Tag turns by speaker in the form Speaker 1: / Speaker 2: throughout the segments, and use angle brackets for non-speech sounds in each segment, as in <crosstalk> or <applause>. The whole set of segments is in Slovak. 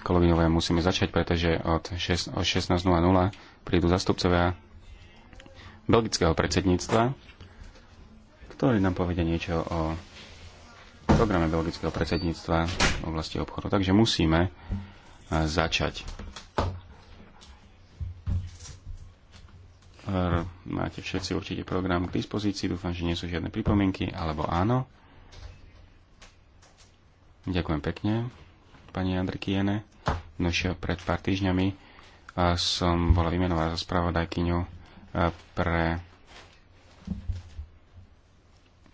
Speaker 1: Kolegovia, musíme začať, pretože od 6, o 16.00 prídu zastupcovia belgického predsedníctva, ktorí nám povedia niečo o programe belgického predsedníctva v oblasti obchodu. Takže musíme začať. Máte všetci určite program k dispozícii, dúfam, že nie sú žiadne pripomienky, alebo áno. Ďakujem pekne, pani Andrikiene. Nož pred pár týždňami som bola vymenovaná za spravodajkyňu pre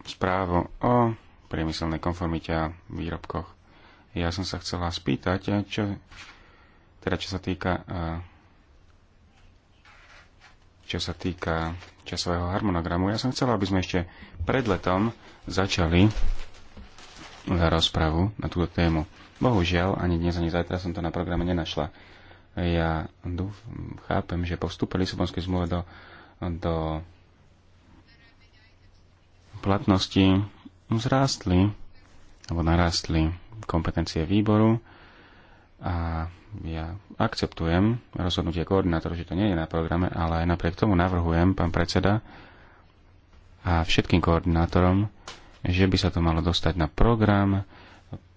Speaker 1: správu o priemyselnej konformite a výrobkoch. Ja som sa chcela spýtať, čo, teda čo sa týka čo sa týka časového harmonogramu. Ja som chcela, aby sme ešte pred letom začali za rozpravu na túto tému. Bohužiaľ, ani dnes, ani zajtra som to na programe nenašla. Ja chápem, že po vstupe Lisabonskej zmluve do, do platnosti zrástli alebo narástli kompetencie výboru a ja akceptujem rozhodnutie koordinátorov, že to nie je na programe, ale aj napriek tomu navrhujem, pán predseda, a všetkým koordinátorom, že by sa to malo dostať na program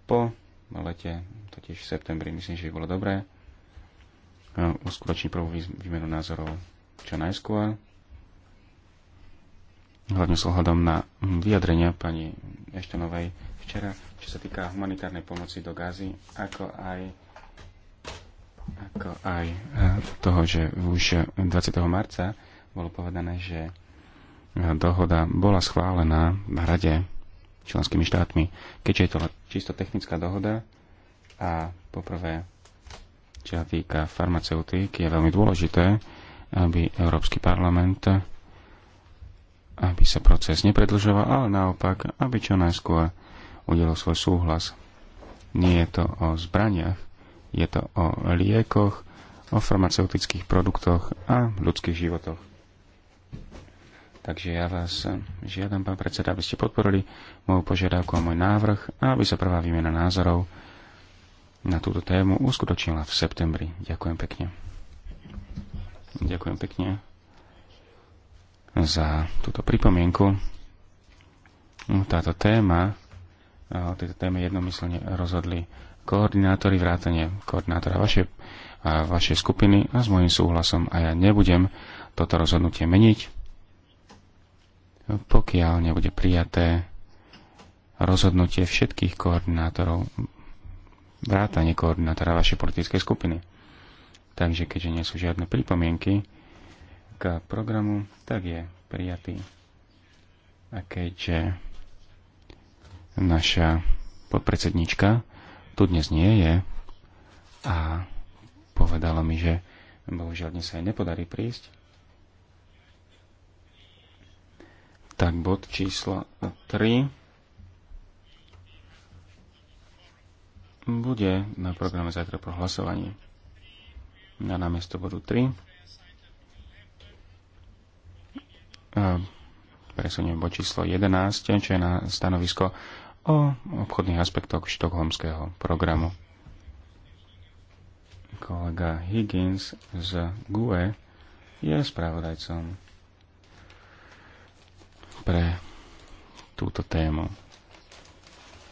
Speaker 1: po lete, totiž v septembri, myslím, že by bolo dobré e, uskutočniť prvú výmenu názorov čo najskôr. Hlavne s ohľadom na vyjadrenia pani Eštonovej včera, čo sa týka humanitárnej pomoci do Gazy, ako aj ako aj e, toho, že už 20. marca bolo povedané, že dohoda bola schválená na rade členskými štátmi. Keďže je to čisto technická dohoda a poprvé, čo sa týka farmaceutík, je veľmi dôležité, aby Európsky parlament aby sa proces nepredlžoval, ale naopak, aby čo najskôr udelil svoj súhlas. Nie je to o zbraniach, je to o liekoch, o farmaceutických produktoch a ľudských životoch. Takže ja vás eh, žiadam, pán predseda, aby ste podporili moju požiadavku a môj návrh a aby sa prvá výmena názorov na túto tému uskutočnila v septembri. Ďakujem pekne. Ďakujem pekne za túto pripomienku. Táto téma, o eh, tejto téme jednomyslne rozhodli koordinátori vrátane koordinátora vašej, eh, vaše skupiny a s môjim súhlasom a ja nebudem toto rozhodnutie meniť pokiaľ nebude prijaté rozhodnutie všetkých koordinátorov, vrátanie koordinátora vašej politickej skupiny. Takže keďže nie sú žiadne pripomienky k programu, tak je prijatý. A keďže naša podpredsednička tu dnes nie je a povedala mi, že bohužiaľ dnes sa jej nepodarí prísť, Tak bod číslo 3 bude na programe zajtra pro hlasovanie. Na namiesto bodu 3 presuniem bod číslo 11, čo je na stanovisko o obchodných aspektoch štokholmského programu. Kolega Higgins z GUE je spravodajcom pre túto tému.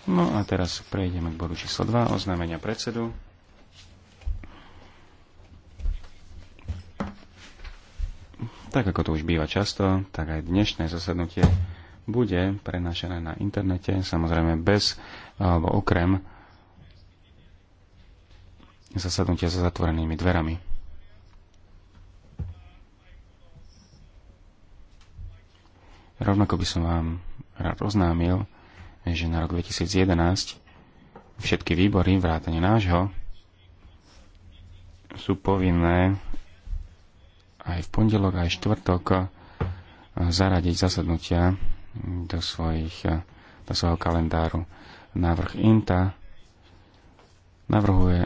Speaker 1: No a teraz prejdeme k bodu číslo 2, oznámenia predsedu. Tak ako to už býva často, tak aj dnešné zasadnutie bude prenášané na internete, samozrejme bez alebo okrem zasadnutia za zatvorenými dverami. Rovnako by som vám rád oznámil, že na rok 2011 všetky výbory, vrátane nášho, sú povinné aj v pondelok, aj v štvrtok zaradiť zasadnutia do, svojich, do svojho kalendáru. Návrh INTA navrhuje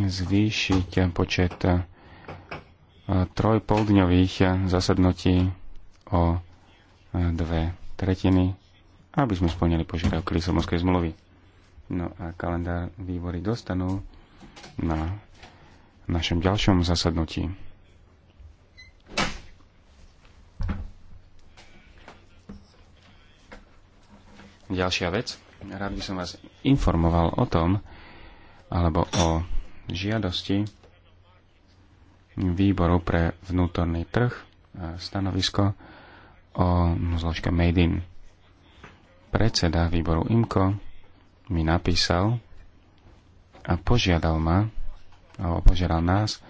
Speaker 1: zvýšiť počet trojpoldňových zasadnutí o dve tretiny, aby sme splnili požiadavky Lisabonskej zmluvy. No a kalendár výbory dostanú na našom ďalšom zasadnutí. Ďalšia vec. Rád by som vás informoval o tom, alebo o žiadosti výboru pre vnútorný trh a stanovisko o no, zložke Made in. Predseda výboru IMCO mi napísal a požiadal ma, alebo požiadal nás,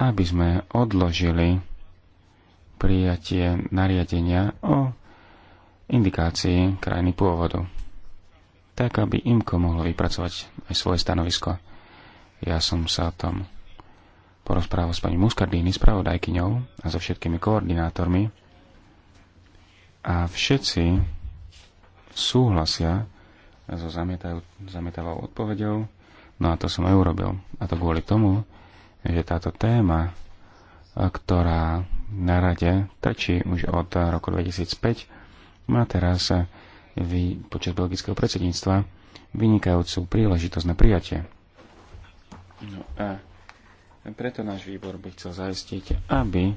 Speaker 1: aby sme odložili prijatie nariadenia o indikácii krajiny pôvodu, tak aby IMKO mohlo vypracovať aj svoje stanovisko. Ja som sa o tom porozprával s pani Muscardini, spravodajkyňou a so všetkými koordinátormi, a všetci súhlasia so zamietavou odpovedou, no a to som aj urobil. A to kvôli tomu, že táto téma, e, ktorá na rade trčí už od roku 2005, má teraz e, vy, počas belgického predsedníctva vynikajúcu príležitosť na prijatie. No a preto náš výbor by chcel zaistiť, aby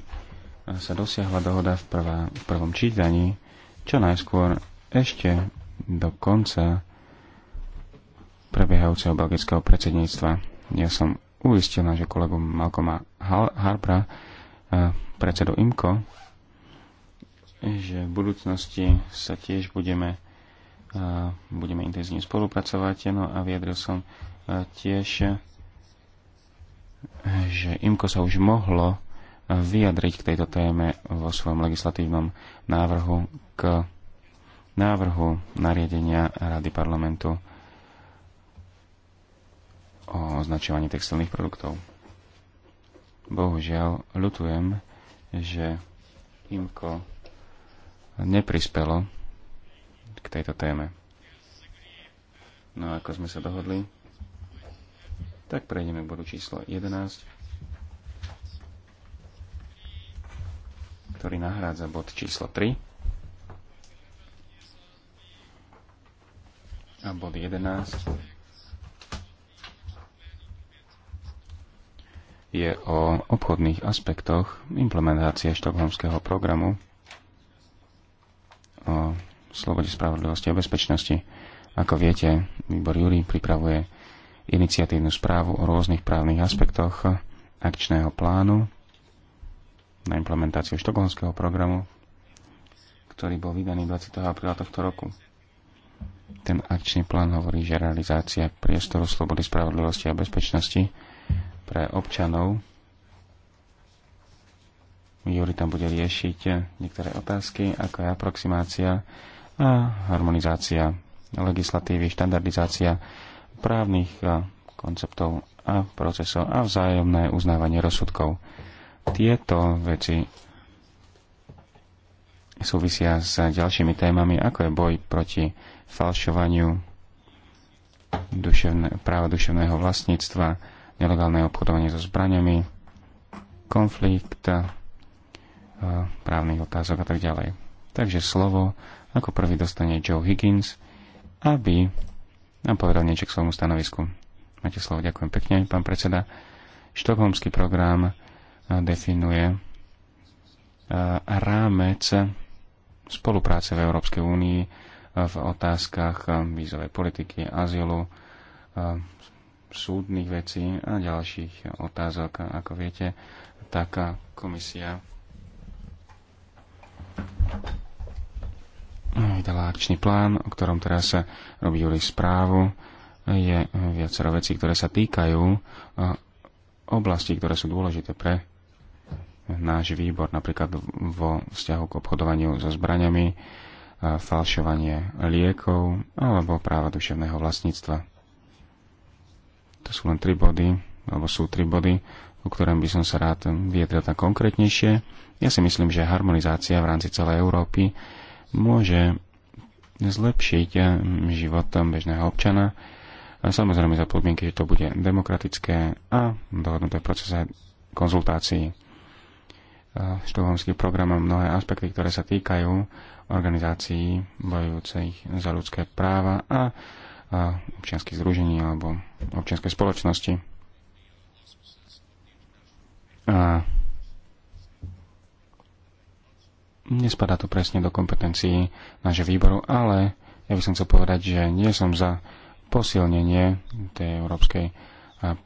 Speaker 1: sa dosiahla dohoda v, prvá, v prvom čítaní čo najskôr ešte do konca prebiehajúceho belgického predsedníctva. Ja som uistil nášho kolegu Malcoma Harpra, eh, predsedu IMCO, že v budúcnosti sa tiež budeme, eh, budeme intenzívne spolupracovať. No a vyjadril som eh, tiež, že IMCO sa už mohlo vyjadriť k tejto téme vo svojom legislatívnom návrhu návrhu nariadenia Rady parlamentu o označovaní textilných produktov. Bohužiaľ, ľutujem, že IMKO neprispelo k tejto téme. No a ako sme sa dohodli, tak prejdeme k bodu číslo 11, ktorý nahrádza bod číslo 3. a bod 11 je o obchodných aspektoch implementácie štokholmského programu o slobode, spravodlivosti a bezpečnosti. Ako viete, výbor Júri pripravuje iniciatívnu správu o rôznych právnych aspektoch akčného plánu na implementáciu štokholmského programu, ktorý bol vydaný 20. apríla tohto roku. Ten akčný plán hovorí, že realizácia priestoru slobody, spravodlivosti a bezpečnosti pre občanov Juri tam bude riešiť niektoré otázky, ako je aproximácia a harmonizácia legislatívy, štandardizácia právnych konceptov a procesov a vzájomné uznávanie rozsudkov. Tieto veci súvisia s ďalšími témami, ako je boj proti falšovaniu duševne, práva duševného vlastníctva, nelegálne obchodovanie so zbraniami, konflikt, eh, právnych otázok a tak ďalej. Takže slovo ako prvý dostane Joe Higgins, aby nám povedal niečo k svojmu stanovisku. Máte slovo, ďakujem pekne, pán predseda. Štokholmský program eh, definuje eh, rámec spolupráce v Európskej únii v otázkach eh, vízovej politiky, azylu, eh, súdnych vecí a ďalších otázok. Ako viete, taká eh, komisia vydala akčný plán, o ktorom teraz sa robí Juli správu. Je viacero vecí, ktoré sa týkajú oblasti, ktoré sú dôležité pre náš výbor, napríklad vo vzťahu k obchodovaniu so zbraniami, falšovanie liekov alebo práva duševného vlastníctva. To sú len tri body, alebo sú tri body, o ktorom by som sa rád vyjadril tak konkrétnejšie. Ja si myslím, že harmonizácia v rámci celej Európy môže zlepšiť život bežného občana, a samozrejme za podmienky, že to bude demokratické a dohodnuté procese konzultácií štokholmských programom mnohé aspekty, ktoré sa týkajú organizácií bojujúcich za ľudské práva a občianských združení alebo občianskej spoločnosti. A nespadá to presne do kompetencií nášho výboru, ale ja by som chcel povedať, že nie som za posilnenie tej európskej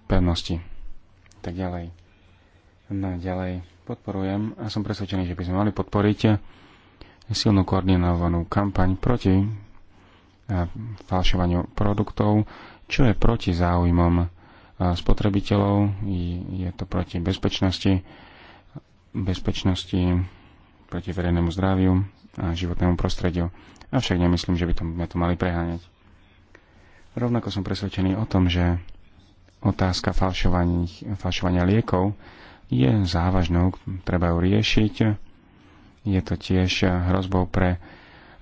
Speaker 1: pevnosti. Tak ďalej Ďalej podporujem a som presvedčený, že by sme mali podporiť silnú koordinovanú kampaň proti eh, falšovaniu produktov, čo je proti záujmom eh, spotrebiteľov, je to proti bezpečnosti, bezpečnosti proti verejnému zdraviu a životnému prostrediu. Avšak nemyslím, že by sme to mali preháňať. Rovnako som presvedčený o tom, že otázka falšovania liekov je závažnou, treba ju riešiť. Je to tiež hrozbou pre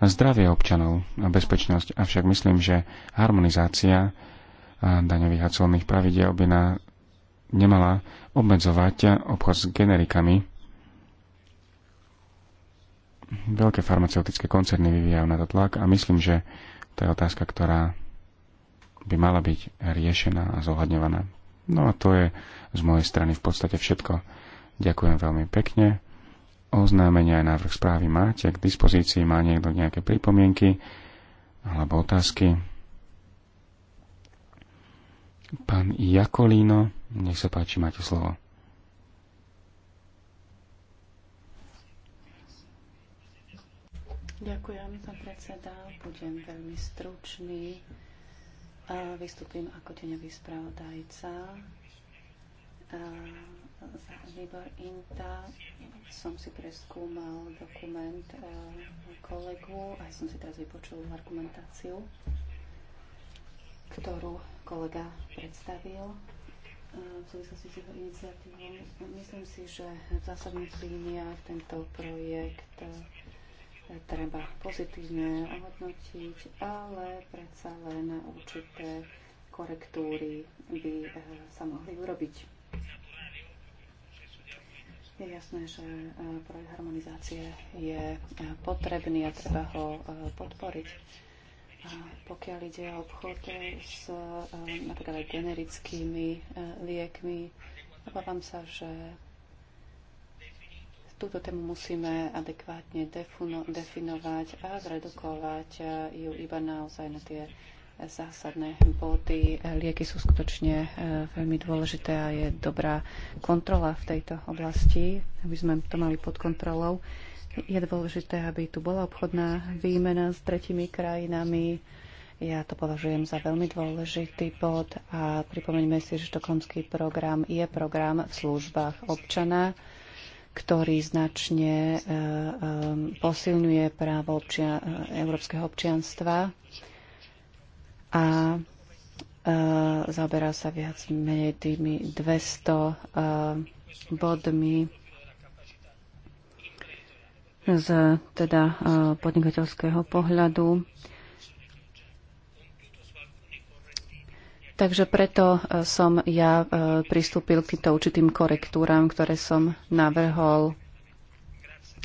Speaker 1: zdravie občanov a bezpečnosť. Avšak myslím, že harmonizácia daňových a colných pravidel by na, nemala obmedzovať obchod s generikami. Veľké farmaceutické koncerny vyvíjajú na to tlak a myslím, že to je otázka, ktorá by mala byť riešená a zohľadňovaná. No a to je z mojej strany v podstate všetko. Ďakujem veľmi pekne. Oznámenia aj návrh správy máte k dispozícii. Má niekto nejaké pripomienky alebo otázky? Pán Jakolíno, nech sa páči, máte slovo.
Speaker 2: Ďakujem, pán predseda. Budem veľmi stručný. Vystúpim ako teňový spravodajca za výbor INTA. Som si preskúmal dokument e, kolegu a som si teraz vypočul argumentáciu, ktorú kolega predstavil e, v súvislosti s jeho iniciatívou. Myslím si, že v zásadných líniách tento projekt treba pozitívne ohodnotiť, ale predsa len určité korektúry by eh, sa mohli urobiť. Je jasné, že eh, projekt harmonizácie je eh, potrebný a treba ho podporiť. A pokiaľ ide o obchod s napríklad aj generickými liekmi, obávam sa, že Túto tému musíme adekvátne definovať a zredukovať ju iba naozaj na tie zásadné body. Lieky sú skutočne e, veľmi dôležité a je dobrá kontrola v tejto oblasti, aby sme to mali pod kontrolou. Je dôležité, aby tu bola obchodná výmena s tretimi krajinami. Ja to považujem za veľmi dôležitý bod a pripomeňme si, že štokholmský program je program v službách občana ktorý značne e, e, posilňuje právo občia, európskeho občianstva a e, zaoberá sa viac menej tými 200 bodmi z teda podnikateľského pohľadu. Takže preto e, som ja e, pristúpil k týmto určitým korektúram, ktoré som navrhol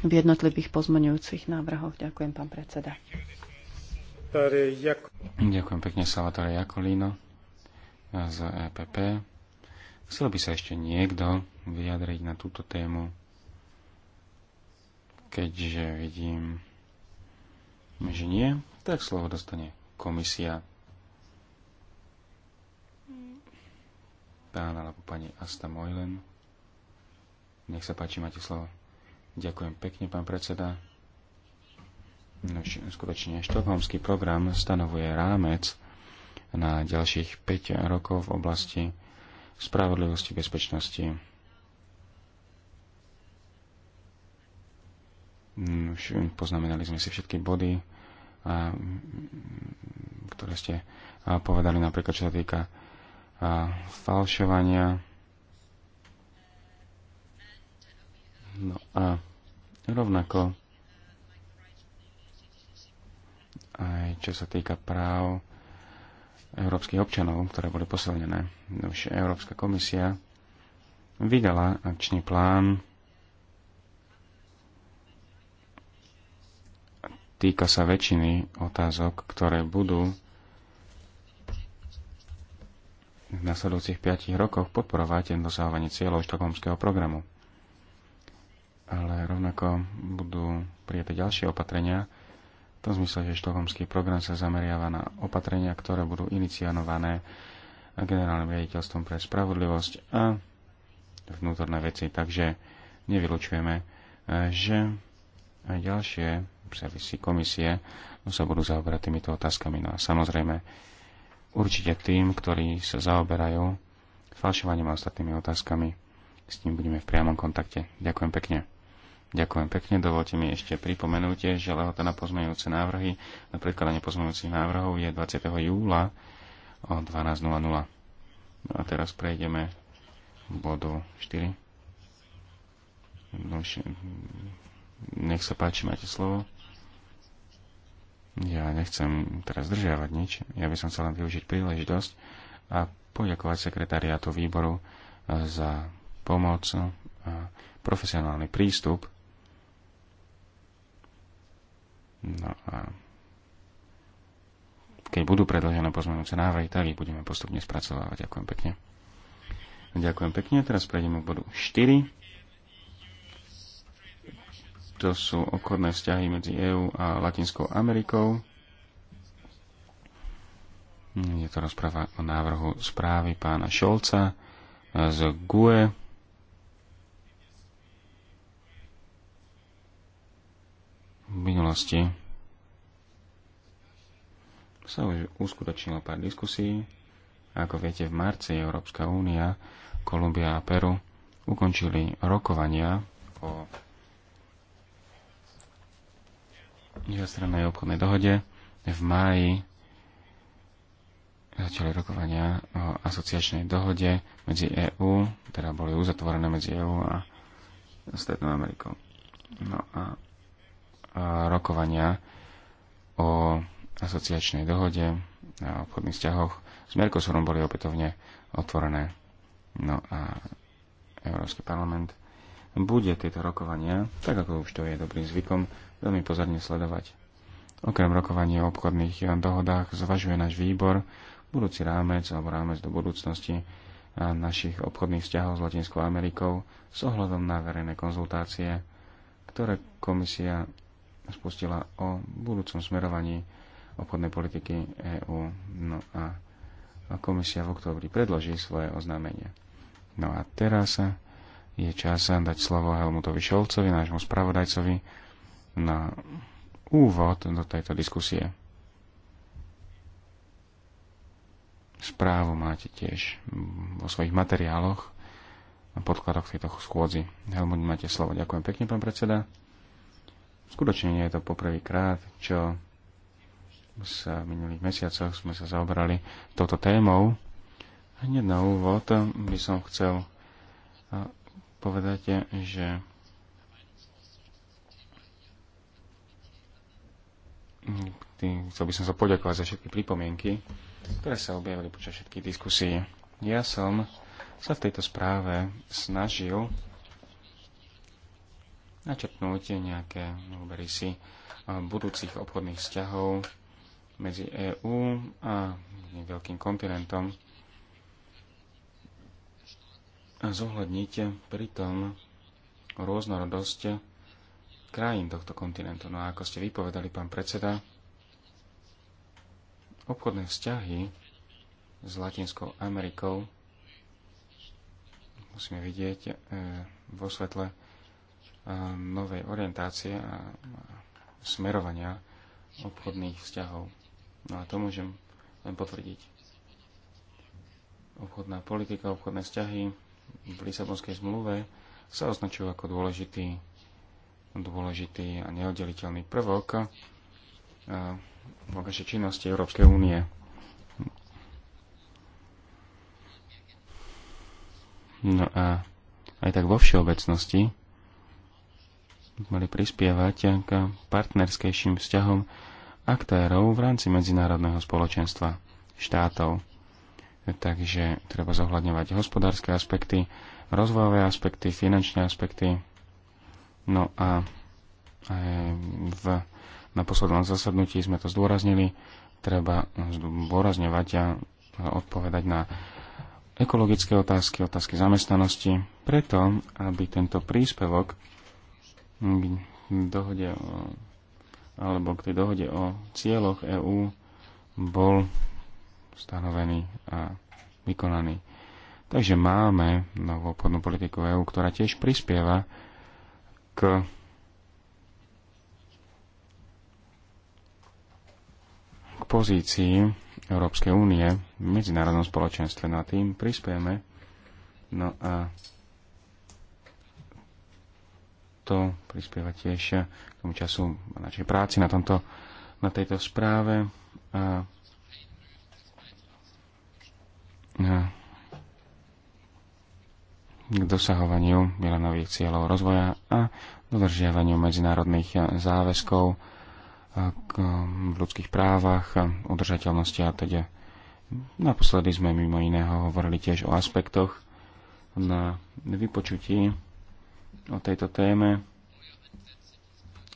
Speaker 2: v jednotlivých pozmenujúcich návrhoch. Ďakujem, pán predseda.
Speaker 1: Ďakujem pekne, Salvatore Jakolino e, z EPP. Chcel by sa ešte niekto vyjadriť na túto tému, keďže vidím, že nie, tak slovo dostane komisia. pán alebo pani Asta Mojlen. Nech sa páči, máte slovo. Ďakujem pekne, pán predseda. No, skutočne, štokholmský program stanovuje rámec na ďalších 5 rokov v oblasti spravodlivosti, bezpečnosti. Už poznamenali sme si všetky body, a, ktoré ste povedali, napríklad čo sa týka a falšovania. No a rovnako aj čo sa týka práv európskych občanov, ktoré boli posilnené. Už Európska komisia vydala akčný plán týka sa väčšiny otázok, ktoré budú v nasledujúcich 5 rokoch podporovať dosahovanie cieľov štokholmského programu. Ale rovnako budú prijaté ďalšie opatrenia, v tom zmysle, že štokholmský program sa zameriava na opatrenia, ktoré budú iniciované generálnym riaditeľstvom pre spravodlivosť a vnútorné veci. Takže nevylučujeme, že aj ďalšie servisy komisie sa budú zaoberať týmito otázkami. No a samozrejme, určite tým, ktorí sa zaoberajú falšovaním a ostatnými otázkami. S ním budeme v priamom kontakte. Ďakujem pekne. Ďakujem pekne. Dovolte mi ešte pripomenúte, že lehota na pozmeňujúce návrhy, na predkladanie pozmeňujúcich návrhov je 20. júla o 12.00. No a teraz prejdeme k bodu 4. No nech sa páči, máte slovo. Ja nechcem teraz zdržiavať nič. Ja by som chcel len využiť príležitosť a poďakovať sekretariátu výboru e, za pomoc a profesionálny prístup. No a keď budú predložené pozmenujúce návrhy, tak ich budeme postupne spracovávať. Ďakujem pekne. Ďakujem pekne. Teraz prejdeme k bodu 4 to sú obchodné vzťahy medzi EÚ a Latinskou Amerikou. Je to rozpráva o návrhu správy pána Šolca e, z GUE. V minulosti sa už uskutočnilo pár diskusí. Ako viete, v marci Európska únia, Kolumbia a Peru ukončili rokovania o dvojstrannej obchodnej dohode. V máji začali rokovania o asociačnej dohode medzi EÚ, teda boli uzatvorené medzi EÚ a Strednou Amerikou. No a, a rokovania o asociačnej dohode a obchodných vzťahoch s Mercosurom boli opätovne otvorené. No a Európsky parlament bude tieto rokovania, tak ako už to je dobrým zvykom, veľmi pozorne sledovať. Okrem rokovania o obchodných eh, dohodách zvažuje náš výbor budúci rámec alebo rámec do budúcnosti eh, našich obchodných vzťahov s Latinskou Amerikou s ohľadom na verejné konzultácie, ktoré komisia spustila o budúcom smerovaní obchodnej politiky EÚ. No a komisia v oktobri predloží svoje oznámenie. No a teraz sa eh, je čas dať slovo Helmutovi Šolcovi, nášmu spravodajcovi, na úvod do tejto diskusie. Správu máte tiež vo svojich materiáloch na podkladoch tejto schôdzi. Helmut, máte slovo. Ďakujem pekne, pán predseda. Skutočne nie je to poprvýkrát, čo sa v minulých mesiacoch sme sa zaoberali touto témou. Hneď na úvod by som chcel povedať, že tým, chcel by som sa poďakovať za všetky pripomienky, ktoré sa objavili počas všetkých diskusí. Ja som sa v tejto správe snažil načrtnúť nejaké si eh, budúcich obchodných vzťahov medzi EÚ a veľkým kontinentom zohľadniť pritom rôznorodosť krajín tohto kontinentu. No a ako ste vypovedali, pán predseda, obchodné vzťahy s Latinskou Amerikou musíme vidieť e, vo svetle e, novej orientácie a smerovania obchodných vzťahov. No a to môžem len potvrdiť. Obchodná politika, obchodné vzťahy v Lisabonskej zmluve sa označujú ako dôležitý, dôležitý a neoddeliteľný prvok eh, vonkajšej činnosti Európskej únie. No a aj tak vo všeobecnosti mali prispievať k partnerskejším vzťahom aktérov v rámci medzinárodného spoločenstva štátov takže treba zohľadňovať hospodárske aspekty, rozvojové aspekty, finančné aspekty. No a v, na poslednom zasadnutí sme to zdôraznili, treba zdôrazňovať a odpovedať na ekologické otázky, otázky zamestnanosti, preto, aby tento príspevok k dohode o, alebo k tej dohode o cieľoch EÚ bol stanovený a vykonaný. Takže máme novú obchodnú politiku EÚ, ktorá tiež prispieva k k pozícii Európskej únie v medzinárodnom spoločenstve. No a tým prispieme. No a to prispieva tiež k tomu času na našej práci na, tomto, na tejto správe. A k dosahovaniu milenových cieľov rozvoja a dodržiavaniu medzinárodných záväzkov k, um, v ľudských právach, udržateľnosti a teda. Naposledy sme mimo iného hovorili tiež o aspektoch na vypočutí o tejto téme,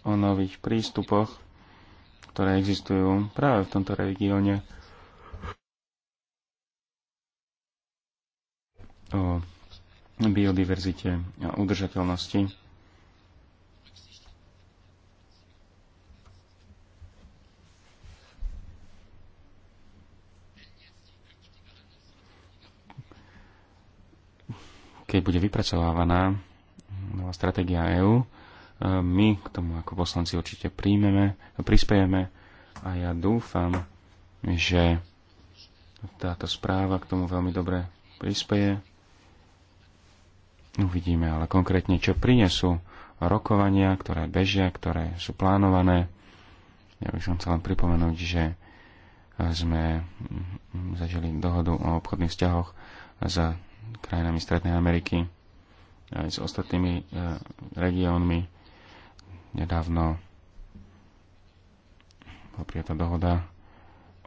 Speaker 1: o nových prístupoch, ktoré existujú práve v tomto regióne o biodiverzite a udržateľnosti. Keď bude vypracovávaná nová stratégia EÚ, e, my k tomu ako poslanci určite príjmeme, prispiejeme a ja dúfam, že táto správa k tomu veľmi dobre prispieje. Uvidíme ale konkrétne, čo prinesú rokovania, ktoré bežia, ktoré sú plánované. Ja by som chcel len pripomenúť, že sme zažili dohodu o obchodných vzťahoch s krajinami Strednej Ameriky, aj s ostatnými e, regiónmi. Nedávno bola prijatá dohoda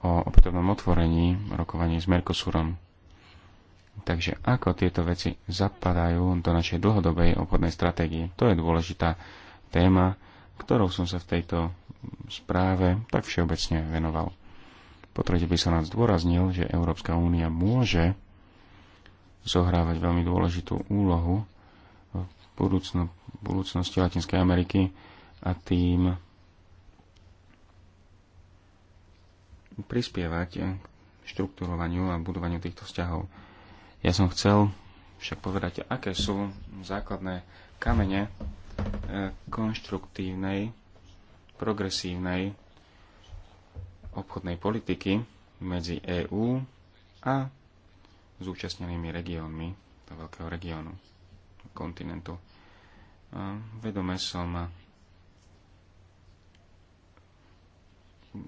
Speaker 1: o opätovnom otvorení rokovaní s Mercosurom. Takže ako tieto veci zapadajú do našej dlhodobej obchodnej stratégie? To je dôležitá téma, ktorou som sa v tejto správe tak všeobecne venoval. Po by som nás zdôraznil, že Európska únia môže zohrávať veľmi dôležitú úlohu v budúcno, budúcnosti Latinskej Ameriky a tým prispievať k štruktúrovaniu a budovaniu týchto vzťahov ja som chcel však povedať, aké sú základné kamene e, konštruktívnej, progresívnej obchodnej politiky medzi EÚ a zúčastnenými regiónmi do veľkého regiónu, kontinentu. E, vedome som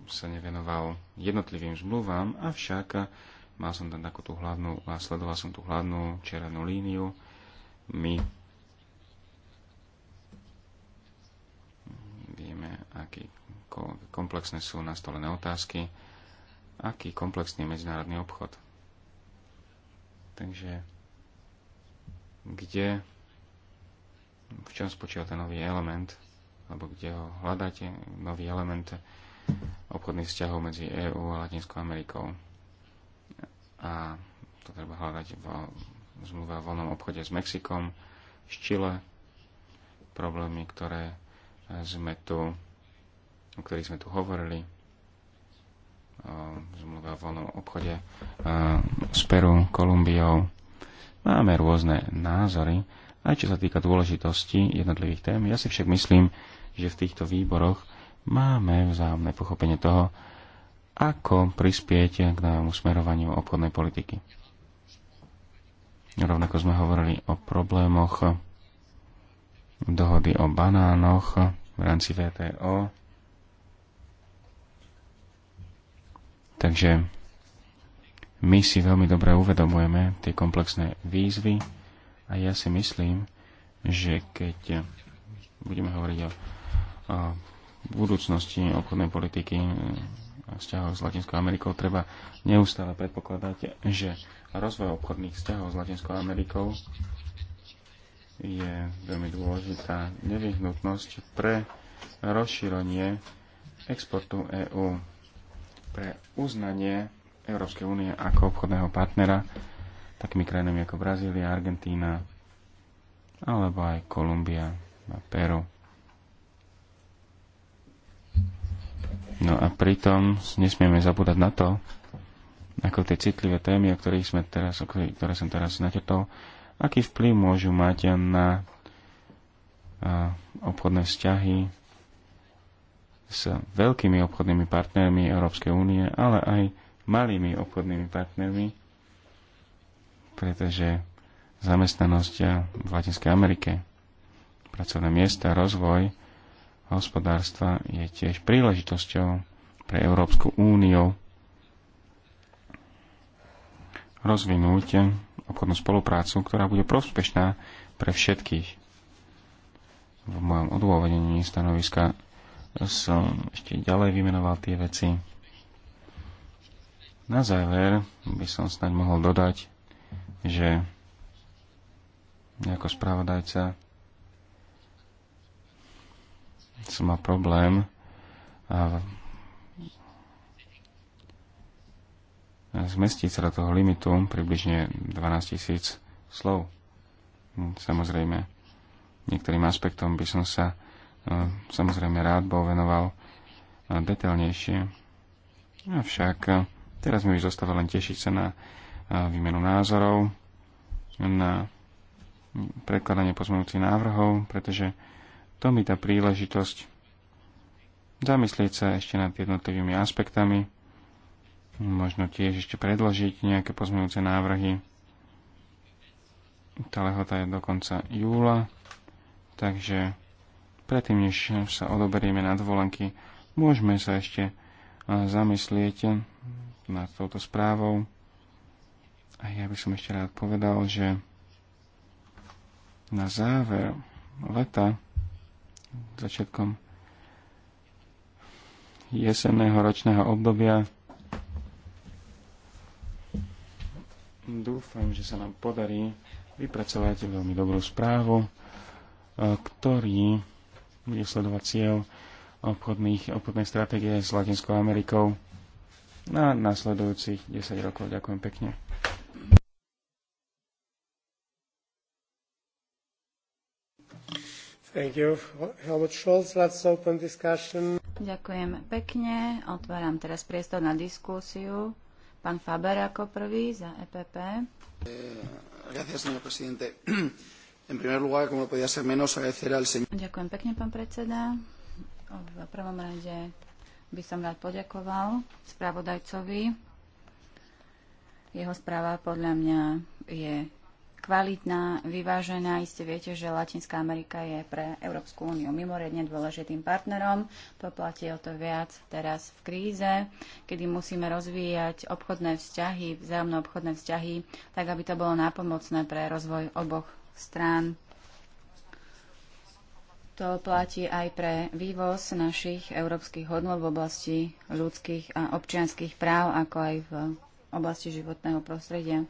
Speaker 1: sa nevenoval jednotlivým zmluvám, avšak Mal som tam takú tú hlavnú, a sledoval som tú hlavnú červenú líniu. My vieme, aký komplexné sú nastolené otázky, aký komplexný medzinárodný obchod. Takže kde, v čom spočíva ten nový element, alebo kde ho hľadáte, nový element obchodných vzťahov medzi EÚ a Latinskou Amerikou a to treba hľadať v zmluve o voľnom obchode s Mexikom, s Chile, problémy, ktoré eh, sme tu, o ktorých sme tu hovorili, zmluva o voľnom obchode eh, s Peru, Kolumbiou. Máme rôzne názory, aj čo sa týka dôležitosti jednotlivých tém. Ja si však myslím, že v týchto výboroch máme vzájomné pochopenie toho, ako prispieť k novému smerovaniu obchodnej politiky. Rovnako sme hovorili o problémoch dohody o banánoch v rámci VTO. Takže my si veľmi dobre uvedomujeme tie komplexné výzvy a ja si myslím, že keď budeme hovoriť o, o budúcnosti obchodnej politiky vzťahov s Latinskou Amerikou treba neustále predpokladať, že rozvoj obchodných vzťahov s Latinskou Amerikou je veľmi dôležitá nevyhnutnosť pre rozšírenie exportu EÚ, pre uznanie Európskej únie ako obchodného partnera takými krajinami ako Brazília, Argentína alebo aj Kolumbia a Peru. No a pritom nesmieme zabúdať na to, ako tie citlivé témy, o ktorých sme teraz, o ktoré som teraz načrtol, aký vplyv môžu mať na obchodné vzťahy s veľkými obchodnými partnermi Európskej únie, ale aj malými obchodnými partnermi, pretože zamestnanosť v Latinskej Amerike, pracovné miesta, rozvoj hospodárstva je tiež príležitosťou pre Európsku úniu rozvinúť obchodnú spoluprácu, ktorá bude prospešná pre všetkých. V mojom odôvodnení stanoviska som ešte ďalej vymenoval tie veci. Na záver by som snaď mohol dodať, že ako spravodajca som mal problém a zmestiť sa do toho limitu približne 12 tisíc slov. Hm, samozrejme, niektorým aspektom by som sa hm, samozrejme rád bol venoval hm, detailnejšie. Avšak teraz mi už zostáva len tešiť sa na výmenu názorov, na prekladanie pozmenujúcich návrhov, pretože to mi dá príležitosť zamyslieť sa ešte nad jednotlivými aspektami, možno tiež ešte predložiť nejaké pozmeňujúce návrhy. Tá lehota je do konca júla, takže predtým, než sa odoberieme na dovolenky, môžeme sa ešte zamyslieť nad touto správou. A ja by som ešte rád povedal, že na záver leta začiatkom jesenného ročného obdobia. Dúfam, že sa nám podarí vypracovať veľmi dobrú správu, e, ktorý bude sledovať cieľ obchodných, obchodnej stratégie s Latinskou Amerikou na nasledujúcich 10 rokov. Ďakujem pekne.
Speaker 3: Ďakujem pekne. Otváram teraz priestor na diskusiu. Pán Faber ako prvý za EPP.
Speaker 1: Eh, <clears throat> no
Speaker 3: Ďakujem pekne, pán predseda. V prvom rade by som rád poďakoval spravodajcovi. Jeho správa podľa mňa je kvalitná, vyvážená. Iste viete, že Latinská Amerika je pre Európsku úniu mimoriadne dôležitým partnerom. To platí o to viac teraz v kríze, kedy musíme rozvíjať obchodné vzťahy, vzájomné obchodné vzťahy, tak aby to bolo nápomocné pre rozvoj oboch strán. To platí aj pre vývoz našich európskych hodnot v oblasti ľudských a občianských práv, ako aj v oblasti životného prostredia.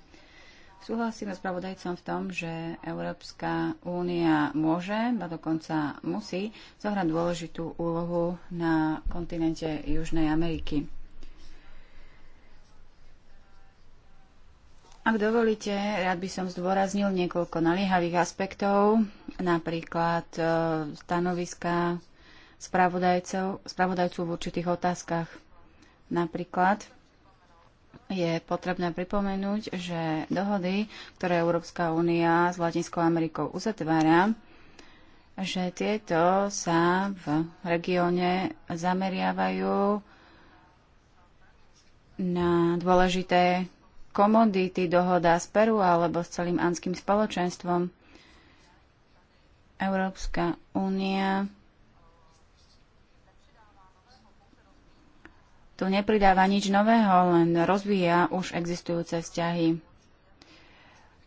Speaker 3: Súhlasíme s pravodajcom v tom, že Európska únia môže, a dokonca musí, zohrať dôležitú úlohu na kontinente Južnej Ameriky. Ak dovolíte, rád by som zdôraznil niekoľko naliehavých aspektov, napríklad e, stanoviska spravodajcov, spravodajcov v určitých otázkach. Napríklad je potrebné pripomenúť, že dohody, ktoré Európska únia s Latinskou Amerikou uzatvára, že tieto sa v regióne zameriavajú na dôležité komodity, dohoda s Peru alebo s celým anským spoločenstvom. Európska únia tu nepridáva nič nového, len rozvíja už existujúce vzťahy.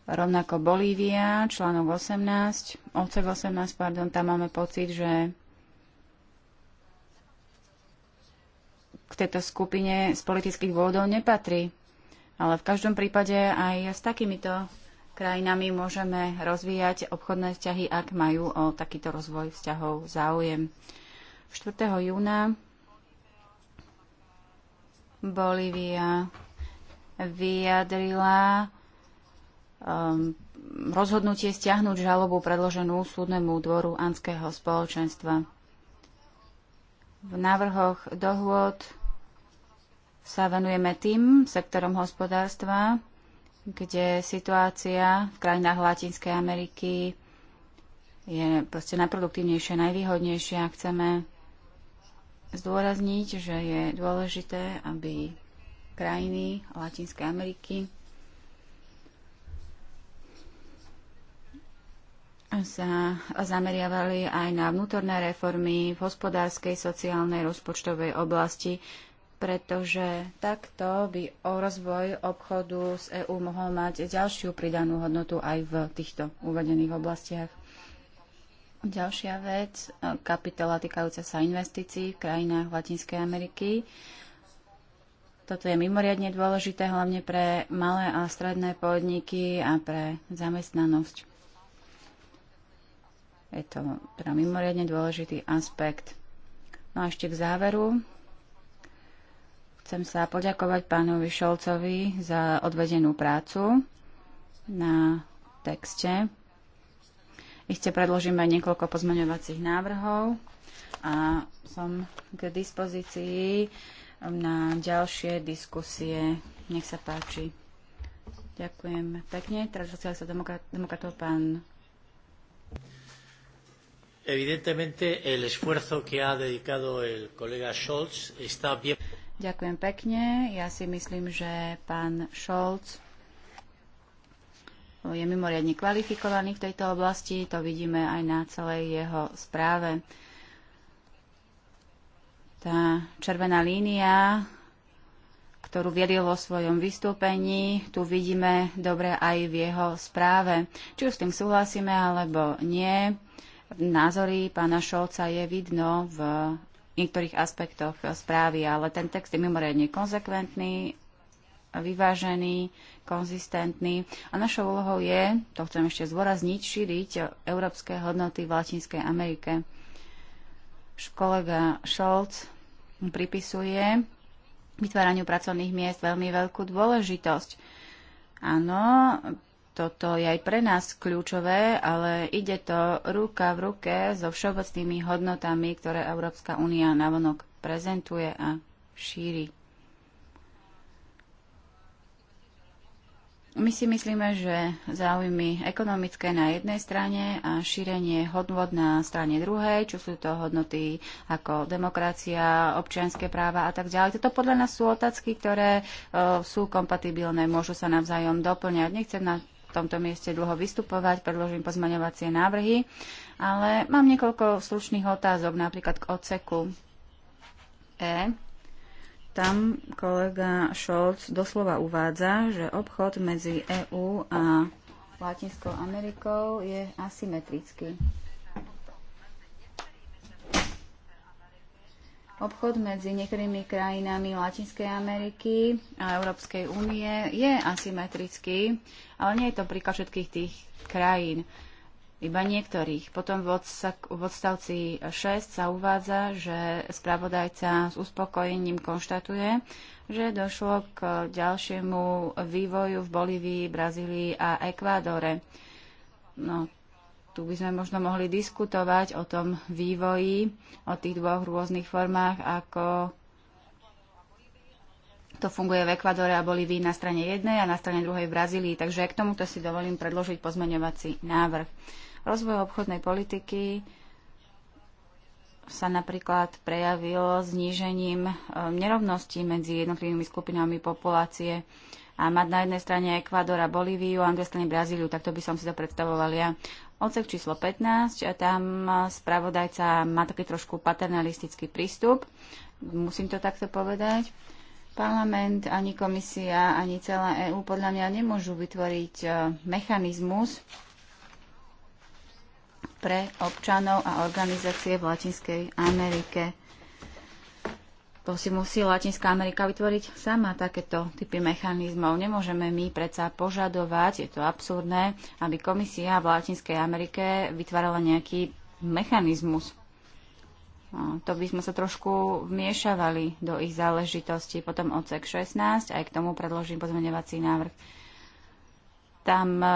Speaker 3: Rovnako Bolívia, článok 18, odsek 18, pardon, tam máme pocit, že k tejto skupine z politických vôdov nepatrí. Ale v každom prípade aj s takýmito krajinami môžeme rozvíjať obchodné vzťahy, ak majú o takýto rozvoj vzťahov záujem. 4. júna Bolívia vyjadrila um, rozhodnutie stiahnuť žalobu predloženú súdnemu dvoru Anského spoločenstva. V návrhoch dohôd sa venujeme tým sektorom hospodárstva, kde situácia v krajinách Latinskej Ameriky je proste najproduktívnejšia, najvýhodnejšia. Chceme zdôrazniť, že je dôležité, aby krajiny Latinskej Ameriky sa zameriavali aj na vnútorné reformy v hospodárskej, sociálnej, rozpočtovej oblasti, pretože takto by o rozvoj obchodu s EÚ mohol mať ďalšiu pridanú hodnotu aj v týchto uvedených oblastiach. Ďalšia vec, e, kapitola týkajúca sa investícií v krajinách Latinskej Ameriky. Toto je mimoriadne dôležité hlavne pre malé a stredné podniky a pre zamestnanosť. Je to teda mimoriadne dôležitý aspekt. No a ešte k záveru. Chcem sa poďakovať pánovi Šolcovi za odvedenú prácu na texte Iste predložíme niekoľko pozmeňovacích návrhov a som k dispozícii na ďalšie diskusie. Nech sa páči. Ďakujem pekne. Teraz sociálnych sa demokratov pán
Speaker 1: Evidentemente el esfuerzo que ha dedicado el colega Scholz está bien.
Speaker 3: Ďakujem pekne. Ja si myslím, že pán Scholz je mimoriadne kvalifikovaný v tejto oblasti, to vidíme aj na celej jeho správe. Tá červená línia, ktorú viedil vo svojom vystúpení, tu vidíme dobre aj v jeho správe. Či už s tým súhlasíme alebo nie, názory pána Šolca je vidno v niektorých aspektoch správy, ale ten text je mimoriadne konzekventný vyvážený, konzistentný. A našou úlohou je, to chcem ešte zvorazniť, šíriť európske hodnoty v Latinskej Amerike. Kolega Scholz pripisuje vytváraniu pracovných miest veľmi veľkú dôležitosť. Áno, toto je aj pre nás kľúčové, ale ide to ruka v ruke so všeobecnými hodnotami, ktoré Európska únia navonok prezentuje a šíri. My si myslíme, že záujmy ekonomické na jednej strane a šírenie hodnot na strane druhej, čo sú to hodnoty ako demokracia, občianské práva a tak ďalej. Toto podľa nás sú otázky, ktoré e, sú kompatibilné, môžu sa navzájom doplňať. Nechcem na tomto mieste dlho vystupovať, predložím pozmaňovacie návrhy, ale mám niekoľko slušných otázok, napríklad k odseku E tam kolega Scholz doslova uvádza, že obchod medzi EÚ a Latinskou Amerikou je asymetrický. Obchod medzi niektorými krajinami Latinskej Ameriky a Európskej únie je asymetrický, ale nie je to príklad všetkých tých krajín iba niektorých. Potom v, odstavci 6 sa uvádza, že spravodajca s uspokojením konštatuje, že došlo k ďalšiemu vývoju v Bolívii, Brazílii a Ekvádore. No, tu by sme možno mohli diskutovať o tom vývoji, o tých dvoch rôznych formách, ako to funguje v Ekvadore a Bolívii na strane jednej a na strane druhej v Brazílii. Takže k tomuto si dovolím predložiť pozmeňovací návrh. Rozvoj obchodnej politiky sa napríklad prejavilo znížením e, nerovností medzi jednotlivými skupinami populácie a mať na jednej strane Ekvádor a Bolíviu a na druhej strane Brazíliu, tak to by som si to predstavoval ja. Odsek číslo 15, a e, tam spravodajca má taký trošku paternalistický prístup, musím to takto povedať. Parlament, ani komisia, ani celá EÚ podľa mňa nemôžu vytvoriť e, mechanizmus, pre občanov a organizácie v Latinskej Amerike. To si musí Latinská Amerika vytvoriť sama takéto typy mechanizmov. Nemôžeme my predsa požadovať, je to absurdné, aby komisia v Latinskej Amerike vytvárala nejaký mechanizmus. To by sme sa trošku vmiešavali do ich záležitosti. Potom odsek 16, aj k tomu predložím pozmeňovací návrh. Tam e,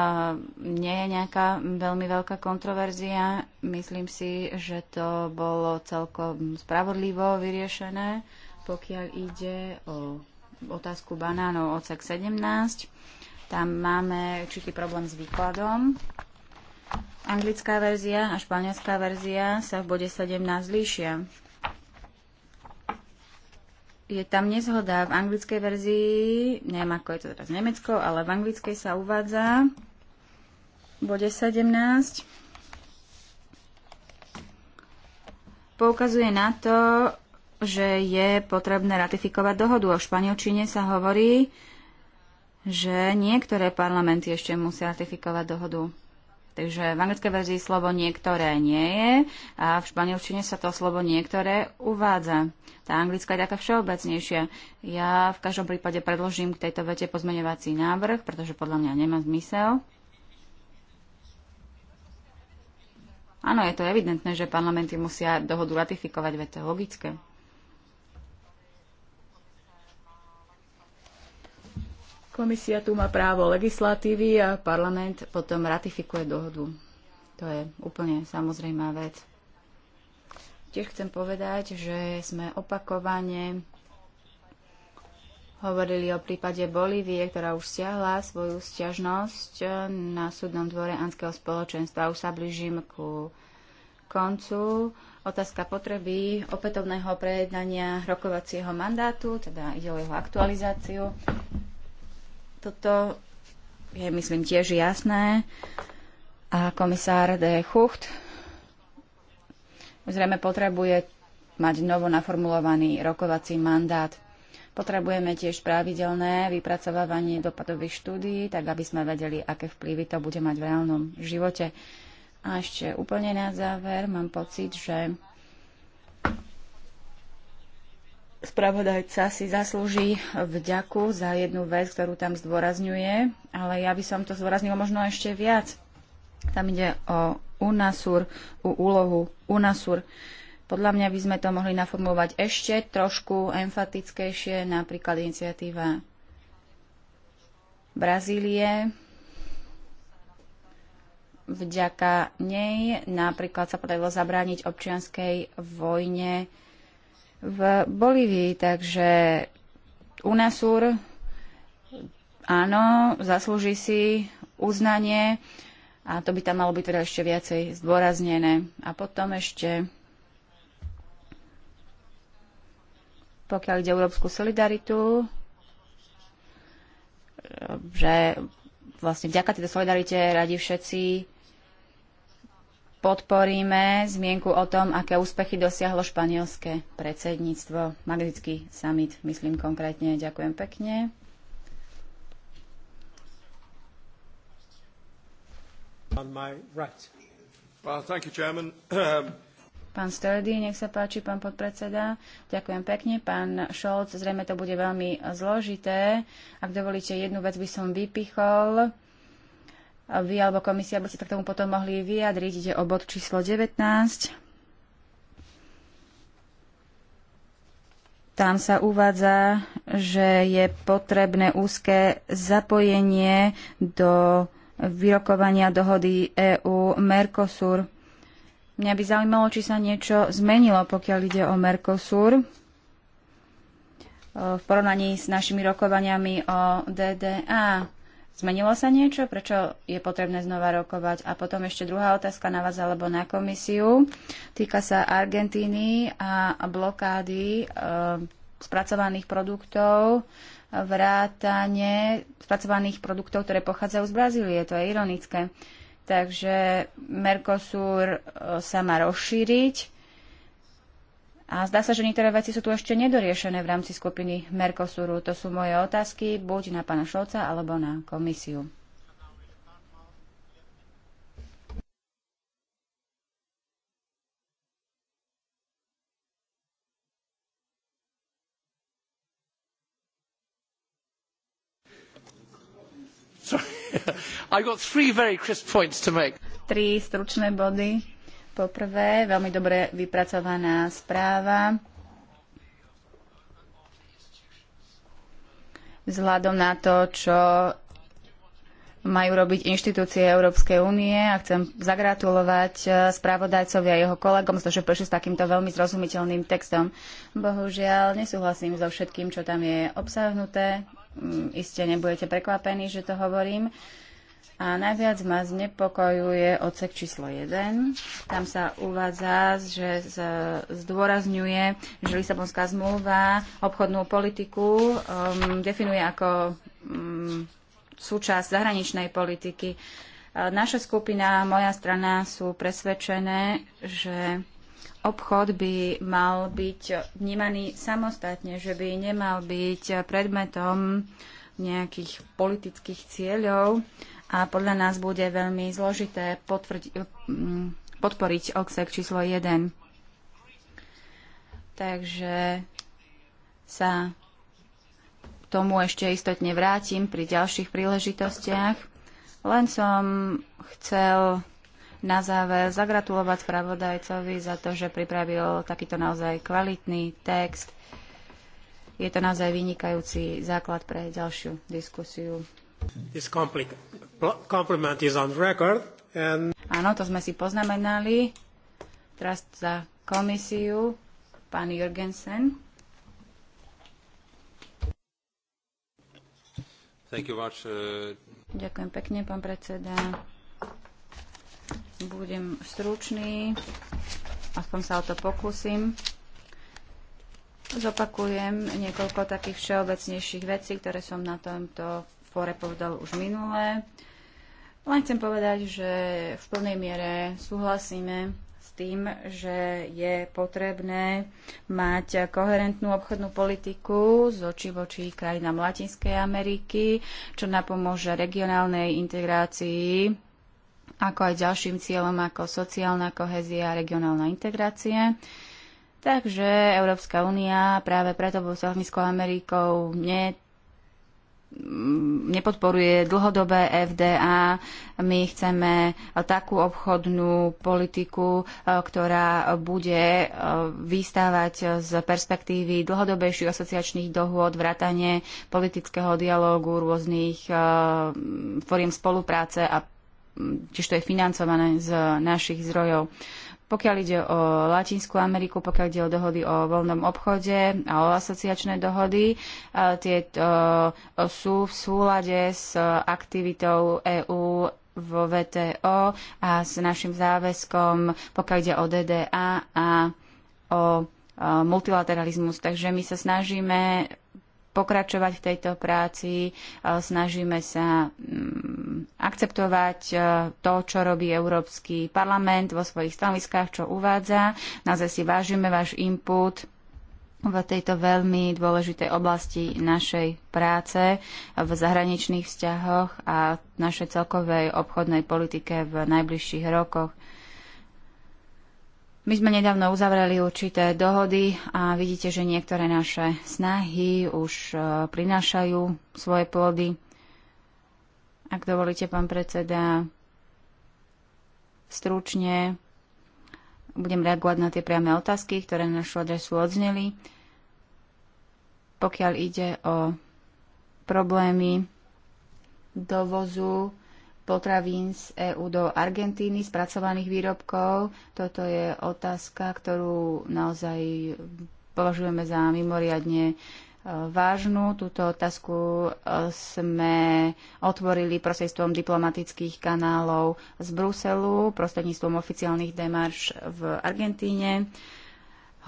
Speaker 3: nie je nejaká veľmi veľká kontroverzia. Myslím si, že to bolo celkom spravodlivo vyriešené, pokiaľ ide o otázku banánov odsek 17. Tam máme určitý problém s výkladom. Anglická verzia a španielská verzia sa v bode 17 líšia je tam nezhoda. V anglickej verzii, neviem ako je to teraz nemecko, ale v anglickej sa uvádza v bode 17 poukazuje na to, že je potrebné ratifikovať dohodu. O Španielčine sa hovorí, že niektoré parlamenty ešte musia ratifikovať dohodu. Takže v anglické verzii slovo niektoré nie je a v španielčine sa to slovo niektoré uvádza. Tá anglická je taká všeobecnejšia. Ja v každom prípade predložím k tejto vete pozmeňovací návrh, pretože podľa mňa nemá zmysel. Áno, je to evidentné, že parlamenty musia dohodu ratifikovať, veď to je logické. Komisia tu má právo legislatívy a parlament potom ratifikuje dohodu. To je úplne samozrejmá vec. Tiež chcem povedať, že sme opakovane hovorili o prípade Bolívie, ktorá už stiahla svoju stiažnosť na súdnom dvore Anského spoločenstva. Už sa blížim ku koncu. Otázka potreby opätovného prejednania rokovacieho mandátu, teda ide o jeho aktualizáciu toto je, myslím, tiež jasné. A komisár de Chucht zrejme potrebuje mať novo naformulovaný rokovací mandát. Potrebujeme tiež pravidelné vypracovávanie dopadových štúdií, tak aby sme vedeli, aké vplyvy to bude mať v reálnom živote. A ešte úplne na záver mám pocit, že Spravodajca si zaslúži vďaku za jednu vec, ktorú tam zdôrazňuje, ale ja by som to zdôraznila možno ešte viac. Tam ide o UNASUR, u úlohu UNASUR. Podľa mňa by sme to mohli naformulovať ešte trošku enfatickejšie, napríklad iniciatíva Brazílie, vďaka nej napríklad sa podarilo zabrániť občianskej vojne v Bolívii. Takže UNASUR, áno, zaslúži si uznanie a to by tam malo byť teda ešte viacej zdôraznené. A potom ešte, pokiaľ ide o európsku solidaritu, že vlastne vďaka tejto solidarite radi všetci podporíme zmienku o tom, aké úspechy dosiahlo španielské predsedníctvo. Madridský summit, myslím konkrétne. Ďakujem pekne. Pán Sturdy, nech sa páči, pán podpredseda. Ďakujem pekne. Pán Scholz, zrejme to bude veľmi zložité. Ak dovolíte, jednu vec by som vypichol vy alebo komisia by ste tak tomu potom mohli vyjadriť. Ide o bod číslo 19. Tam sa uvádza, že je potrebné úzke zapojenie do vyrokovania dohody EU-Mercosur. Mňa by zaujímalo, či sa niečo zmenilo, pokiaľ ide o Mercosur e, v porovnaní s našimi rokovaniami o DDA. Zmenilo sa niečo? Prečo je potrebné znova rokovať? A potom ešte druhá otázka na vás alebo na komisiu. Týka sa Argentíny a blokády e, spracovaných produktov vrátane spracovaných produktov, ktoré pochádzajú z Brazílie. To je ironické. Takže Mercosur e, sa má rozšíriť a zdá sa, že niektoré veci sú tu ešte nedoriešené v rámci skupiny Mercosuru. To sú moje otázky buď na pána Šolca alebo na komisiu. <laughs> Tri stručné body Poprvé, veľmi dobre vypracovaná správa. Vzhľadom na to, čo majú robiť inštitúcie Európskej únie a chcem zagratulovať e, spravodajcovi a jeho kolegom za to, že prešli s takýmto veľmi zrozumiteľným textom. Bohužiaľ, nesúhlasím so všetkým, čo tam je obsahnuté. Mm, iste nebudete prekvapení, že to hovorím. Uh, a najviac ma znepokojuje odsek číslo 1. Tam sa uvádza, že zdôrazňuje, že Lisabonská zmluva obchodnú politiku um, definuje ako um, súčasť zahraničnej politiky. Naša skupina, moja strana sú presvedčené, že obchod by mal byť vnímaný samostatne, že by nemal byť predmetom nejakých politických cieľov, a podľa nás bude veľmi zložité mm, podporiť odsek číslo 1. Takže sa tomu ešte istotne vrátim pri ďalších príležitostiach. Len som chcel na záver zagratulovať spravodajcovi za to, že pripravil takýto naozaj kvalitný text. Je to naozaj vynikajúci základ pre ďalšiu diskusiu compliment is on record. And... Áno, to sme si poznamenali. Teraz za komisiu pán Jürgensen.
Speaker 1: Thank you much. Uh,
Speaker 3: Ďakujem pekne, pán predseda. Budem stručný, aspoň sa o to pokúsim. Zopakujem niekoľko takých všeobecnejších vecí, ktoré som na tomto fóre povedal už minulé. Len chcem povedať, že v plnej miere súhlasíme s tým, že je potrebné mať koherentnú obchodnú politiku z očí voči krajinám Latinskej Ameriky, čo napomôže regionálnej integrácii ako aj ďalším cieľom ako sociálna kohezia a regionálna integrácia. Takže Európska únia práve preto vo Latinskou Amerikou nie nepodporuje dlhodobé FDA. My chceme takú obchodnú politiku, e, ktorá bude e, vystávať z perspektívy dlhodobejších asociačných dohôd, vrátanie politického dialógu, rôznych e, foriem spolupráce a tiež to je financované z našich zdrojov. Pokiaľ ide o Latinskú Ameriku, pokiaľ ide o dohody o voľnom obchode a o asociačné dohody, e, tieto e, sú v súlade s aktivitou EÚ vo VTO a s našim záväzkom, pokiaľ ide o DDA a o e, multilateralizmus. Takže my sa snažíme pokračovať v tejto práci, e, snažíme sa mm, akceptovať e, to, čo robí Európsky parlament vo svojich stanoviskách, čo uvádza. Naozaj si vážime váš input v tejto veľmi dôležitej oblasti našej práce v zahraničných vzťahoch a našej celkovej obchodnej politike v najbližších rokoch. My sme nedávno uzavreli určité dohody a vidíte, že niektoré naše snahy už e, prinášajú svoje plody. Ak dovolíte, pán predseda, stručne budem reagovať na tie priame otázky, ktoré na našu adresu odzneli. Pokiaľ ide o problémy dovozu potravín z EÚ do Argentíny, spracovaných výrobkov. Toto je otázka, ktorú naozaj považujeme za mimoriadne e, vážnu. Túto otázku e, sme otvorili prostredstvom diplomatických kanálov z Bruselu, prostredníctvom oficiálnych demarš v Argentíne.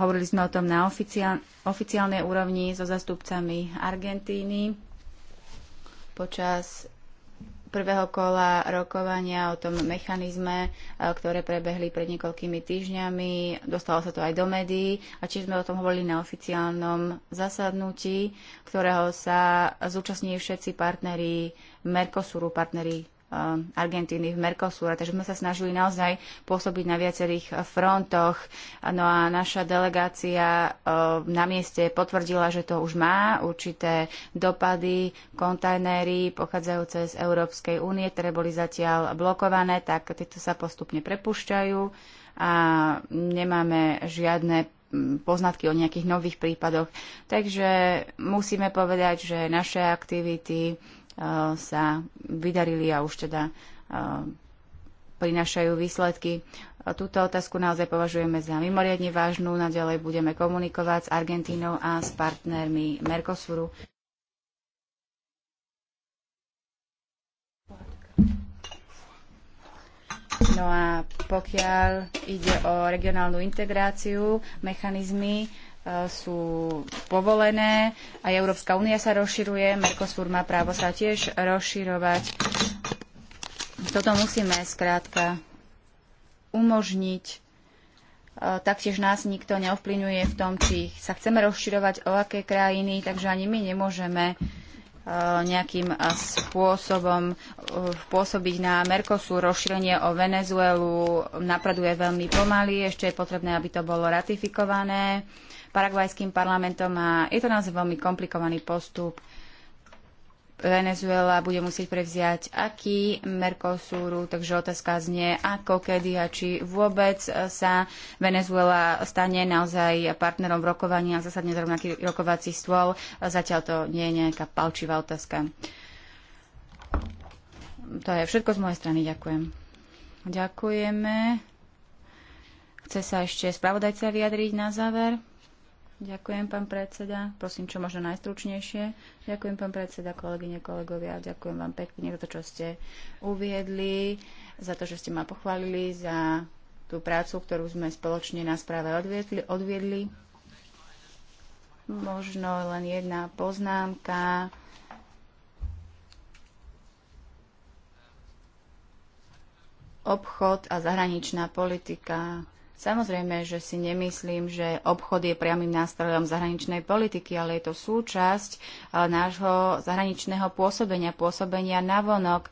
Speaker 3: Hovorili sme o tom na oficiál- oficiálnej úrovni so zastupcami Argentíny počas prvého kola rokovania o tom mechanizme, e, ktoré prebehli pred niekoľkými týždňami. Dostalo sa to aj do médií. A či sme o tom hovorili na oficiálnom zasadnutí, ktorého sa zúčastní všetci partneri Mercosuru, partneri Eh, Argentíny v Mercosur, Takže sme sa snažili naozaj pôsobiť na viacerých eh, frontoch. No a naša delegácia eh, na mieste potvrdila, že to už má určité dopady. Kontajnery pochádzajúce z Európskej únie, ktoré boli zatiaľ blokované, tak tieto sa postupne prepušťajú a nemáme žiadne mm, poznatky o nejakých nových prípadoch. Takže musíme povedať, že naše aktivity Eh, sa vydarili a už teda eh, prinášajú výsledky. Túto otázku naozaj považujeme za mimoriadne vážnu. Naďalej budeme komunikovať s Argentínou a s partnermi Mercosuru. No a pokiaľ ide o regionálnu integráciu, mechanizmy, Eh, sú povolené, aj Európska únia sa rozširuje, Mercosur má právo sa tiež rozširovať. Toto musíme skrátka umožniť. Eh, taktiež nás nikto neovplyvňuje v tom, či sa chceme rozširovať o aké krajiny, takže ani my nemôžeme eh, nejakým spôsobom pôsobiť na Mercosur. Rozšírenie o Venezuelu napreduje veľmi pomaly, ešte je potrebné, aby to bolo ratifikované paraguajským parlamentom a je to naozaj veľmi komplikovaný postup. Venezuela bude musieť prevziať aký Mercosuru, takže otázka znie, ako, kedy a či vôbec sa Venezuela stane naozaj partnerom v rokovaní a zasadne zrovnaký rokovací stôl. Zatiaľ to nie je nejaká palčivá otázka. To je všetko z mojej strany. Ďakujem. Ďakujeme. Chce sa ešte spravodajca vyjadriť na záver? Ďakujem, pán predseda. Prosím, čo možno najstručnejšie. Ďakujem, pán predseda, kolegyne, kolegovia. Ďakujem vám pekne za to, čo ste uviedli, za to, že ste ma pochválili, za tú prácu, ktorú sme spoločne na správe odviedli. odviedli. Možno len jedna poznámka. Obchod a zahraničná politika Samozrejme, že si nemyslím, že obchod je priamým nástrojom zahraničnej politiky, ale je to súčasť eh, nášho zahraničného pôsobenia, pôsobenia navonok.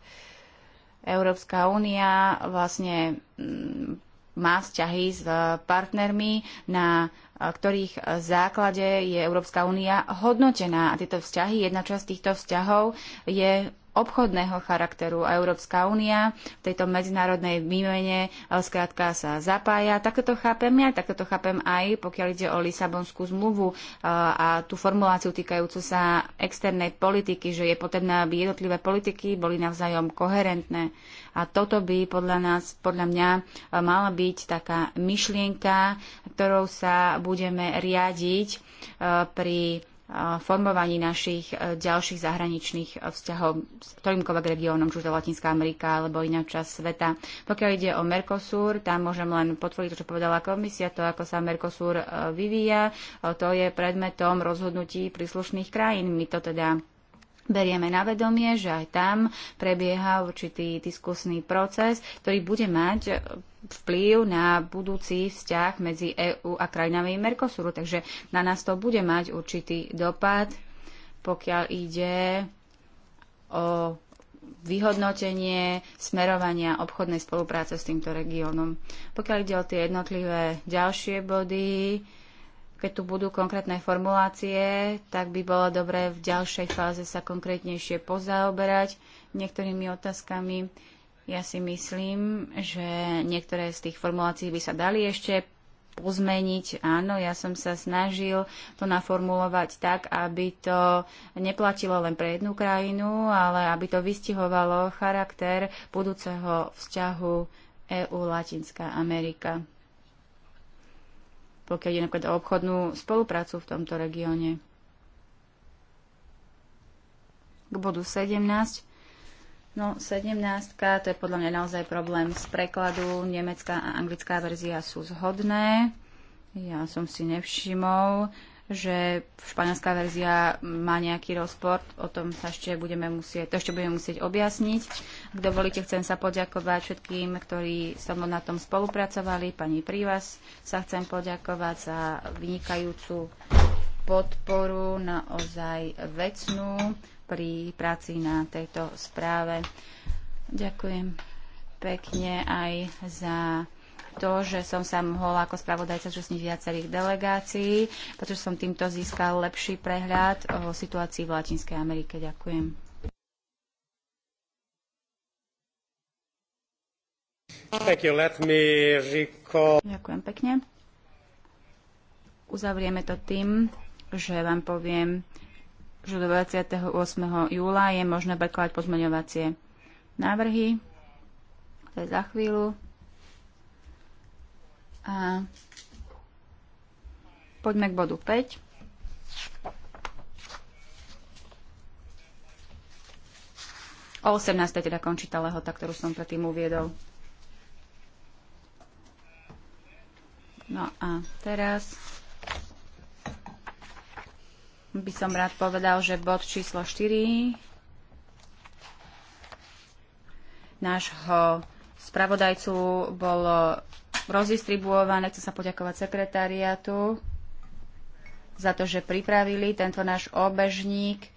Speaker 3: Európska únia vlastne mm, má vzťahy s eh, partnermi, na eh, ktorých základe je Európska únia hodnotená. A tieto vzťahy, jedna časť týchto vzťahov je obchodného charakteru a Európska únia v tejto medzinárodnej výmene eh, skrátka sa zapája. Takto to chápem ja, takto to chápem aj pokiaľ ide o Lisabonskú zmluvu eh, a tú formuláciu týkajúcu sa externej politiky, že je potrebné, aby jednotlivé politiky boli navzájom koherentné. A toto by podľa nás, podľa mňa eh, mala byť taká myšlienka, ktorou sa budeme riadiť pri formovaní našich e, ďalších zahraničných e, vzťahov s ktorýmkoľvek regiónom, či už to Latinská Amerika alebo iná časť sveta. Pokiaľ ide o Mercosur, tam môžem len potvrdiť to, čo povedala komisia, to, ako sa Mercosur e, vyvíja, to je predmetom rozhodnutí príslušných krajín. My to teda berieme na vedomie, že aj tam prebieha určitý diskusný proces, ktorý bude mať vplyv na budúci vzťah medzi EÚ a krajinami Mercosuru. Takže na nás to bude mať určitý dopad, pokiaľ ide o vyhodnotenie smerovania obchodnej spolupráce s týmto regiónom. Pokiaľ ide o tie jednotlivé ďalšie body, keď tu budú konkrétne formulácie, tak by bolo dobré v ďalšej fáze sa konkrétnejšie pozaoberať niektorými otázkami. Ja si myslím, že niektoré z tých formulácií by sa dali ešte pozmeniť. Áno, ja som sa snažil to naformulovať tak, aby to neplatilo len pre jednu krajinu, ale aby to vystihovalo charakter budúceho vzťahu EU-Latinská Amerika. Pokiaľ ide napríklad o obchodnú spoluprácu v tomto regióne. K bodu 17 No, 17, to je podľa mňa naozaj problém z prekladu. Nemecká a anglická verzia sú zhodné. Ja som si nevšimol, že španielská verzia má nejaký rozpor. O tom sa ešte budeme musieť, to ešte budeme musieť objasniť. Ak dovolíte, chcem sa poďakovať všetkým, ktorí so mnou na tom spolupracovali. Pani Prívas sa chcem poďakovať za vynikajúcu podporu, naozaj vecnú pri práci na tejto správe. Ďakujem pekne aj za to, že som sa mohol ako spravodajca zúčastniť viacerých delegácií, pretože som týmto získal lepší prehľad o situácii v Latinskej Amerike. Ďakujem. Ďakujem pekne. Uzavrieme to tým, že vám poviem, že do 28. júla je možné prekladať pozmeňovacie návrhy. To je za chvíľu. A poďme k bodu 5. O 18. teda končí tá lehota, ktorú som predtým uviedol. No a teraz by som rád povedal, že bod číslo 4 nášho spravodajcu bolo rozdistribuované. Chcem sa poďakovať sekretariatu za to, že pripravili tento náš obežník,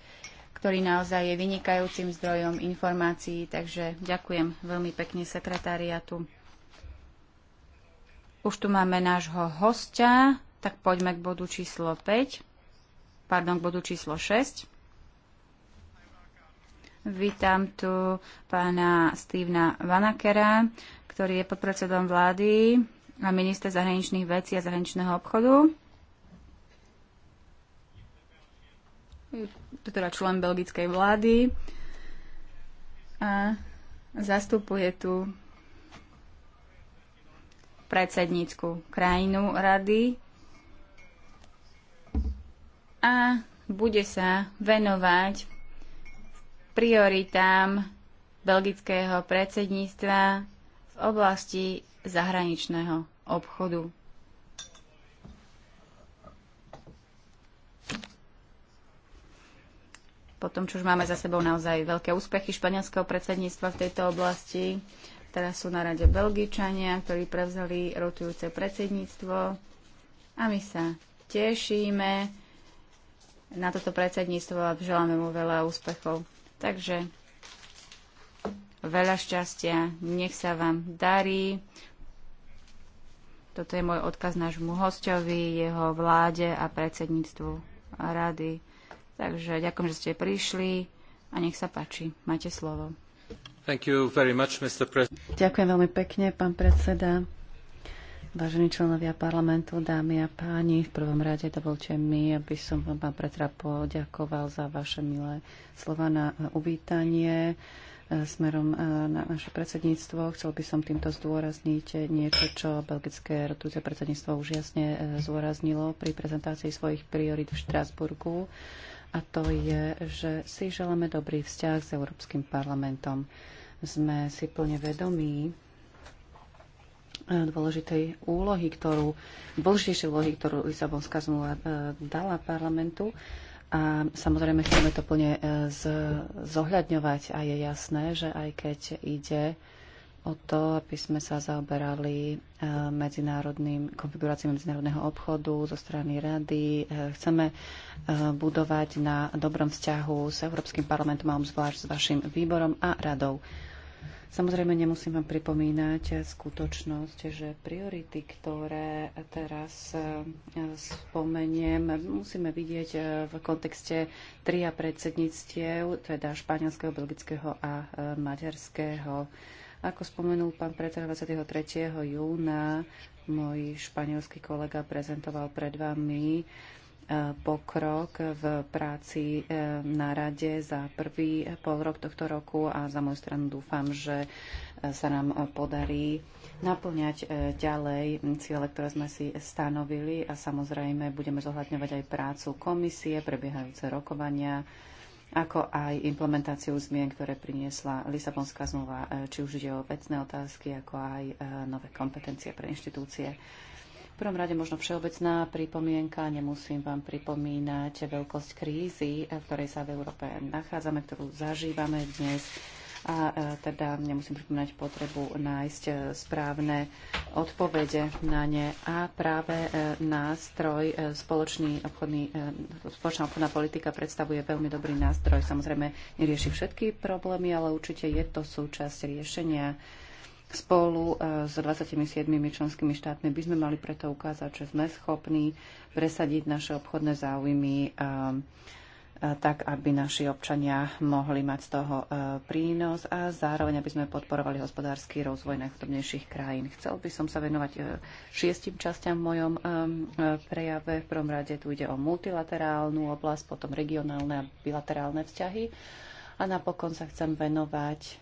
Speaker 3: ktorý naozaj je vynikajúcim zdrojom informácií. Takže ďakujem veľmi pekne sekretariatu. Už tu máme nášho hostia, tak poďme k bodu číslo 5 pardon, k bodu číslo 6. Vítam tu pána Stevena Vanakera, ktorý je podpredsedom vlády a minister zahraničných vecí a zahraničného obchodu. Je teda člen belgickej vlády a zastupuje tu predsednícku krajinu rady a bude sa venovať prioritám belgického predsedníctva v oblasti zahraničného obchodu. Potom, čo už máme za sebou naozaj veľké úspechy španielského predsedníctva v tejto oblasti, teraz sú na rade Belgičania, ktorí prevzali rotujúce predsedníctvo a my sa tešíme na toto predsedníctvo a želáme mu veľa úspechov. Takže veľa šťastia, nech sa vám darí. Toto je môj odkaz nášmu hostovi, jeho vláde a predsedníctvu a rady. Takže ďakujem, že ste prišli a nech sa páči. Máte slovo. Much, ďakujem veľmi pekne, pán predseda.
Speaker 2: Vážení členovia parlamentu, dámy a páni, v prvom rade dovolte mi, aby som vám, pán Petra, poďakoval za vaše milé slova na uvítanie e, smerom e, na naše predsedníctvo. Chcel by som týmto zdôrazniť niečo, čo belgické rotúce predsedníctvo už jasne e, zdôraznilo pri prezentácii svojich priorit v Štrásburgu. A to je, že si želáme dobrý vzťah s Európskym parlamentom. Sme si plne vedomí, dôležitej úlohy, ktorú, dôležitejšie úlohy, ktorú Lisabonská zmluva e, dala parlamentu. A samozrejme chceme to plne e, z, zohľadňovať a je jasné, že aj keď ide o to, aby sme sa zaoberali e, medzinárodným, konfiguráciou medzinárodného obchodu zo strany rady. Chceme budovať na dobrom vzťahu s Európskym parlamentom a zvlášť s vašim výborom a radou. Samozrejme nemusím vám pripomínať skutočnosť, že priority, ktoré teraz e, spomeniem, musíme vidieť e, v kontexte tria predsedníctiev, teda španielského, belgického a e, maďarského. Ako spomenul pán predseda 23. júna, môj španielský kolega prezentoval pred vami pokrok v práci e, na rade za prvý pol rok tohto roku a za moju stranu dúfam, že e, sa nám e, podarí naplňať ďalej ciele, ktoré sme si stanovili a samozrejme budeme zohľadňovať aj prácu komisie, prebiehajúce rokovania, ako aj implementáciu zmien, ktoré priniesla Lisabonská zmluva, či už ide o vecné otázky, ako aj nové kompetencie pre inštitúcie prvom rade možno všeobecná pripomienka. Nemusím vám pripomínať veľkosť krízy, v ktorej sa v Európe nachádzame, ktorú zažívame dnes. A e, teda nemusím pripomínať potrebu nájsť e, správne odpovede na ne. A práve e, nástroj spoločný obchodný, spoločná obchodná politika predstavuje veľmi dobrý nástroj. Samozrejme, nerieši všetky problémy, ale určite je to súčasť riešenia Spolu e, s 27 členskými štátmi by sme mali preto ukázať, že sme schopní presadiť naše obchodné záujmy e, e, tak, aby naši občania mohli mať z toho prínos a zároveň, aby sme podporovali hospodársky rozvoj najchudobnejších krajín. Chcel by som sa venovať šiestim častiam v mojom prejave. V prvom rade tu ide o multilaterálnu oblasť, potom regionálne a bilaterálne vzťahy a napokon sa chcem venovať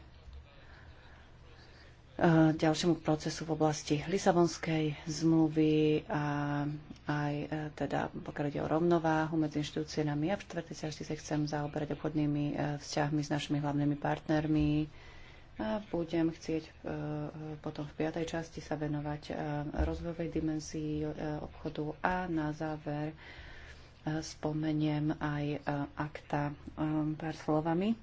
Speaker 2: Eh, ďalšiemu procesu v oblasti Lisabonskej zmluvy a aj eh, teda pokiaľ ide o rovnováhu medzi inštitúciami. A v čtvrtej časti sa chcem zaoberať obchodnými eh, vzťahmi s našimi hlavnými partnermi. A budem chcieť potom v piatej časti sa venovať rozvojovej dimenzii obchodu a na záver spomeniem aj akta pár slovami.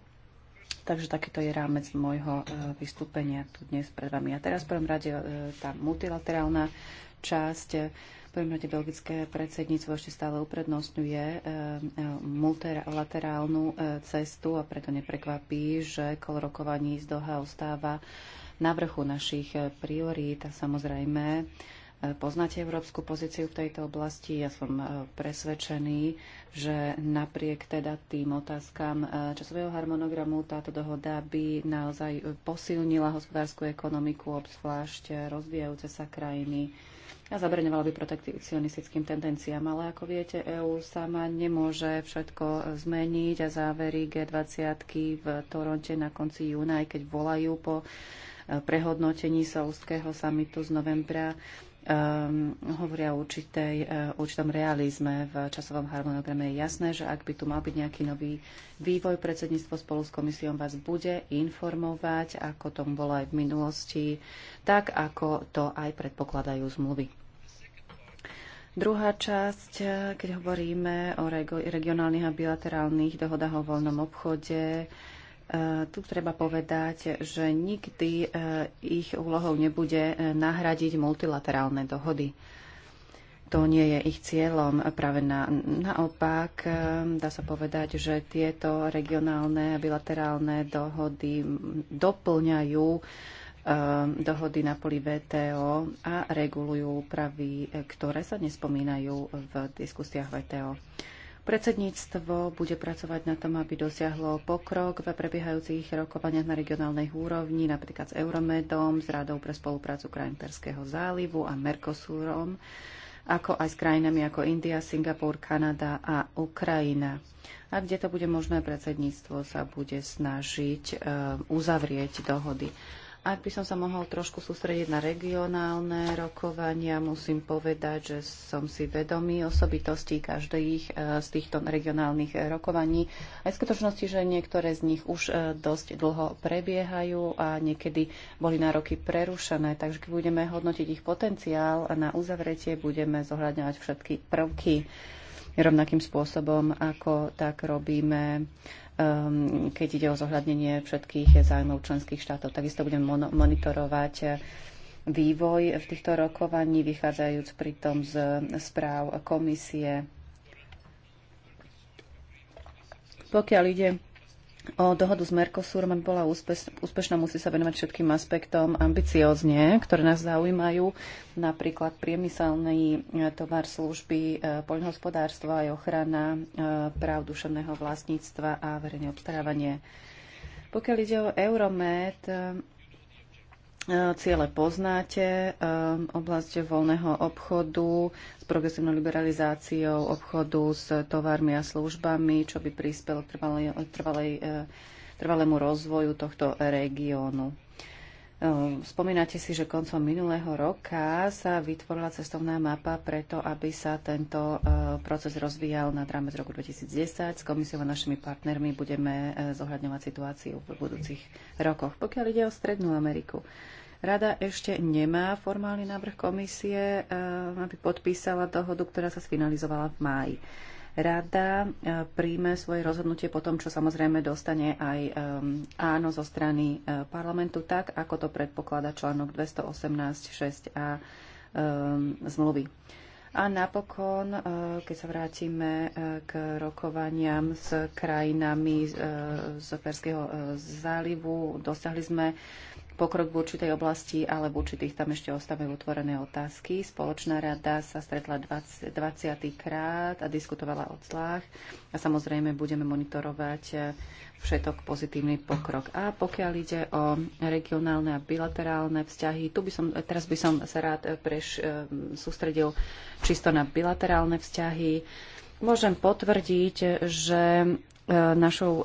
Speaker 2: Takže takýto je rámec môjho e, vystúpenia tu dnes pred vami. A teraz v prvom rade e, tá multilaterálna časť. E, v prvom rade belgické predsedníctvo ešte stále uprednostňuje multilaterálnu cestu a preto neprekvapí, že kol rokovaní z Doha ostáva na vrchu našich priorít a samozrejme Poznáte európsku pozíciu v tejto oblasti. Ja som e, presvedčený, že napriek teda tým otázkam e, časového harmonogramu táto dohoda by naozaj posilnila hospodárskú ekonomiku, obzvlášť rozvíjajúce sa krajiny a zabraňovala by protekcionistickým tendenciám. Ale ako viete, EÚ sama nemôže všetko zmeniť a závery G20 v Toronte na konci júna, aj keď volajú po e, prehodnotení Saulského samitu z novembra, um, hovoria o určitej, uh, určitom realizme v časovom harmonograme. Je jasné, že ak by tu mal byť nejaký nový vývoj, predsedníctvo spolu s komisiou vás bude informovať, ako tomu bolo aj v minulosti, tak ako to aj predpokladajú zmluvy. Druhá časť, e, keď hovoríme o regionálnych a bilaterálnych dohodách o voľnom obchode, tu treba povedať, že nikdy e, ich úlohou nebude e, nahradiť multilaterálne dohody. To nie je ich cieľom. Práve na, naopak, e, dá sa povedať, že tieto regionálne a bilaterálne dohody doplňajú dohody na poli VTO a regulujú úpravy, ktoré sa nespomínajú v diskusiách VTO. Predsedníctvo bude pracovať na tom, aby dosiahlo pokrok v prebiehajúcich rokovaniach na regionálnej úrovni, napríklad s Euromedom, s Radou pre spoluprácu krajín Perského zálivu a Mercosurom, ako aj s krajinami ako India, Singapur, Kanada a Ukrajina. A kde to bude možné, predsedníctvo sa bude snažiť eh, uzavrieť dohody. Ak by som sa mohol trošku sústrediť na regionálne rokovania, musím povedať, že som si vedomý osobitostí každých eh, z týchto regionálnych eh, rokovaní. Aj v skutočnosti, že niektoré z nich už eh, dosť dlho prebiehajú a niekedy boli nároky prerušené, takže keď budeme hodnotiť ich potenciál a na uzavretie budeme zohľadňovať všetky prvky rovnakým spôsobom, ako tak robíme Ehm, keď ide o zohľadnenie všetkých zájmov členských štátov. Takisto budem monitorovať eh, vývoj v týchto rokovaní, vychádzajúc pritom z správ komisie. Pokiaľ ide o dohodu s Mercosurom, aby bola úspešná, musí sa venovať všetkým aspektom ambiciozne, ktoré nás zaujímajú, napríklad priemyselný e, tovar služby, e, poľnohospodárstvo aj ochrana e, práv duševného vlastníctva a verejné obstarávanie. Pokiaľ ide o Euromed, E, ciele poznáte, e, oblasť voľného obchodu s progresívnou liberalizáciou obchodu s tovarmi a službami, čo by prispelo k trvalej, trvalej, e, trvalému rozvoju tohto regiónu. Spomínate si, že koncom minulého roka sa vytvorila cestovná mapa preto, aby sa tento proces rozvíjal nad rámec roku 2010. S komisiou a našimi partnermi budeme zohľadňovať situáciu v budúcich rokoch. Pokiaľ ide o Strednú Ameriku, Rada ešte nemá formálny návrh komisie, eh, aby podpísala dohodu, ktorá sa sfinalizovala v máji. Rada eh, príjme svoje rozhodnutie po tom, čo samozrejme dostane aj eh, áno zo strany parlamentu, tak ako to predpokladá článok 218.6a zmluvy. A napokon, keď sa vrátime k rokovaniam s krajinami z Perského zálivu, dosiahli sme pokrok v určitej oblasti, ale v určitých tam ešte ostávajú otvorené otázky. Spoločná rada sa stretla 20, 20. krát a diskutovala o clách a samozrejme budeme monitorovať eh, všetok pozitívny pokrok. A pokiaľ ide o regionálne a bilaterálne vzťahy, tu by som, teraz by som sa rád eh, preš, eh, sústredil čisto na bilaterálne vzťahy. Môžem potvrdiť, že E, našou e,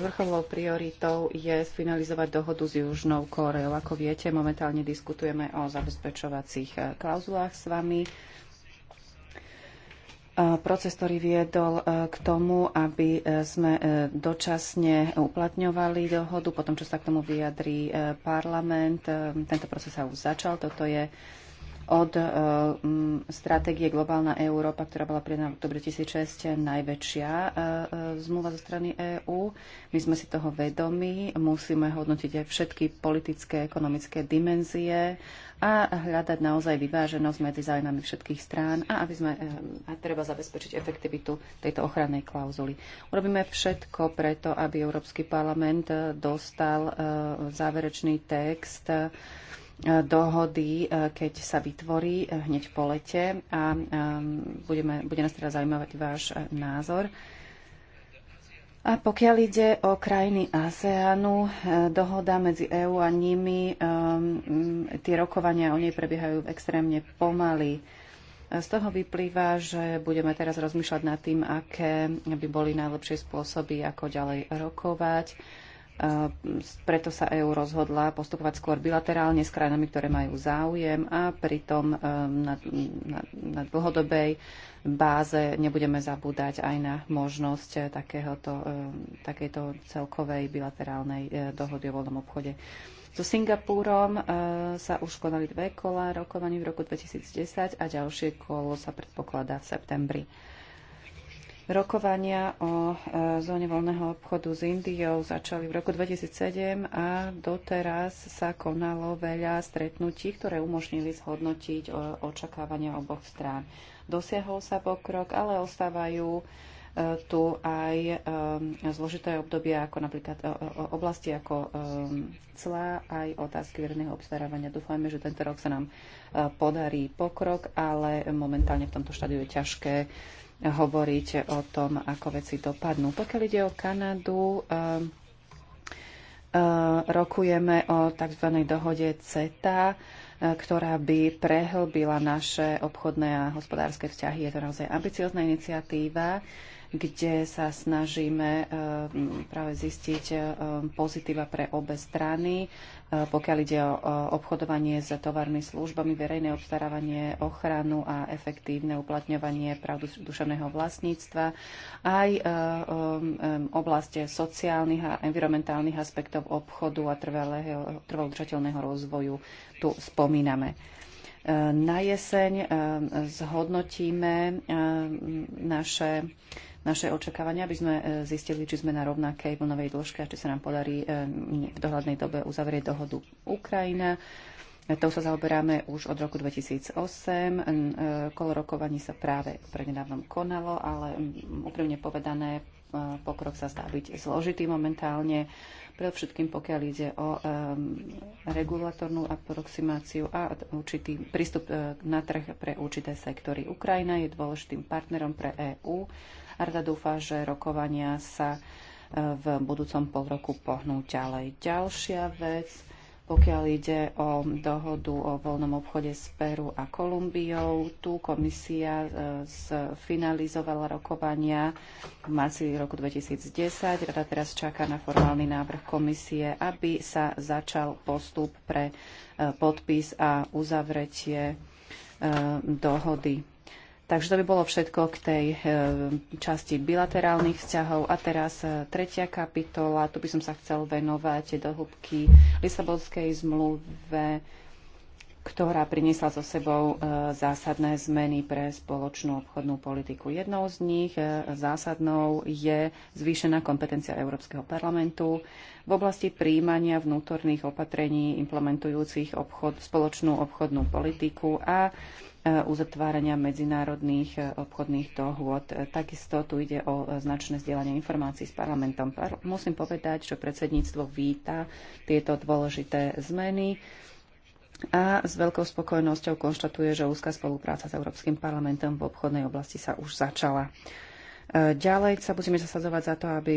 Speaker 2: vrcholou prioritou je sfinalizovať dohodu s Južnou Kóreou. Ako viete, momentálne diskutujeme o zabezpečovacích e, klauzulách s vami. Proces, ktorý viedol k tomu, aby sme dočasne uplatňovali dohodu, potom čo sa k tomu vyjadrí parlament. Tento proces sa už začal. Toto je od eh, mm, stratégie Globálna Európa, ktorá bola pri v oktobri 2006 najväčšia eh, eh, zmluva zo strany EÚ. My sme si toho vedomi, musíme hodnotiť aj všetky politické, ekonomické dimenzie a hľadať naozaj vyváženosť medzi zájmami všetkých strán a aby sme a treba zabezpečiť efektivitu tejto ochrannej klauzuly. Urobíme všetko preto, aby Európsky parlament dostal záverečný text dohody, e, keď sa vytvorí e, hneď po lete a e, budeme, bude nás teda zaujímavať váš názor. A pokiaľ ide o krajiny ASEANu, dohoda medzi EÚ a nimi, tie rokovania o nej prebiehajú extrémne pomaly. Z toho vyplýva, že budeme teraz rozmýšľať nad tým, aké by boli najlepšie spôsoby, ako ďalej rokovať. E, preto sa EÚ rozhodla postupovať skôr bilaterálne s krajinami, ktoré majú záujem a pritom e, na, na, na dlhodobej báze nebudeme zabúdať aj na možnosť e, takéhoto, takejto celkovej bilaterálnej dohody o voľnom obchode. So Singapúrom sa už konali dve kola rokovaní v roku 2010 a ďalšie kolo sa predpokladá v septembri. Rokovania o e, zóne voľného obchodu s Indiou začali v roku 2007 a doteraz sa konalo veľa stretnutí, ktoré umožnili zhodnotiť očakávania oboch strán. Dosiahol sa pokrok, ale ostávajú tu aj ehm, zložité obdobia, ako napríklad e, e, oblasti ako ehm, clá, aj otázky verejného obstarávania. Dúfajme, že tento rok sa nám e, podarí pokrok, ale momentálne v tomto štádiu je ťažké hovoriť o tom, ako veci dopadnú. Pokiaľ ide o Kanadu, ehm, rokujeme o tzv. dohode CETA, ktorá by prehlbila naše obchodné a hospodárske vzťahy. Je to naozaj ambiciozná iniciatíva kde sa snažíme eh, práve zistiť eh, pozitíva pre obe strany, eh, pokiaľ ide o obchodovanie s tovarmi, službami, verejné obstarávanie, ochranu a efektívne uplatňovanie práv duševného vlastníctva, aj oblasti sociálnych a environmentálnych aspektov obchodu a trvalého, trvalodržateľného rozvoju tu spomíname. Na jeseň eh, zhodnotíme eh, naše naše očakávania, aby sme eh, zistili, či sme na rovnakej vlnovej dĺžke a či sa nám podarí v dohľadnej dobe uzavrieť dohodu Ukrajina. To sa zaoberáme už od roku 2008. Kolo rokovaní sa práve prednedávnom konalo, ale hm, úprimne povedané Pokrok sa zdá byť zložitý momentálne, predovšetkým pokiaľ ide o um, regulatornú aproximáciu a určitý prístup e, na trh pre určité sektory. Ukrajina je dôležitým partnerom pre EÚ a rada dúfa, že rokovania sa e, v budúcom pol roku pohnú ďalej. Ďalšia vec, pokiaľ ide o dohodu o voľnom obchode s Peru a Kolumbiou, tu komisia e, finalizovala rokovania v marci roku 2010. Rada teraz čaká na formálny návrh komisie, aby sa začal postup pre e, podpis a uzavretie e, dohody Takže to by bolo všetko k tej e, časti bilaterálnych vzťahov. A teraz e, tretia kapitola, tu by som sa chcel venovať do hĺbky Lisabonskej zmluve, ktorá priniesla so sebou e, zásadné zmeny pre spoločnú obchodnú politiku. Jednou z nich zásadnou je zvýšená kompetencia Európskeho parlamentu v oblasti príjmania vnútorných opatrení implementujúcich obchod, spoločnú obchodnú politiku a Eh, uzatvárania medzinárodných eh, obchodných dohôd. Eh, takisto tu ide o značné zdieľanie informácií s parlamentom. Musím povedať, že predsedníctvo víta tieto dôležité zmeny a s veľkou spokojnosťou konštatuje, že úzka spolupráca s Európskym parlamentom v obchodnej oblasti sa už začala. Ďalej sa budeme zasadzovať za to, aby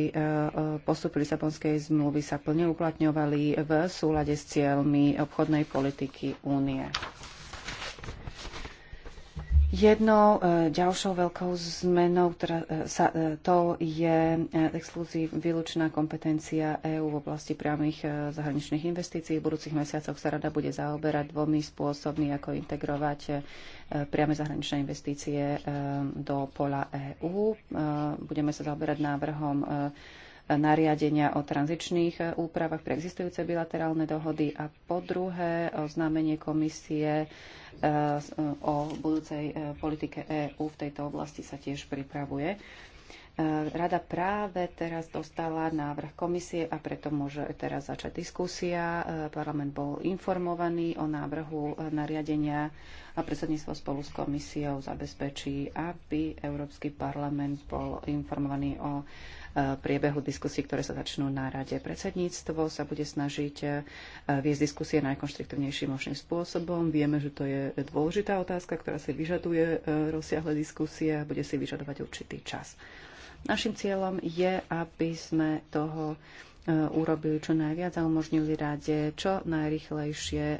Speaker 2: postupy Lisabonskej zmluvy sa plne uplatňovali v súlade s cieľmi obchodnej politiky únie. Jednou e, ďalšou veľkou zmenou ktorá e, sa, e, to je exkluzív výlučná kompetencia EÚ v oblasti priamých zahraničných investícií. V budúcich mesiacoch sa rada bude zaoberať dvomi spôsobmi, ako integrovať priame zahraničné investície do pola EÚ. Budeme sa zaoberať návrhom nariadenia o tranzičných e, úpravách pre existujúce bilaterálne dohody a po druhé oznámenie komisie e, e, o budúcej politike EÚ v tejto oblasti sa tiež pripravuje. Rada práve teraz dostala návrh komisie a preto môže teraz začať diskusia. Parlament bol informovaný o návrhu nariadenia a predsedníctvo spolu s komisiou zabezpečí, aby Európsky parlament bol informovaný o e, priebehu diskusí, ktoré sa začnú na rade. Predsedníctvo sa bude snažiť e, viesť diskusie najkonštruktívnejším možným spôsobom. Vieme, že to je dôležitá otázka, ktorá si vyžaduje e, rozsiahle diskusie a bude si vyžadovať určitý čas. Našim cieľom je, aby sme toho E, urobili čo najviac a umožnili rade čo najrychlejšie e, e,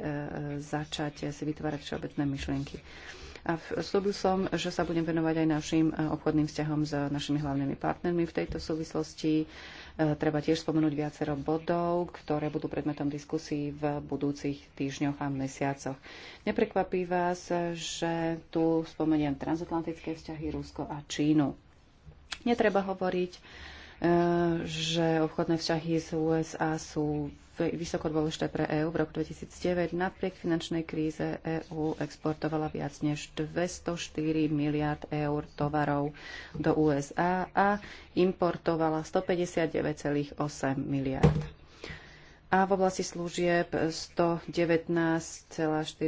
Speaker 2: začať si vytvárať všeobecné myšlienky. A slúbil som, že sa budem venovať aj našim obchodným vzťahom s našimi hlavnými partnermi. V tejto súvislosti treba tiež spomenúť viacero bodov, ktoré budú predmetom diskusí v budúcich týždňoch a mesiacoch. Neprekvapí vás, že tu spomeniem transatlantické vzťahy Rusko a Čínu. Netreba hovoriť, že obchodné vzťahy z USA sú vysoko dôležité pre EÚ. V roku 2009 napriek finančnej kríze EÚ exportovala viac než 204 miliard eur tovarov do USA a importovala 159,8 miliard. A v oblasti služieb 119,4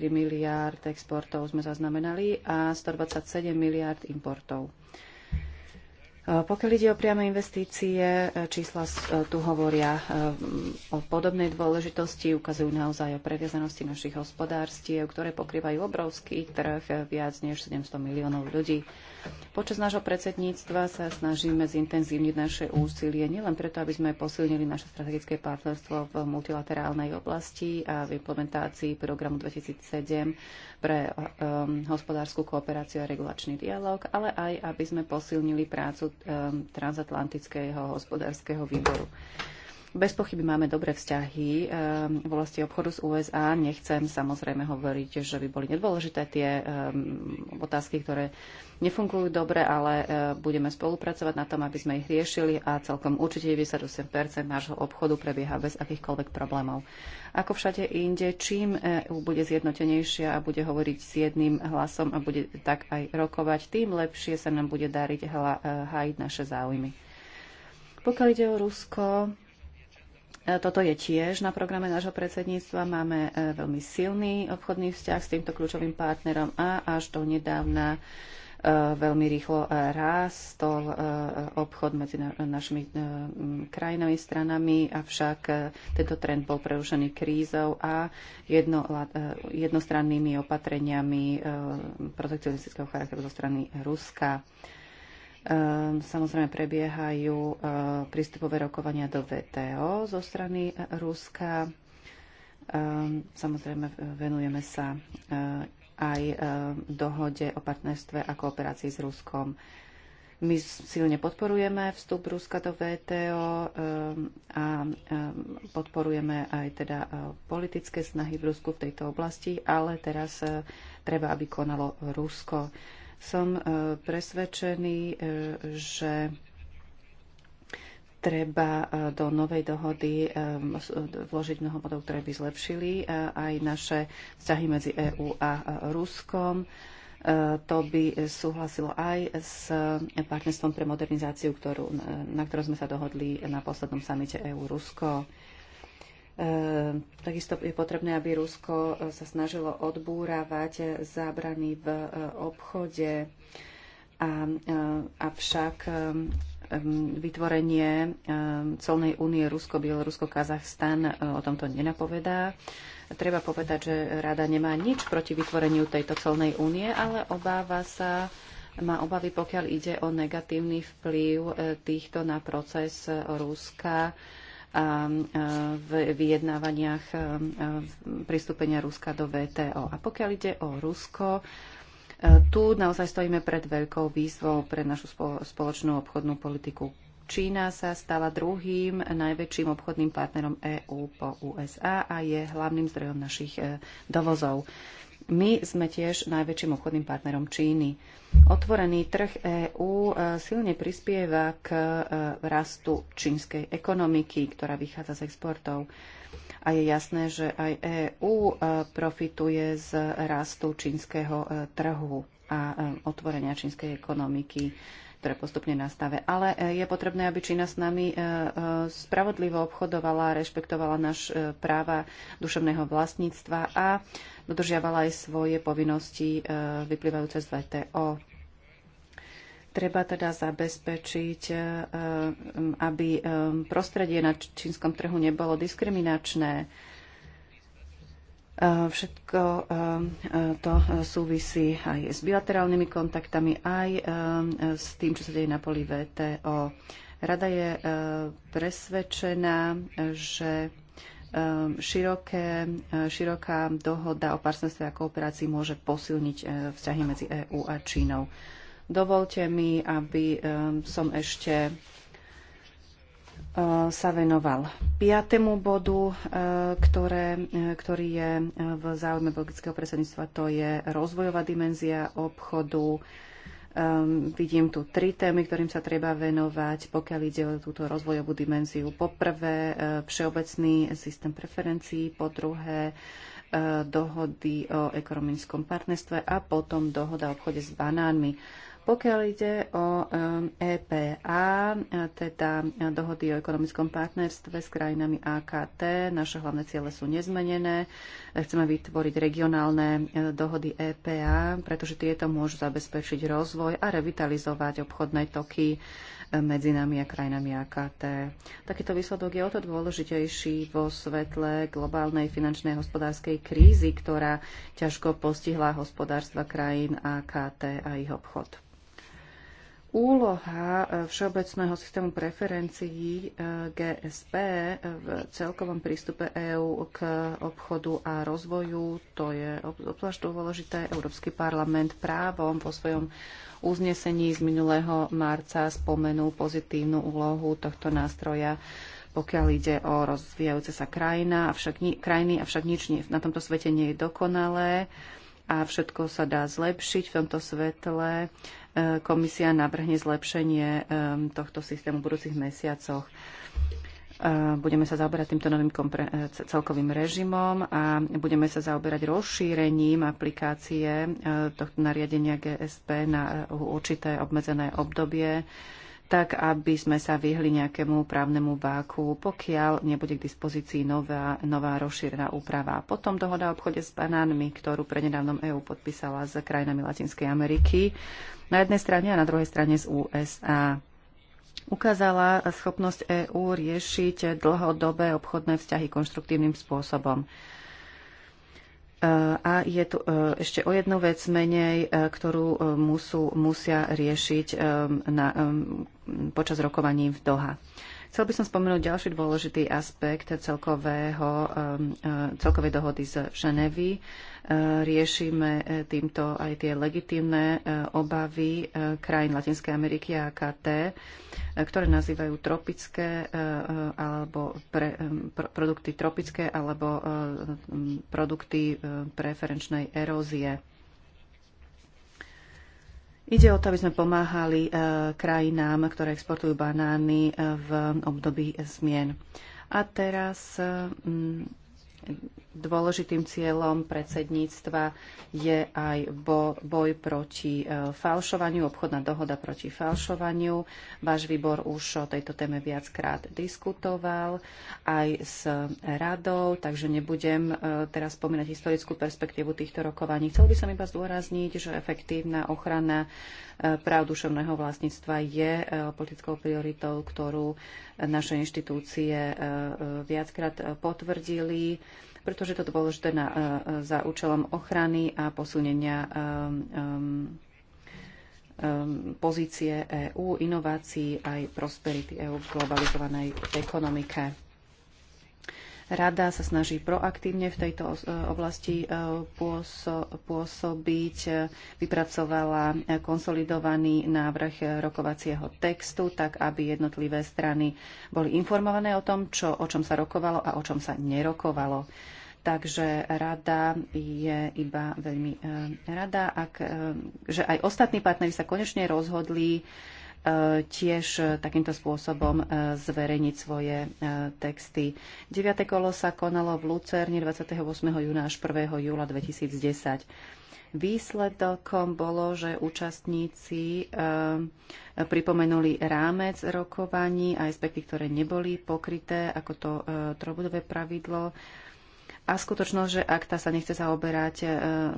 Speaker 2: miliard exportov sme zaznamenali a 127 miliard importov. Pokiaľ ide o priame investície, čísla tu hovoria eh, o podobnej dôležitosti, ukazujú naozaj o previazanosti našich hospodárstiev, ktoré pokrývajú obrovský trh, viac než 700 miliónov ľudí Počas nášho predsedníctva sa snažíme zintenzívniť naše úsilie nielen preto, aby sme posilnili naše strategické partnerstvo v multilaterálnej oblasti a v implementácii programu 2007 pre um, hospodárskú kooperáciu a regulačný dialog, ale aj aby sme posilnili prácu um, transatlantického hospodárskeho výboru. Bez pochyby máme dobré vzťahy ehm, v oblasti obchodu s USA. Nechcem samozrejme hovoriť, že by boli nedôležité tie ehm, otázky, ktoré nefungujú dobre, ale ehm, budeme spolupracovať na tom, aby sme ich riešili a celkom určite 98% nášho obchodu prebieha bez akýchkoľvek problémov. Ako všade inde, čím EU bude zjednotenejšia a bude hovoriť s jedným hlasom a bude tak aj rokovať, tým lepšie sa nám bude dariť e, hájiť naše záujmy. Pokiaľ ide o Rusko, E, toto je tiež na programe nášho predsedníctva. Máme e, veľmi silný obchodný vzťah s týmto kľúčovým partnerom a až do nedávna e, veľmi rýchlo rástol obchod medzi našimi krajinami, stranami, avšak tento trend bol prerušený krízou a jedno, jednostrannými opatreniami protekcionistického charakteru zo strany Ruska. Ehm, samozrejme prebiehajú ehm, prístupové rokovania do VTO zo strany e, Ruska. Ehm, samozrejme venujeme sa aj dohode o partnerstve a kooperácii s Ruskom. My silne podporujeme vstup Ruska do VTO a podporujeme aj teda e, politické snahy v Rusku v tejto oblasti, ale teraz e, treba, aby konalo Rusko. Som e, presvedčený, e, že treba e, do novej dohody vložiť mnoho bodov, ktoré by zlepšili aj naše vzťahy medzi EÚ a Ruskom. To by súhlasilo aj s partnerstvom pre modernizáciu, ktorú, na ktorom sme sa dohodli na poslednom samite EÚ-Rusko. Ehm, takisto je potrebné, aby Rusko e, sa snažilo odbúravať zábrany v e, obchode. A, e, avšak vytvorenie colnej únie Rusko, Bielorusko, Kazachstan o tomto nenapovedá. Treba povedať, že rada nemá nič proti vytvoreniu tejto colnej únie, ale obáva sa, má obavy, pokiaľ ide o negatívny vplyv týchto na proces Ruska v vyjednávaniach pristúpenia Ruska do VTO. A pokiaľ ide o Rusko, tu naozaj stojíme pred veľkou výzvou pre našu spoločnú obchodnú politiku. Čína sa stala druhým najväčším obchodným partnerom EÚ po USA a je hlavným zdrojom našich e, dovozov. My sme tiež najväčším obchodným partnerom Číny. Otvorený trh EÚ e, silne prispieva k e, rastu čínskej ekonomiky, ktorá vychádza z exportov. A je jasné, že aj EÚ e, profituje z rastu čínskeho trhu a otvorenia čínskej ekonomiky ktoré postupne nastave. Ale e, je potrebné, aby Čína s nami e, e, spravodlivo obchodovala, rešpektovala náš práva duševného vlastníctva a dodržiavala aj svoje povinnosti vyplývajúce z VTO. Treba teda zabezpečiť, aby prostredie na čínskom trhu nebolo diskriminačné Všetko eh, to súvisí aj s bilaterálnymi kontaktami, aj eh, s tým, čo sa deje na poli VTO. Rada je eh, presvedčená, že široké, široká dohoda o partnerstve a kooperácii môže posilniť vzťahy medzi EÚ a Čínou. Dovolte mi, aby som ešte E, sa venoval piatému bodu, e, ktoré, e, ktorý je v záujme belgického predsedníctva, to je rozvojová dimenzia obchodu. Um, vidím tu tri témy, ktorým sa treba venovať, pokiaľ ide o túto rozvojovú dimenziu. Po prvé, všeobecný systém preferencií, po druhé, dohody o ekonomickom partnerstve a potom dohoda o obchode s banánmi. Pokiaľ ide o EPA, e teda dohody o ekonomickom partnerstve s krajinami AKT, naše hlavné ciele sú nezmenené. Chceme vytvoriť regionálne e, dohody EPA, pretože tieto môžu zabezpečiť rozvoj a revitalizovať obchodné toky e, medzi nami a krajinami AKT. Takýto výsledok je o to dôležitejší vo svetle globálnej finančnej a hospodárskej krízy, ktorá ťažko postihla hospodárstva krajín AKT a ich obchod. Úloha e, Všeobecného systému preferencií e, GSP e, v celkovom prístupe EÚ k obchodu a rozvoju, to je obzvlášť dôležité. Európsky parlament právom vo svojom uznesení z minulého marca spomenul pozitívnu úlohu tohto nástroja pokiaľ ide o rozvíjajúce sa krajina, avšak ni- krajiny, avšak nič nie, na tomto svete nie je dokonalé a všetko sa dá zlepšiť v tomto svetle komisia navrhne zlepšenie tohto systému v budúcich mesiacoch. Budeme sa zaoberať týmto novým celkovým režimom a budeme sa zaoberať rozšírením aplikácie tohto nariadenia GSP na e, určité obmedzené obdobie tak aby sme sa vyhli nejakému právnemu váku, pokiaľ nebude k dispozícii nová, nová rozšírená úprava. Potom dohoda o obchode s banánmi, ktorú prednedávnom EÚ podpísala s krajinami Latinskej Ameriky na jednej strane a na druhej strane z USA. Ukázala schopnosť EÚ riešiť dlhodobé obchodné vzťahy konštruktívnym spôsobom. Eh, a je tu eh, ešte o jednu vec menej, eh, ktorú musú, musia riešiť na, počas rokovaní v Doha. Chcel by som spomenúť ďalší dôležitý aspekt celkového, um, uh, celkovej dohody z Ženevy. Uh, riešime uh, týmto aj tie legitímne obavy krajín Latinskej Ameriky a AKT, ktoré nazývajú tropické alebo pre, um, produkty tropické alebo um, produkty preferenčnej erózie. Ide o to, aby sme pomáhali e, krajinám, ktoré exportujú banány e, v období zmien. A teraz e, Dôležitým cieľom predsedníctva je aj boj proti e, falšovaniu, obchodná dohoda proti falšovaniu. Váš výbor už o tejto téme viackrát diskutoval aj s radou, takže nebudem e, teraz spomínať historickú perspektívu týchto rokovaní. Chcel by som iba zdôrazniť, že efektívna ochrana práv duševného vlastníctva je e, politickou prioritou, ktorú naše inštitúcie e, e, viackrát potvrdili pretože je to dôležité na, za účelom ochrany a posunenia um, um, pozície EÚ, inovácií aj prosperity EÚ v globalizovanej ekonomike. Rada sa snaží proaktívne v tejto e, oblasti e, pôsobiť, e, vypracovala konsolidovaný návrh rokovacieho textu, tak aby jednotlivé strany boli informované o tom, čo, o čom sa rokovalo a o čom sa nerokovalo. Takže rada je iba veľmi rada, ak, že aj ostatní partneri sa konečne rozhodli tiež takýmto spôsobom e, zverejniť svoje e, texty. 9. kolo sa konalo v Lucerne 28. júna až 1. júla 2010. Výsledokom bolo, že účastníci e, pripomenuli rámec rokovaní a aspekty, ktoré neboli pokryté, ako to trobudové pravidlo, a skutočnosť, že akta sa nechce zaoberať e,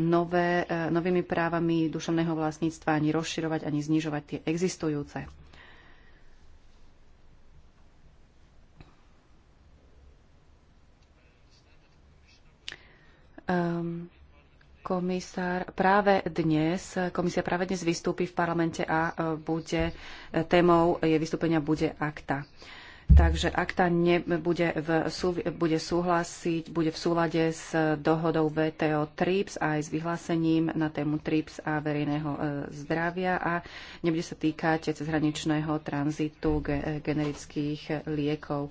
Speaker 2: nové, e, novými právami duševného vlastníctva ani rozširovať, ani znižovať tie existujúce. Um, komisár práve dnes, komisia práve dnes vystúpi v parlamente a e, bude, témou jej vystúpenia bude akta. Uh, Takže ak tá nebude v, bude súhlasiť, bude v súlade s dohodou VTO TRIPS aj s vyhlásením na tému TRIPS a verejného e, zdravia a nebude sa týkať cezhraničného tranzitu e, generických liekov.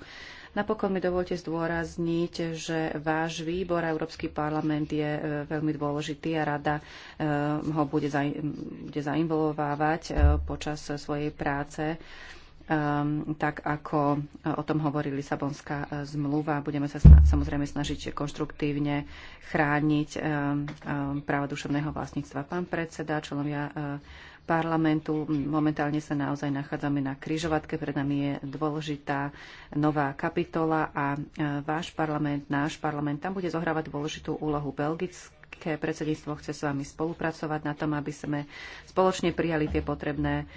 Speaker 2: Napokon mi dovolte zdôrazniť, že váš výbor a Európsky parlament je e, veľmi dôležitý a rada ho bude, zain, bude zainvolovávať počas svojej práce Ehm, tak ako e, o tom hovorí Lisabonská e, zmluva. Budeme sa samozrejme snažiť konštruktívne chrániť ehm, ehm, práva duševného vlastníctva. Pán predseda, členovia e, parlamentu. Momentálne sa naozaj nachádzame na kryžovatke, pred nami je dôležitá nová kapitola a váš parlament, náš parlament, tam bude zohrávať dôležitú úlohu Belgické Predsedníctvo chce s vami spolupracovať na tom, aby sme spoločne prijali tie potrebné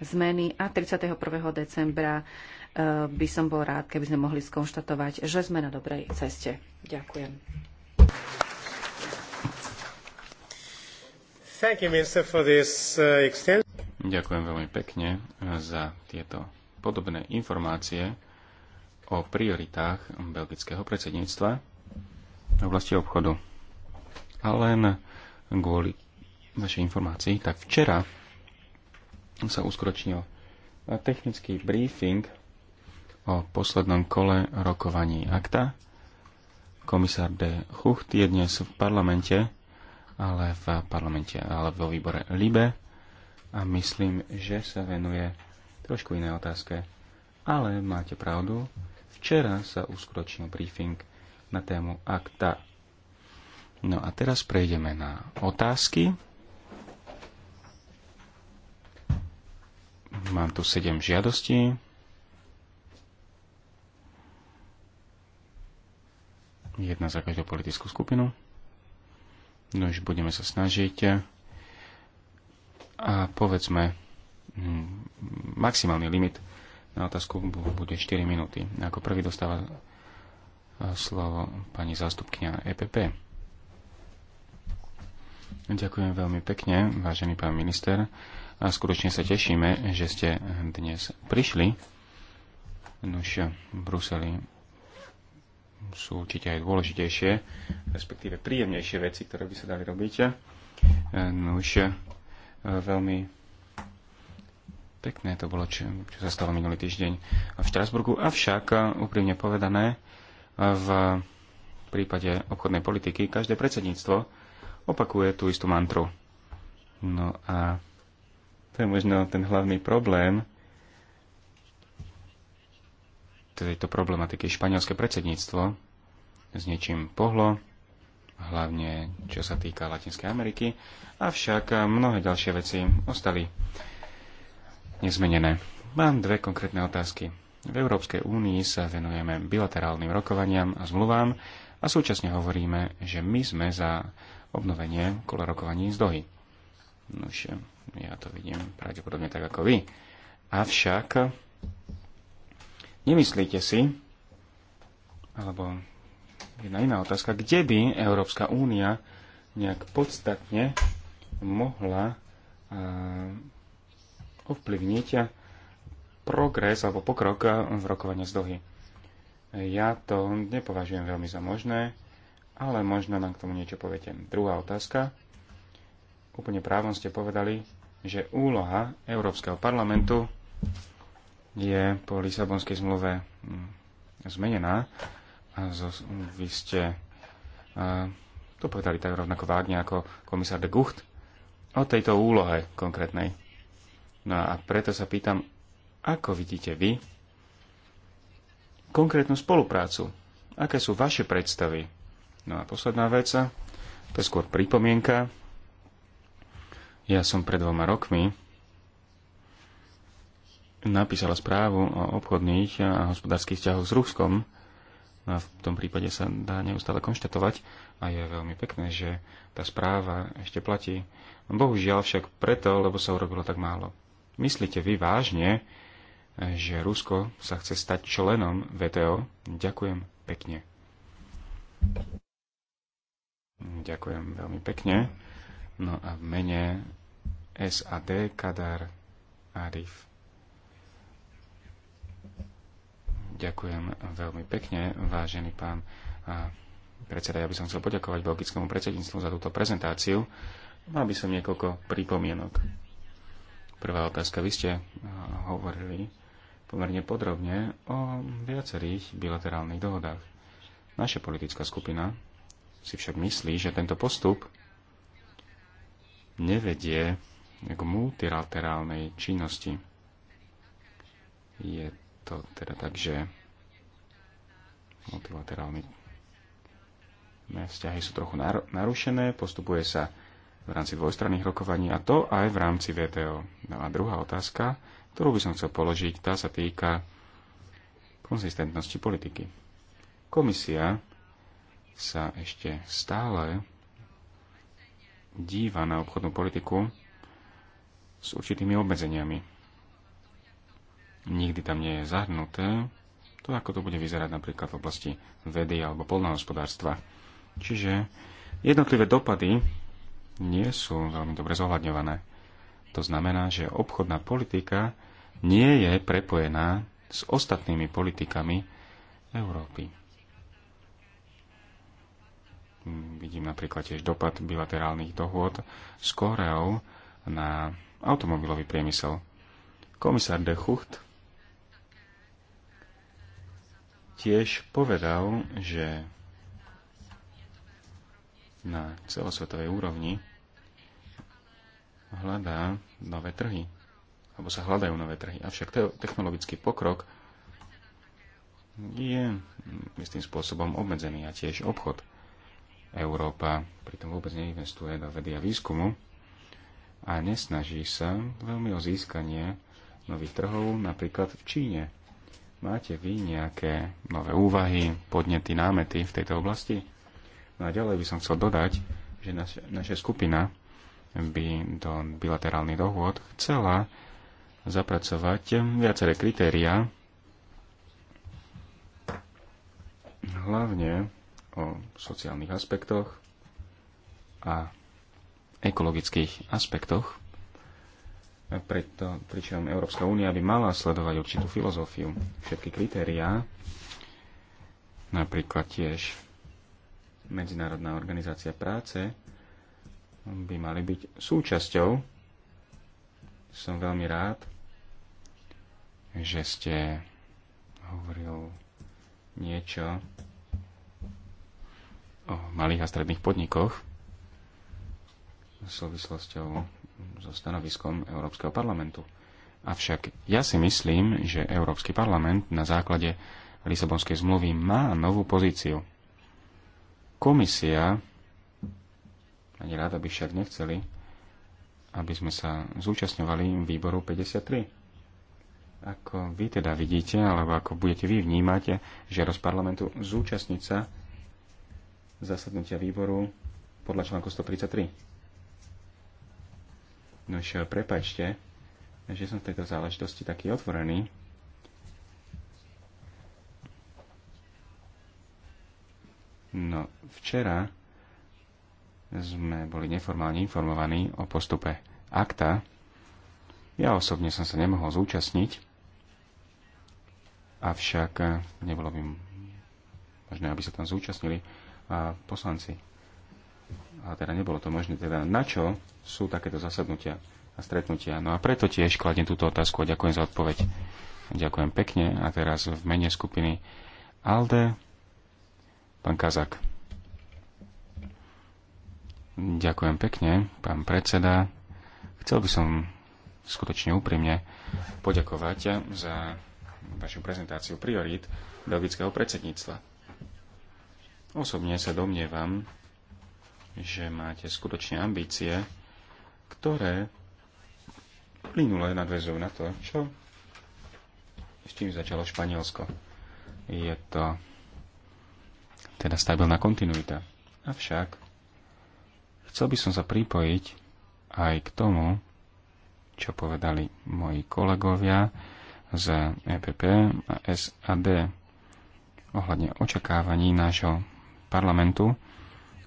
Speaker 2: zmeny a 31. decembra e, by som bol rád, keby sme mohli skonštatovať, že sme na dobrej ceste. Ďakujem.
Speaker 1: You, minister, uh, Ďakujem veľmi pekne e, za tieto podobné informácie o prioritách belgického predsedníctva v oblasti obchodu. A len kvôli vašej informácii, tak včera sa uskročnil e, technický briefing o poslednom kole rokovaní akta. Komisár de Hucht je dnes v parlamente, ale v parlamente, ale vo výbore LIBE a myslím, že sa venuje trošku iné otázke. Ale máte pravdu, včera sa uskročil briefing na tému akta. No a teraz prejdeme na otázky. Mám tu 7 žiadostí. Jedna za každú politickú skupinu. No už budeme sa snažiť. A povedzme, mm, maximálny limit na otázku bude 4 minúty. Ako prvý dostáva e, slovo pani zástupkňa EPP. Ďakujem veľmi pekne, vážený pán minister. A skutočne sa tešíme, že ste dnes prišli. Nož v Bruseli sú určite aj dôležitejšie, respektíve príjemnejšie veci, ktoré by sa dali robiť. E, Nož e, veľmi pekné to bolo, čo, čo sa stalo minulý týždeň v Štrasburgu. Avšak, e, úprimne povedané, v prípade obchodnej politiky každé predsedníctvo opakuje tú istú mantru. No a to je možno ten hlavný problém tejto problematiky. Španielské predsedníctvo s niečím pohlo, hlavne čo sa týka Latinskej Ameriky, avšak mnohé ďalšie veci ostali nezmenené. Mám dve konkrétne otázky. V Európskej únii sa venujeme bilaterálnym rokovaniam a zmluvám a súčasne hovoríme, že my sme za obnovenie kolorokovaní z dohy. Ja to vidím pravdepodobne tak ako vy. Avšak nemyslíte si, alebo jedna iná otázka, kde by Európska únia nejak podstatne mohla ovplyvniť progres alebo pokrok v rokovania z Dohy. Ja to nepovažujem veľmi za možné, ale možno nám k tomu niečo poviete. Druhá otázka. Úplne právom ste povedali, že úloha Európskeho parlamentu je po Lisabonskej zmluve hm, zmenená. A vy ste to povedali tak rovnako vágne ako komisár de Gucht o tejto úlohe konkrétnej. No a preto sa pýtam, ako vidíte vy konkrétnu spoluprácu? Aké sú vaše predstavy? No a posledná vec, to je skôr pripomienka, ja som pred dvoma rokmi napísala správu o obchodných a hospodárskych vzťahoch s Ruskom. A v tom prípade sa dá neustále konštatovať a je veľmi pekné, že tá správa ešte platí. Bohužiaľ však preto, lebo sa urobilo tak málo. Myslíte vy vážne, že Rusko sa chce stať členom VTO? Ďakujem pekne. Ďakujem veľmi pekne. No a v mene SAD, Kadar, Arif. Ďakujem veľmi pekne, vážený pán predseda. Ja by som chcel poďakovať belgickému predsedníctvu za túto prezentáciu. Mal by som niekoľko pripomienok. Prvá otázka. Vy ste hovorili pomerne podrobne o viacerých bilaterálnych dohodách. Naša politická skupina si však myslí, že tento postup nevedie k multilaterálnej činnosti. Je to teda tak, že multilaterálne vzťahy sú trochu narušené, postupuje sa v rámci dvojstranných rokovaní a to aj v rámci VTO. No a druhá otázka, ktorú by som chcel položiť, tá sa týka konzistentnosti politiky. Komisia sa ešte stále díva na obchodnú politiku s určitými obmedzeniami. Nikdy tam nie je zahrnuté to, ako to bude vyzerať napríklad v oblasti vedy alebo polnohospodárstva. Čiže jednotlivé dopady nie sú veľmi dobre zohľadňované. To znamená, že obchodná politika nie je prepojená s ostatnými politikami Európy. Vidím napríklad tiež dopad bilaterálnych dohôd s Koreou na automobilový priemysel. Komisár de Hucht tiež povedal, že na celosvetovej úrovni hľadá nové trhy, alebo sa hľadajú nové trhy. Avšak technologický pokrok je istým spôsobom obmedzený a tiež obchod. Európa pritom vôbec neinvestuje do vedy a výskumu, a nesnaží sa veľmi o získanie nových trhov, napríklad v Číne. Máte vy nejaké nové úvahy, podnety, námety v tejto oblasti? No a ďalej by som chcel dodať, že naš, naša skupina by do bilaterálnych dohôd chcela zapracovať viaceré kritériá, hlavne o sociálnych aspektoch a ekologických aspektoch, preto, pričom Európska únia by mala sledovať určitú filozofiu, všetky kritériá, napríklad tiež Medzinárodná organizácia práce, by mali byť súčasťou. Som veľmi rád, že ste hovoril niečo o malých a stredných podnikoch súvislosťou so stanoviskom Európskeho parlamentu. Avšak ja si myslím, že Európsky parlament na základe Lisabonskej zmluvy má novú pozíciu. Komisia, ani rada by však nechceli, aby sme sa zúčastňovali výboru 53. Ako vy teda vidíte, alebo ako budete vy vnímať, že roz parlamentu zúčastniť sa zasadnutia výboru podľa článku 133 čo, eh, prepačte, že som v tejto záležitosti taký otvorený. No, včera sme boli neformálne informovaní o postupe akta. Ja osobne som sa nemohol zúčastniť, avšak eh, nebolo by možné, aby sa tam zúčastnili eh, poslanci a teda nebolo to možné, teda na čo sú takéto zasadnutia a stretnutia. No a preto tiež kladiem túto otázku a ďakujem za odpoveď. Ďakujem pekne a teraz v mene skupiny ALDE pán Kazak. Ďakujem pekne, pán predseda. Chcel by som skutočne úprimne poďakovať za vašu prezentáciu priorít belgického predsedníctva. Osobne sa domnievam, že máte skutočne ambície, ktoré plynule nadvezujú na to, čo s čím začalo Španielsko. Je to teda stabilná kontinuita. Avšak chcel by som sa pripojiť aj k tomu, čo povedali moji kolegovia z EPP a SAD ohľadne očakávaní nášho parlamentu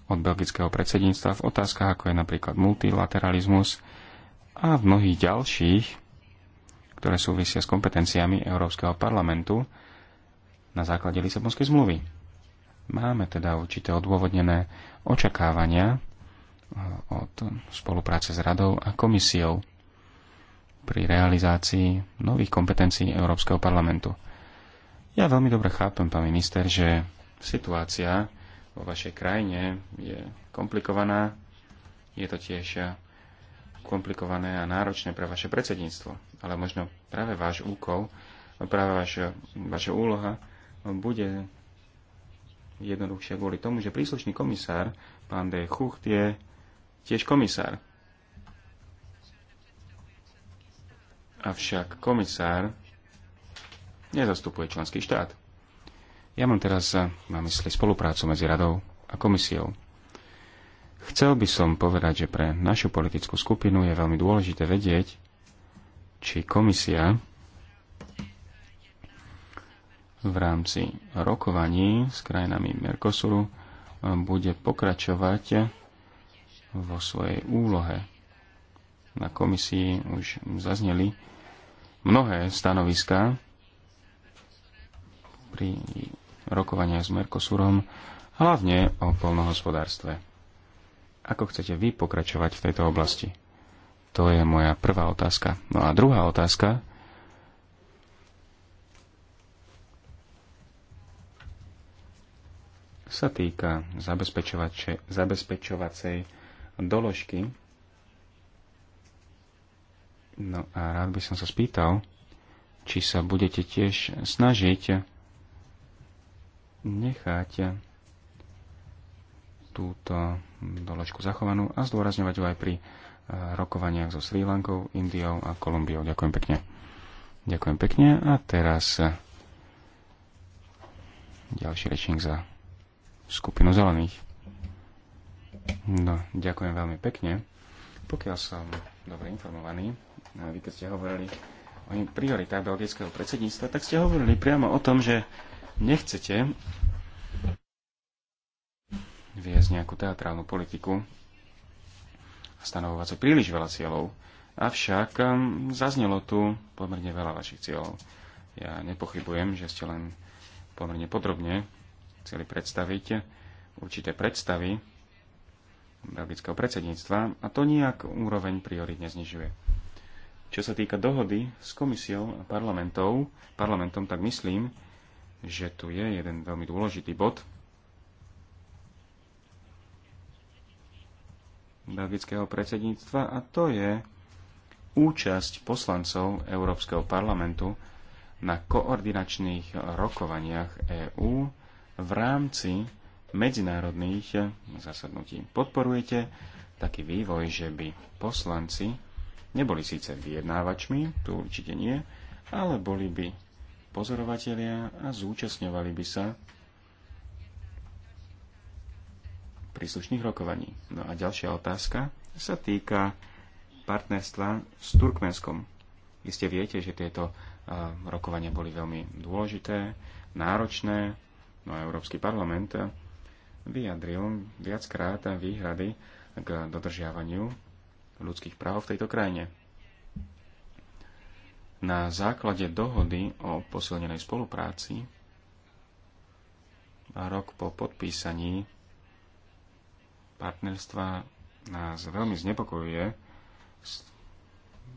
Speaker 1: od belgického predsedníctva v otázkach, ako je napríklad multilateralizmus a v mnohých ďalších, ktoré súvisia s kompetenciami Európskeho parlamentu na základe Lisabonskej zmluvy. Máme teda určité odôvodnené očakávania e, od spolupráce s Radou a komisiou pri realizácii nových kompetencií Európskeho parlamentu. Ja veľmi dobre chápem, pán minister, že situácia vo vašej krajine je komplikovaná. Je to tiež eh, komplikované a náročné pre vaše predsedníctvo. Ale možno práve váš úkol, práve vaša, vaša úloha bude jednoduchšia kvôli tomu, že príslušný komisár, pán de Chucht, je tiež komisár. Avšak komisár nezastupuje členský štát. Ja mám teraz eh, na mysli spoluprácu medzi radou a komisiou. Chcel by som povedať, že pre našu politickú skupinu je veľmi dôležité vedieť, či komisia v rámci rokovaní s krajinami Mercosuru eh, bude pokračovať vo svojej úlohe. Na komisii už zazneli mnohé stanoviská pri rokovania s Mercosurom, hlavne o polnohospodárstve. Ako chcete vy pokračovať v tejto oblasti? To je moja prvá otázka. No a druhá otázka. sa týka zabezpečovacej doložky. No a rád by som sa spýtal, či sa budete tiež snažiť nechať túto doložku zachovanú a zdôrazňovať ju aj pri eh, rokovaniach so Sri Lankou, Indiou a Kolumbiou. Ďakujem pekne. Ďakujem pekne a teraz eh, ďalší rečník za skupinu zelených. No, ďakujem veľmi pekne. Pokiaľ som dobre informovaný, eh, vy keď ste hovorili o prioritách belgického predsedníctva, tak ste hovorili priamo o tom, že nechcete viesť nejakú teatrálnu politiku a stanovovať si príliš veľa cieľov. Avšak um, zaznelo tu pomerne veľa vašich cieľov. Ja nepochybujem, že ste len pomerne podrobne chceli predstaviť určité predstavy belgického predsedníctva a to nejak úroveň priorit neznižuje. Čo sa týka dohody s komisiou a parlamentov, parlamentom, tak myslím, že tu je jeden veľmi dôležitý bod belgického predsedníctva a to je účasť poslancov Európskeho parlamentu na koordinačných rokovaniach EÚ v rámci medzinárodných zasadnutí. Podporujete taký vývoj, že by poslanci neboli síce vyjednávačmi, tu určite nie, ale boli by pozorovatelia a zúčastňovali by sa príslušných rokovaní. No a ďalšia otázka sa týka partnerstva s Turkmenskom. Iste viete, že tieto rokovania boli veľmi dôležité, náročné, no a Európsky parlament vyjadril viackrát výhrady k dodržiavaniu ľudských práv v tejto krajine na základe dohody o posilnenej spolupráci a rok po podpísaní partnerstva nás veľmi znepokojuje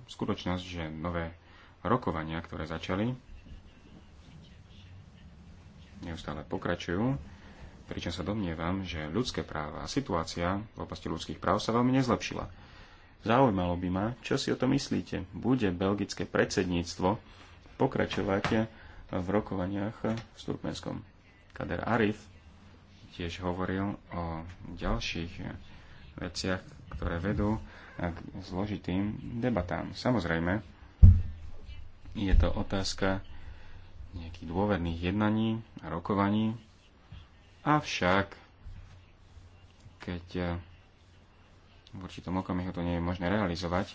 Speaker 1: skutočnosť, že nové rokovania, ktoré začali, neustále pokračujú, pričom sa domnievam, že ľudské práva a situácia v oblasti ľudských práv sa veľmi nezlepšila. Zaujímalo by ma, čo si o to myslíte. Bude belgické predsedníctvo pokračovať v rokovaniach s Turkmenskom? Kader Arif tiež hovoril o ďalších veciach, ktoré vedú k zložitým debatám. Samozrejme, je to otázka nejakých dôverných jednaní a rokovaní, avšak keď v určitom okamihu to nie je možné realizovať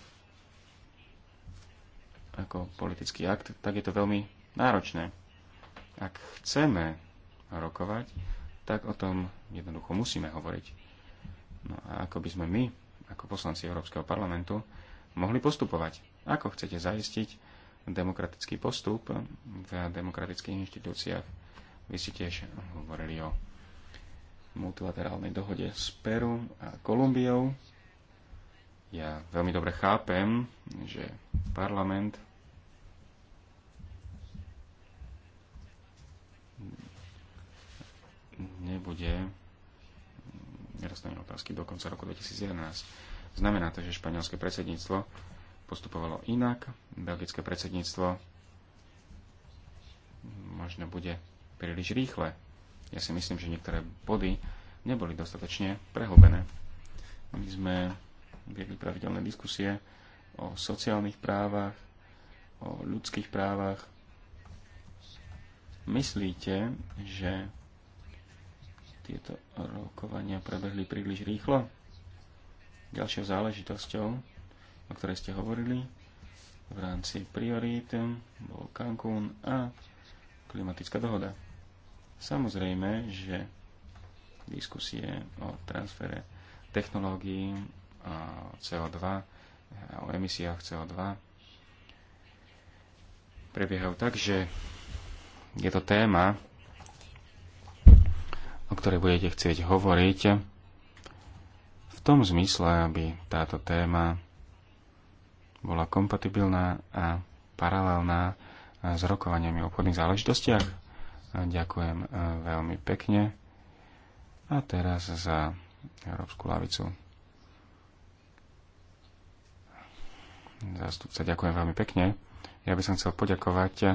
Speaker 1: ako politický akt, tak je to veľmi náročné. Ak chceme rokovať, tak o tom jednoducho musíme hovoriť. No a ako by sme my, ako poslanci Európskeho parlamentu, mohli postupovať? Ako chcete zaistiť demokratický postup v demokratických inštitúciách? Vy si tiež hovorili o multilaterálnej dohode s Peru a Kolumbiou. Ja veľmi dobre chápem, že parlament nebude nerastanie otázky do konca roku 2011. Znamená to, že španielské predsedníctvo postupovalo inak, belgické predsedníctvo možno bude príliš rýchle. Ja si myslím, že niektoré body neboli dostatočne prehlbené. My sme viedli pravidelné diskusie o sociálnych právach, o ľudských právach. Myslíte, že tieto rokovania prebehli príliš rýchlo? Ďalšou záležitosťou, o ktorej ste hovorili, v rámci priorít bol Cancún a klimatická dohoda. Samozrejme, že diskusie o transfere technológií CO2, o emisiách CO2 prebiehajú tak, že je to téma, o ktorej budete chcieť hovoriť v tom zmysle, aby táto téma bola kompatibilná a paralelná s rokovaniami o obchodných záležitostiach. Ďakujem eh, veľmi pekne a teraz za Európsku lavicu. zástupca, ďakujem veľmi pekne. Ja by som chcel poďakovať eh,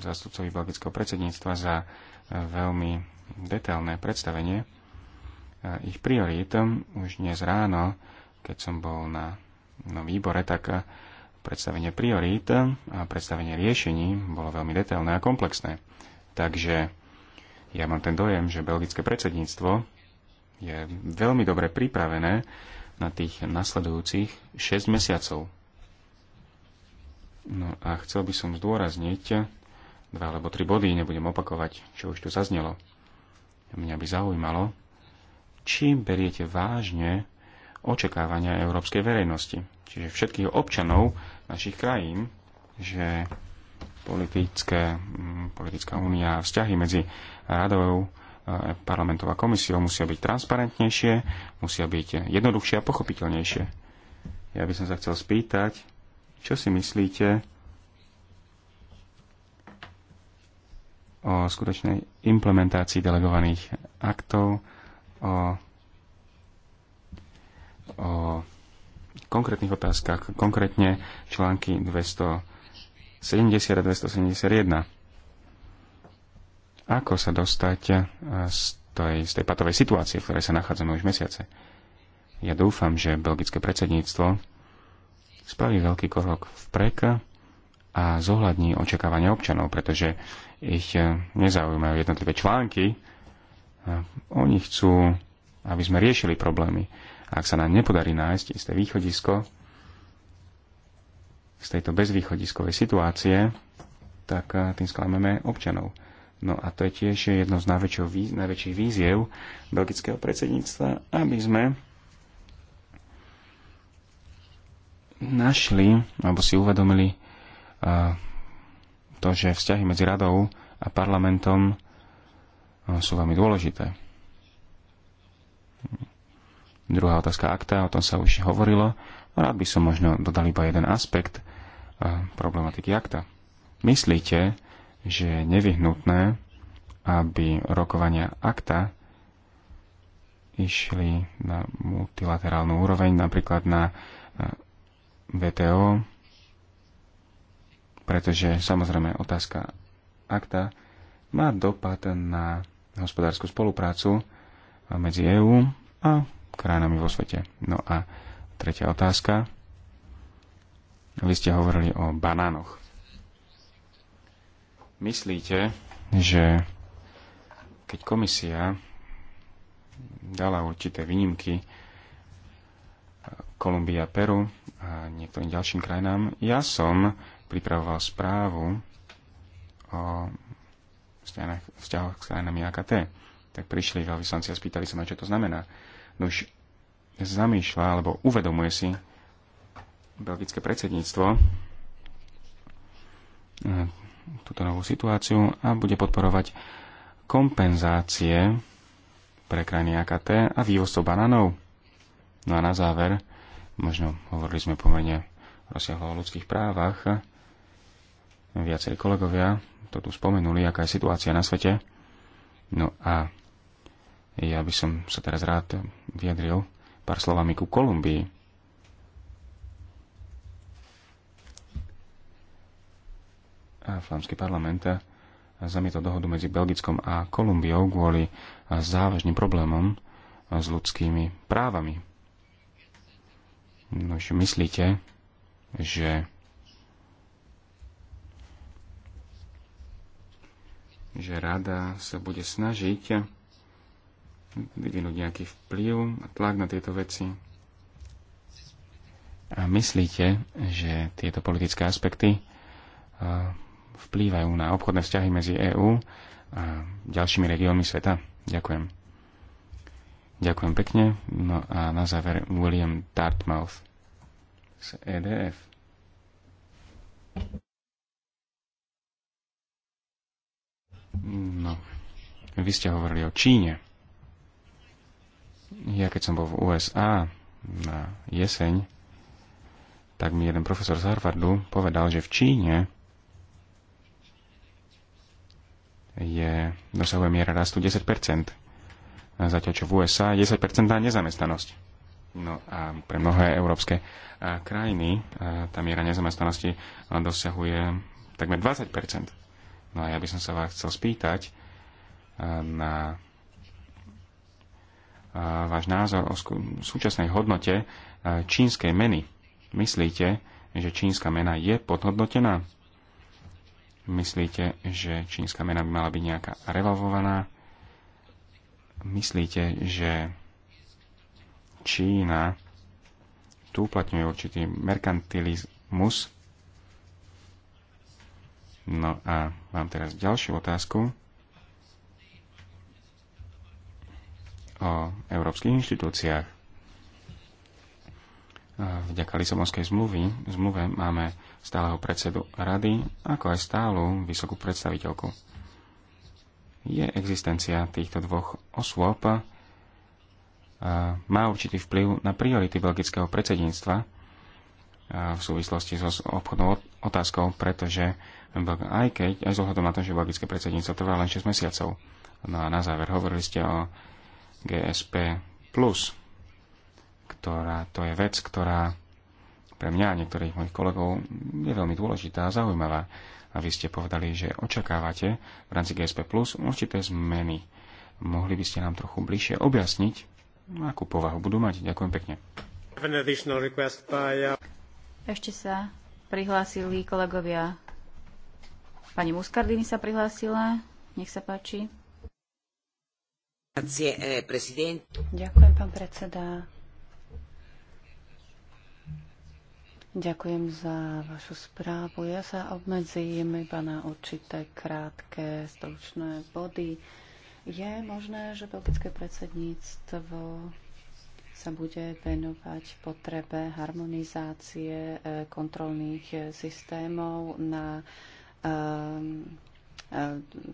Speaker 1: zástupcovi belgického predsedníctva za eh, veľmi detailné predstavenie eh, ich priorít. Už dnes ráno, keď som bol na, výbore, tak predstavenie priorít a predstavenie riešení bolo veľmi detailné a komplexné. Takže ja mám ten dojem, že belgické predsedníctvo je veľmi dobre pripravené na tých nasledujúcich 6 mesiacov. No a chcel by som zdôrazniť dva alebo tri body, nebudem opakovať, čo už tu zaznelo. Mňa by zaujímalo, čím beriete vážne očakávania európskej verejnosti, čiže všetkých občanov našich krajín, že politické, mm, politická únia a vzťahy medzi radou parlamentov a komisiou musia byť transparentnejšie, musia byť jednoduchšie a pochopiteľnejšie. Ja by som sa chcel spýtať, čo si myslíte o skutočnej implementácii delegovaných aktov, o, o konkrétnych otázkach, konkrétne články 270 a 271 ako sa dostať eh, z tej, z tej patovej situácie, v ktorej sa nachádzame už mesiace. Ja dúfam, že belgické predsedníctvo spraví veľký krok prek a zohľadní očakávania občanov, pretože ich eh, nezaujímajú jednotlivé články. Eh, oni chcú, aby sme riešili problémy. A ak sa nám nepodarí nájsť isté východisko z tejto bezvýchodiskovej situácie, tak tým sklameme občanov. No a to je tiež jedno z najväčších, najväčších víziev belgického predsedníctva, aby sme našli, alebo si uvedomili to, že vzťahy medzi radou a parlamentom sú veľmi dôležité. Druhá otázka akta, o tom sa už hovorilo. No, rád by som možno dodal iba jeden aspekt problematiky akta. Myslíte, že je nevyhnutné, aby rokovania akta išli na multilaterálnu úroveň, napríklad na eh, VTO, pretože samozrejme otázka akta má dopad na hospodárskú spoluprácu eh, medzi EÚ a krajinami vo svete. No a tretia otázka. Vy ste hovorili o banánoch myslíte, že keď komisia dala určité výnimky eh, Kolumbia, Peru a niektorým ďalším krajinám, ja som pripravoval správu o vzťahoch s krajinami AKT. Tak prišli veľvyslanci a spýtali sa ma, čo to znamená. No už zamýšľa alebo uvedomuje si belgické predsedníctvo eh, túto novú situáciu a bude podporovať kompenzácie pre krajiny AKT a vývozcov bananov. No a na záver, možno hovorili sme pomerne rozsiahlo o ľudských právach, viacerí kolegovia to tu spomenuli, aká je situácia na svete. No a ja by som sa teraz rád vyjadril pár slovami ku Kolumbii a flámsky parlament zamietol dohodu medzi Belgickom a Kolumbiou kvôli závažným problémom s ľudskými právami. No že myslíte, že že rada sa bude snažiť vyvinúť nejaký vplyv a tlak na tieto veci. A myslíte, že tieto politické aspekty vplývajú na obchodné vzťahy medzi EÚ a ďalšími regiónmi sveta. Ďakujem. Ďakujem pekne. No a na záver William Dartmouth z EDF. No, vy ste hovorili o Číne. Ja keď som bol v USA na jeseň, tak mi jeden profesor z Harvardu povedal, že v Číne je, dosahuje miera rastu 10%, zatiaľ čo v USA je 10% nezamestnanosť. No a pre mnohé európske krajiny tá miera nezamestnanosti dosahuje takmer 20 No a ja by som sa vás chcel spýtať na váš názor o súčasnej hodnote čínskej meny. Myslíte, že čínska mena je podhodnotená? Myslíte, že čínska mena by mala byť nejaká revalvovaná? Myslíte, že Čína tu uplatňuje určitý merkantilizmus? No a mám teraz ďalšiu otázku o európskych inštitúciách vďaka Lisabonskej zmluvy, zmluve máme stáleho predsedu rady, ako aj stálu vysokú predstaviteľku. Je existencia týchto dvoch osôb a má určitý vplyv na priority belgického predsedníctva v súvislosti so obchodnou otázkou, pretože aj keď, aj zohľadom na to, že belgické predsedníctvo trvá len 6 mesiacov. No a na záver hovorili ste o GSP+. Plus ktorá to je vec, ktorá pre mňa a niektorých mojich kolegov je veľmi dôležitá a zaujímavá. A vy ste povedali, že očakávate v rámci GSP Plus určité zmeny. Mohli by ste nám trochu bližšie objasniť, akú povahu budú mať? Ďakujem pekne.
Speaker 3: Uh, Ešte sa prihlásili kolegovia. Pani Muscardini sa prihlásila. Nech sa páči. Eh, Ďakujem, pán predseda.
Speaker 2: Ďakujem za vašu správu. Ja sa obmedzím iba na určité krátke, stručné body. Je možné, že belgické predsedníctvo sa bude venovať potrebe harmonizácie eh, kontrolných eh, systémov na eh,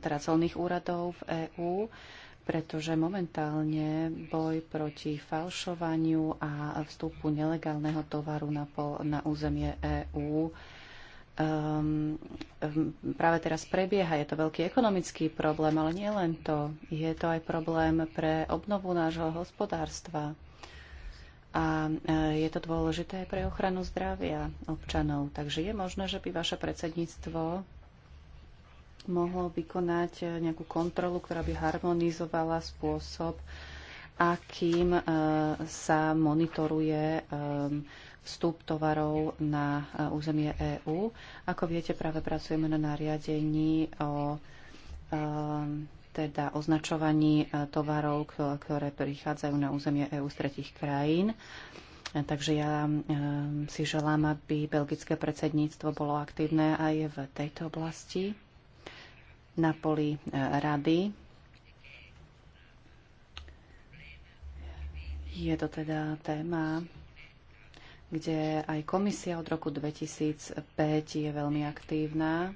Speaker 2: teda celných úradov v EÚ pretože momentálne boj proti falšovaniu a vstupu nelegálneho tovaru na, pol, na územie EÚ um, ehm, ehm, práve teraz prebieha. Je to veľký ekonomický problém, ale nie len to. Je to aj problém pre obnovu nášho hospodárstva. A e, je to dôležité aj pre ochranu zdravia občanov. Takže je možné, že by vaše predsedníctvo mohlo vykonať eh, nejakú kontrolu, ktorá by harmonizovala spôsob, akým eh, sa monitoruje ehm, vstup tovarov na eh, územie EÚ. Ako viete, práve pracujeme na nariadení o ehm, teda označovaní tovarov, ktoré prichádzajú na územie EÚ z tretich krajín. Takže ja ehm, si želám, aby belgické predsedníctvo bolo aktívne aj v tejto oblasti na poli e, rady. Je to teda téma, kde aj komisia od roku 2005 je veľmi aktívna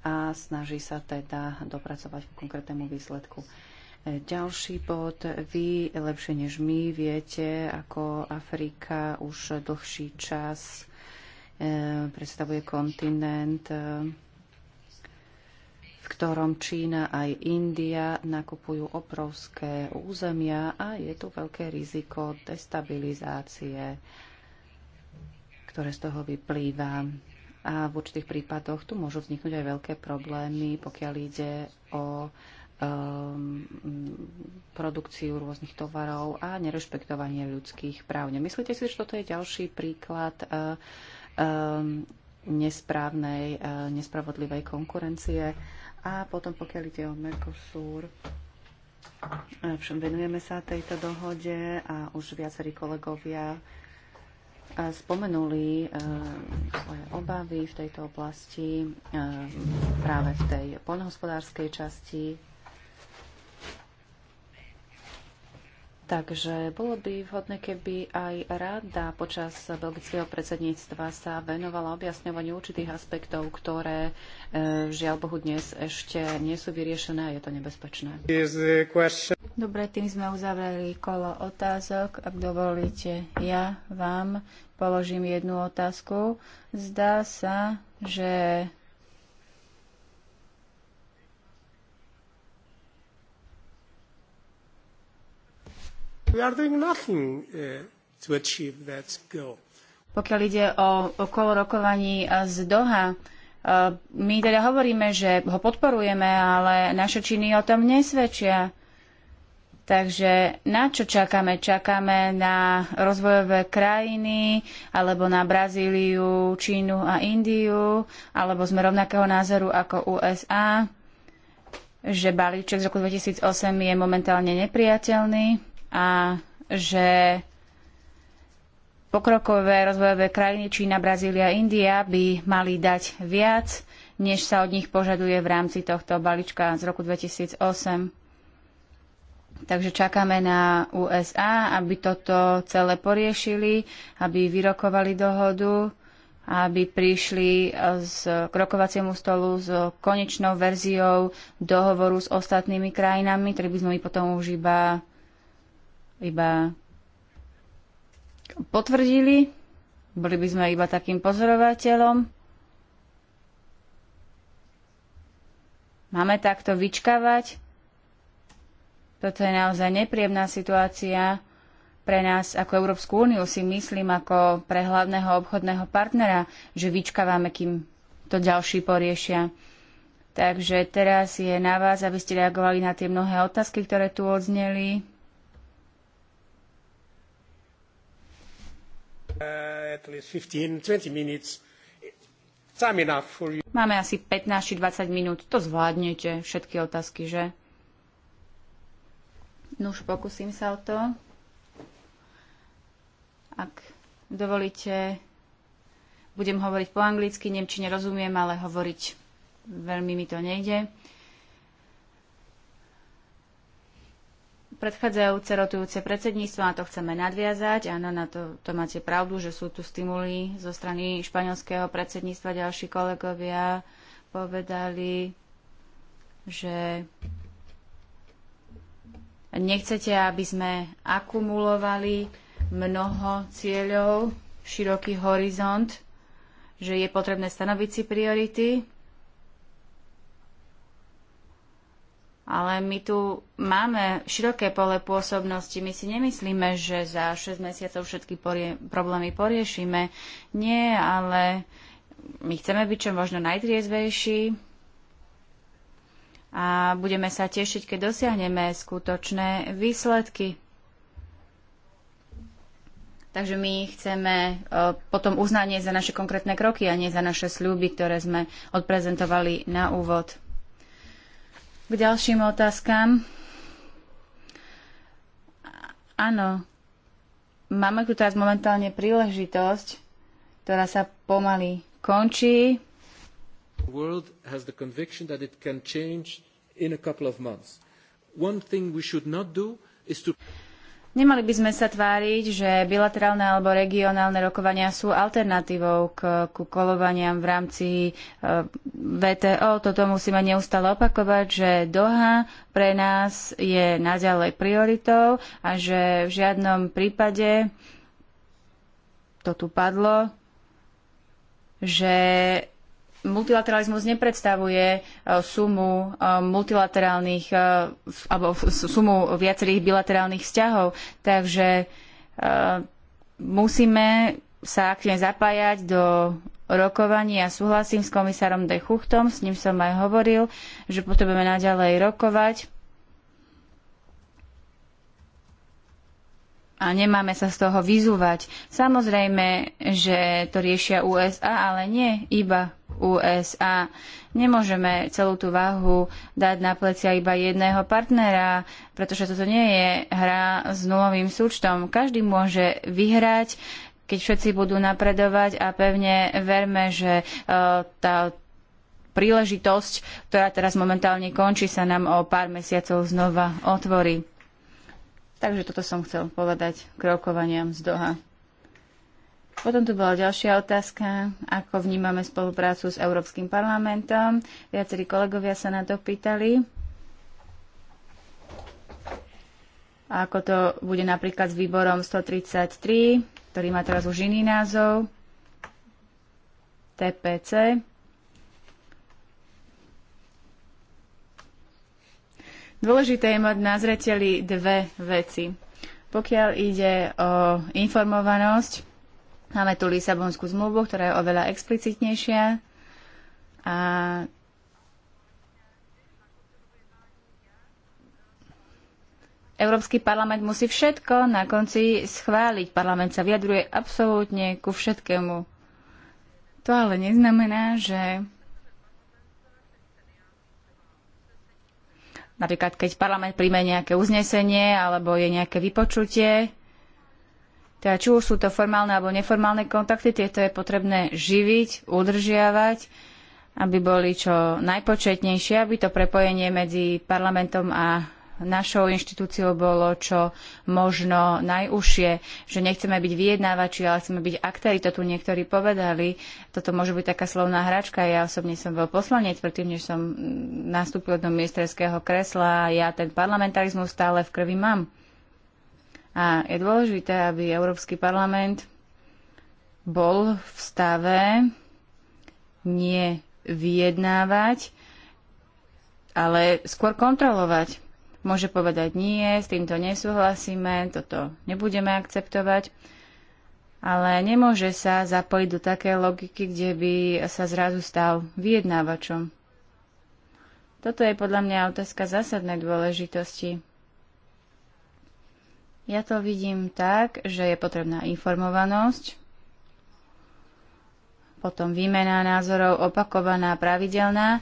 Speaker 2: a snaží sa teda dopracovať k konkrétnemu výsledku. E, ďalší bod. Vy lepšie než my viete, ako Afrika už dlhší čas e, predstavuje kontinent, ktorom Čína aj India nakupujú obrovské územia a je tu veľké riziko destabilizácie, ktoré z toho vyplýva. A v určitých prípadoch tu môžu vzniknúť aj veľké problémy, pokiaľ ide o um, produkciu rôznych tovarov a nerešpektovanie ľudských práv. Nemyslíte si, že toto je ďalší príklad uh, um, nesprávnej, uh, nespravodlivej konkurencie? A potom, pokiaľ ide o Mercosur, eh, všem venujeme sa tejto dohode a už viacerí kolegovia eh, spomenuli eh, svoje obavy v tejto oblasti práve v tej poľnohospodárskej časti Takže bolo by vhodné, keby aj rada počas belgického predsedníctva sa venovala objasňovaniu určitých aspektov, ktoré e, žiaľ Bohu dnes ešte nie sú vyriešené a je to nebezpečné.
Speaker 3: Dobre, tým sme uzavreli kolo otázok. Ak dovolíte, ja vám položím jednu otázku. Zdá sa, že
Speaker 1: We are doing nothing uh, to achieve that goal.
Speaker 3: Pokiaľ ide o okolo rokovaní e, z Doha, e, my teda hovoríme, že ho podporujeme, ale naše činy o tom nesvedčia. Takže na čo čakáme? Čakáme na rozvojové krajiny, alebo na Brazíliu, Čínu a Indiu, alebo sme rovnakého názoru ako USA, že balíček z roku 2008 je momentálne nepriateľný a že pokrokové rozvojové krajiny Čína, Brazília, India by mali dať viac, než sa od nich požaduje v rámci tohto balíčka z roku 2008. Takže čakáme na USA, aby toto celé poriešili, aby vyrokovali dohodu, aby prišli z e, krokovaciemu stolu s konečnou verziou dohovoru s ostatnými krajinami, ktorý by sme my potom už iba iba potvrdili, boli by sme iba takým pozorovateľom. Máme takto vyčkávať. Toto je naozaj nepríjemná situácia pre nás ako Európsku úniu, si myslím, ako pre hlavného obchodného partnera, že vyčkávame, kým to ďalší poriešia. Takže teraz je na vás, aby ste reagovali na tie mnohé otázky, ktoré tu odzneli. Uh, Máme asi 15 či 20 minút, to zvládnete, všetky otázky, že? No už pokúsim sa o to. Ak dovolíte, budem hovoriť po anglicky, nemčine rozumiem, ale hovoriť veľmi mi to nejde. predchádzajúce rotujúce predsedníctvo, na to chceme nadviazať. Áno, na to, to máte pravdu, že sú tu stimuli zo strany španielského predsedníctva. Ďalší kolegovia povedali, že nechcete, aby sme akumulovali mnoho cieľov, široký horizont, že je potrebné stanoviť si priority Ale my tu máme široké pole pôsobnosti. My si nemyslíme, že za 6 mesiacov všetky porie- problémy poriešime. Nie, ale my chceme byť čo možno najtriezvejší a budeme sa tešiť, keď dosiahneme skutočné výsledky. Takže my chceme e, potom uznanie za naše konkrétne kroky a nie za naše sľuby, ktoré sme odprezentovali na úvod. K ďalším otázkam. Áno, máme tu teraz momentálne príležitosť, ktorá sa pomaly končí.
Speaker 1: world has the conviction that it can change in a couple of months. One thing we should not do is to
Speaker 3: Nemali by sme sa tváriť, že bilaterálne alebo regionálne rokovania sú alternatívou k, ku kolovaniam v rámci e, VTO. Toto musíme neustále opakovať, že Doha pre nás je naďalej prioritou a že v žiadnom prípade to tu padlo, že multilateralizmus nepredstavuje e, sumu e, multilaterálnych e, alebo sumu viacerých bilaterálnych vzťahov. Takže musíme sa aktívne zapájať do rokovaní a ja súhlasím s komisárom De Chuchtom, s ním som aj hovoril, že potrebujeme naďalej rokovať a nemáme sa z toho vyzúvať. Samozrejme, že to riešia USA, ale nie iba USA. Nemôžeme celú tú váhu dať na plecia iba jedného partnera, pretože toto nie je hra s nulovým súčtom. Každý môže vyhrať, keď všetci budú napredovať a pevne verme, že e, tá príležitosť, ktorá teraz momentálne končí, sa nám o pár mesiacov znova otvorí. Takže toto som chcel povedať k rokovaniam z Doha. Potom tu bola ďalšia otázka, ako vnímame spoluprácu s Európskym parlamentom. Viacerí kolegovia sa na to pýtali. A ako to bude napríklad s výborom 133, ktorý má teraz už iný názov, TPC. Dôležité je mať na zreteli dve veci. Pokiaľ ide o informovanosť, Máme tu Lisabonskú zmluvu, ktorá je oveľa explicitnejšia a Európsky parlament musí všetko na konci schváliť. Parlament sa vyjadruje absolútne ku všetkému. To ale neznamená, že napríklad keď parlament príjme nejaké uznesenie alebo je nejaké vypočutie, teda či už sú to formálne alebo neformálne kontakty, tieto je potrebné živiť, udržiavať, aby boli čo najpočetnejšie, aby to prepojenie medzi parlamentom a našou inštitúciou bolo čo možno najúžšie, že nechceme byť vyjednávači, ale chceme byť aktéri, to tu niektorí povedali. Toto môže byť taká slovná hračka. Ja osobne som bol poslanec, predtým, než som nastúpil do ministerského kresla a ja ten parlamentarizmus stále v krvi mám. A je dôležité, aby Európsky parlament bol v stave nie vyjednávať, ale skôr kontrolovať. Môže povedať nie, s týmto nesúhlasíme, toto nebudeme akceptovať, ale nemôže sa zapojiť do také logiky, kde by sa zrazu stal vyjednávačom. Toto je podľa mňa otázka zásadnej dôležitosti. Ja to vidím tak, že je potrebná informovanosť, potom výmena názorov opakovaná, pravidelná,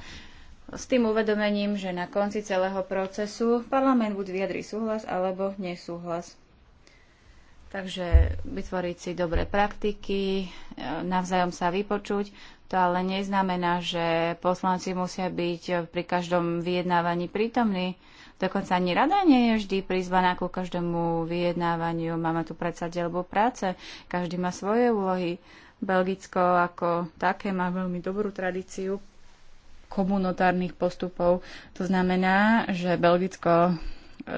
Speaker 3: s tým uvedomením, že na konci celého procesu parlament buď vyjadri súhlas alebo nesúhlas. Takže vytvoriť si dobré praktiky, navzájom sa vypočuť, to ale neznamená, že poslanci musia byť pri každom vyjednávaní prítomní. Dokonca ani rada nie je vždy prizvaná ku každému vyjednávaniu. Máme tu predsa dielbu práce. Každý má svoje úlohy. Belgicko ako také má veľmi dobrú tradíciu komunitárnych postupov. To znamená, že Belgicko e,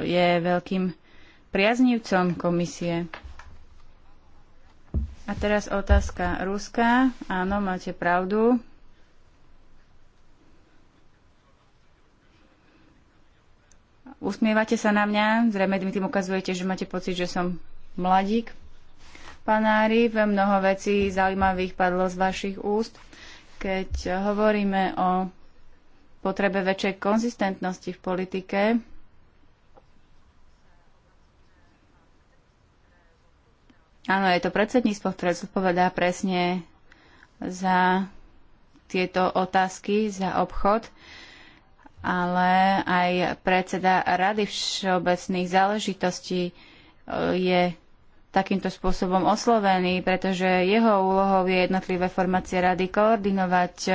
Speaker 3: je veľkým priaznivcom komisie. A teraz otázka Ruska. Áno, máte pravdu. Usmievate sa na mňa, zrejme mi tým ukazujete, že máte pocit, že som mladík. Panári, ve mnoho vecí zaujímavých padlo z vašich úst. Keď hovoríme o potrebe väčšej konzistentnosti v politike, Áno, je to predsedníctvo, ktoré zodpovedá presne za tieto otázky, za obchod. Uh, ale aj predseda Rady všeobecných záležitostí e, je takýmto spôsobom oslovený, pretože jeho úlohou je jednotlivé formácie rady koordinovať, e,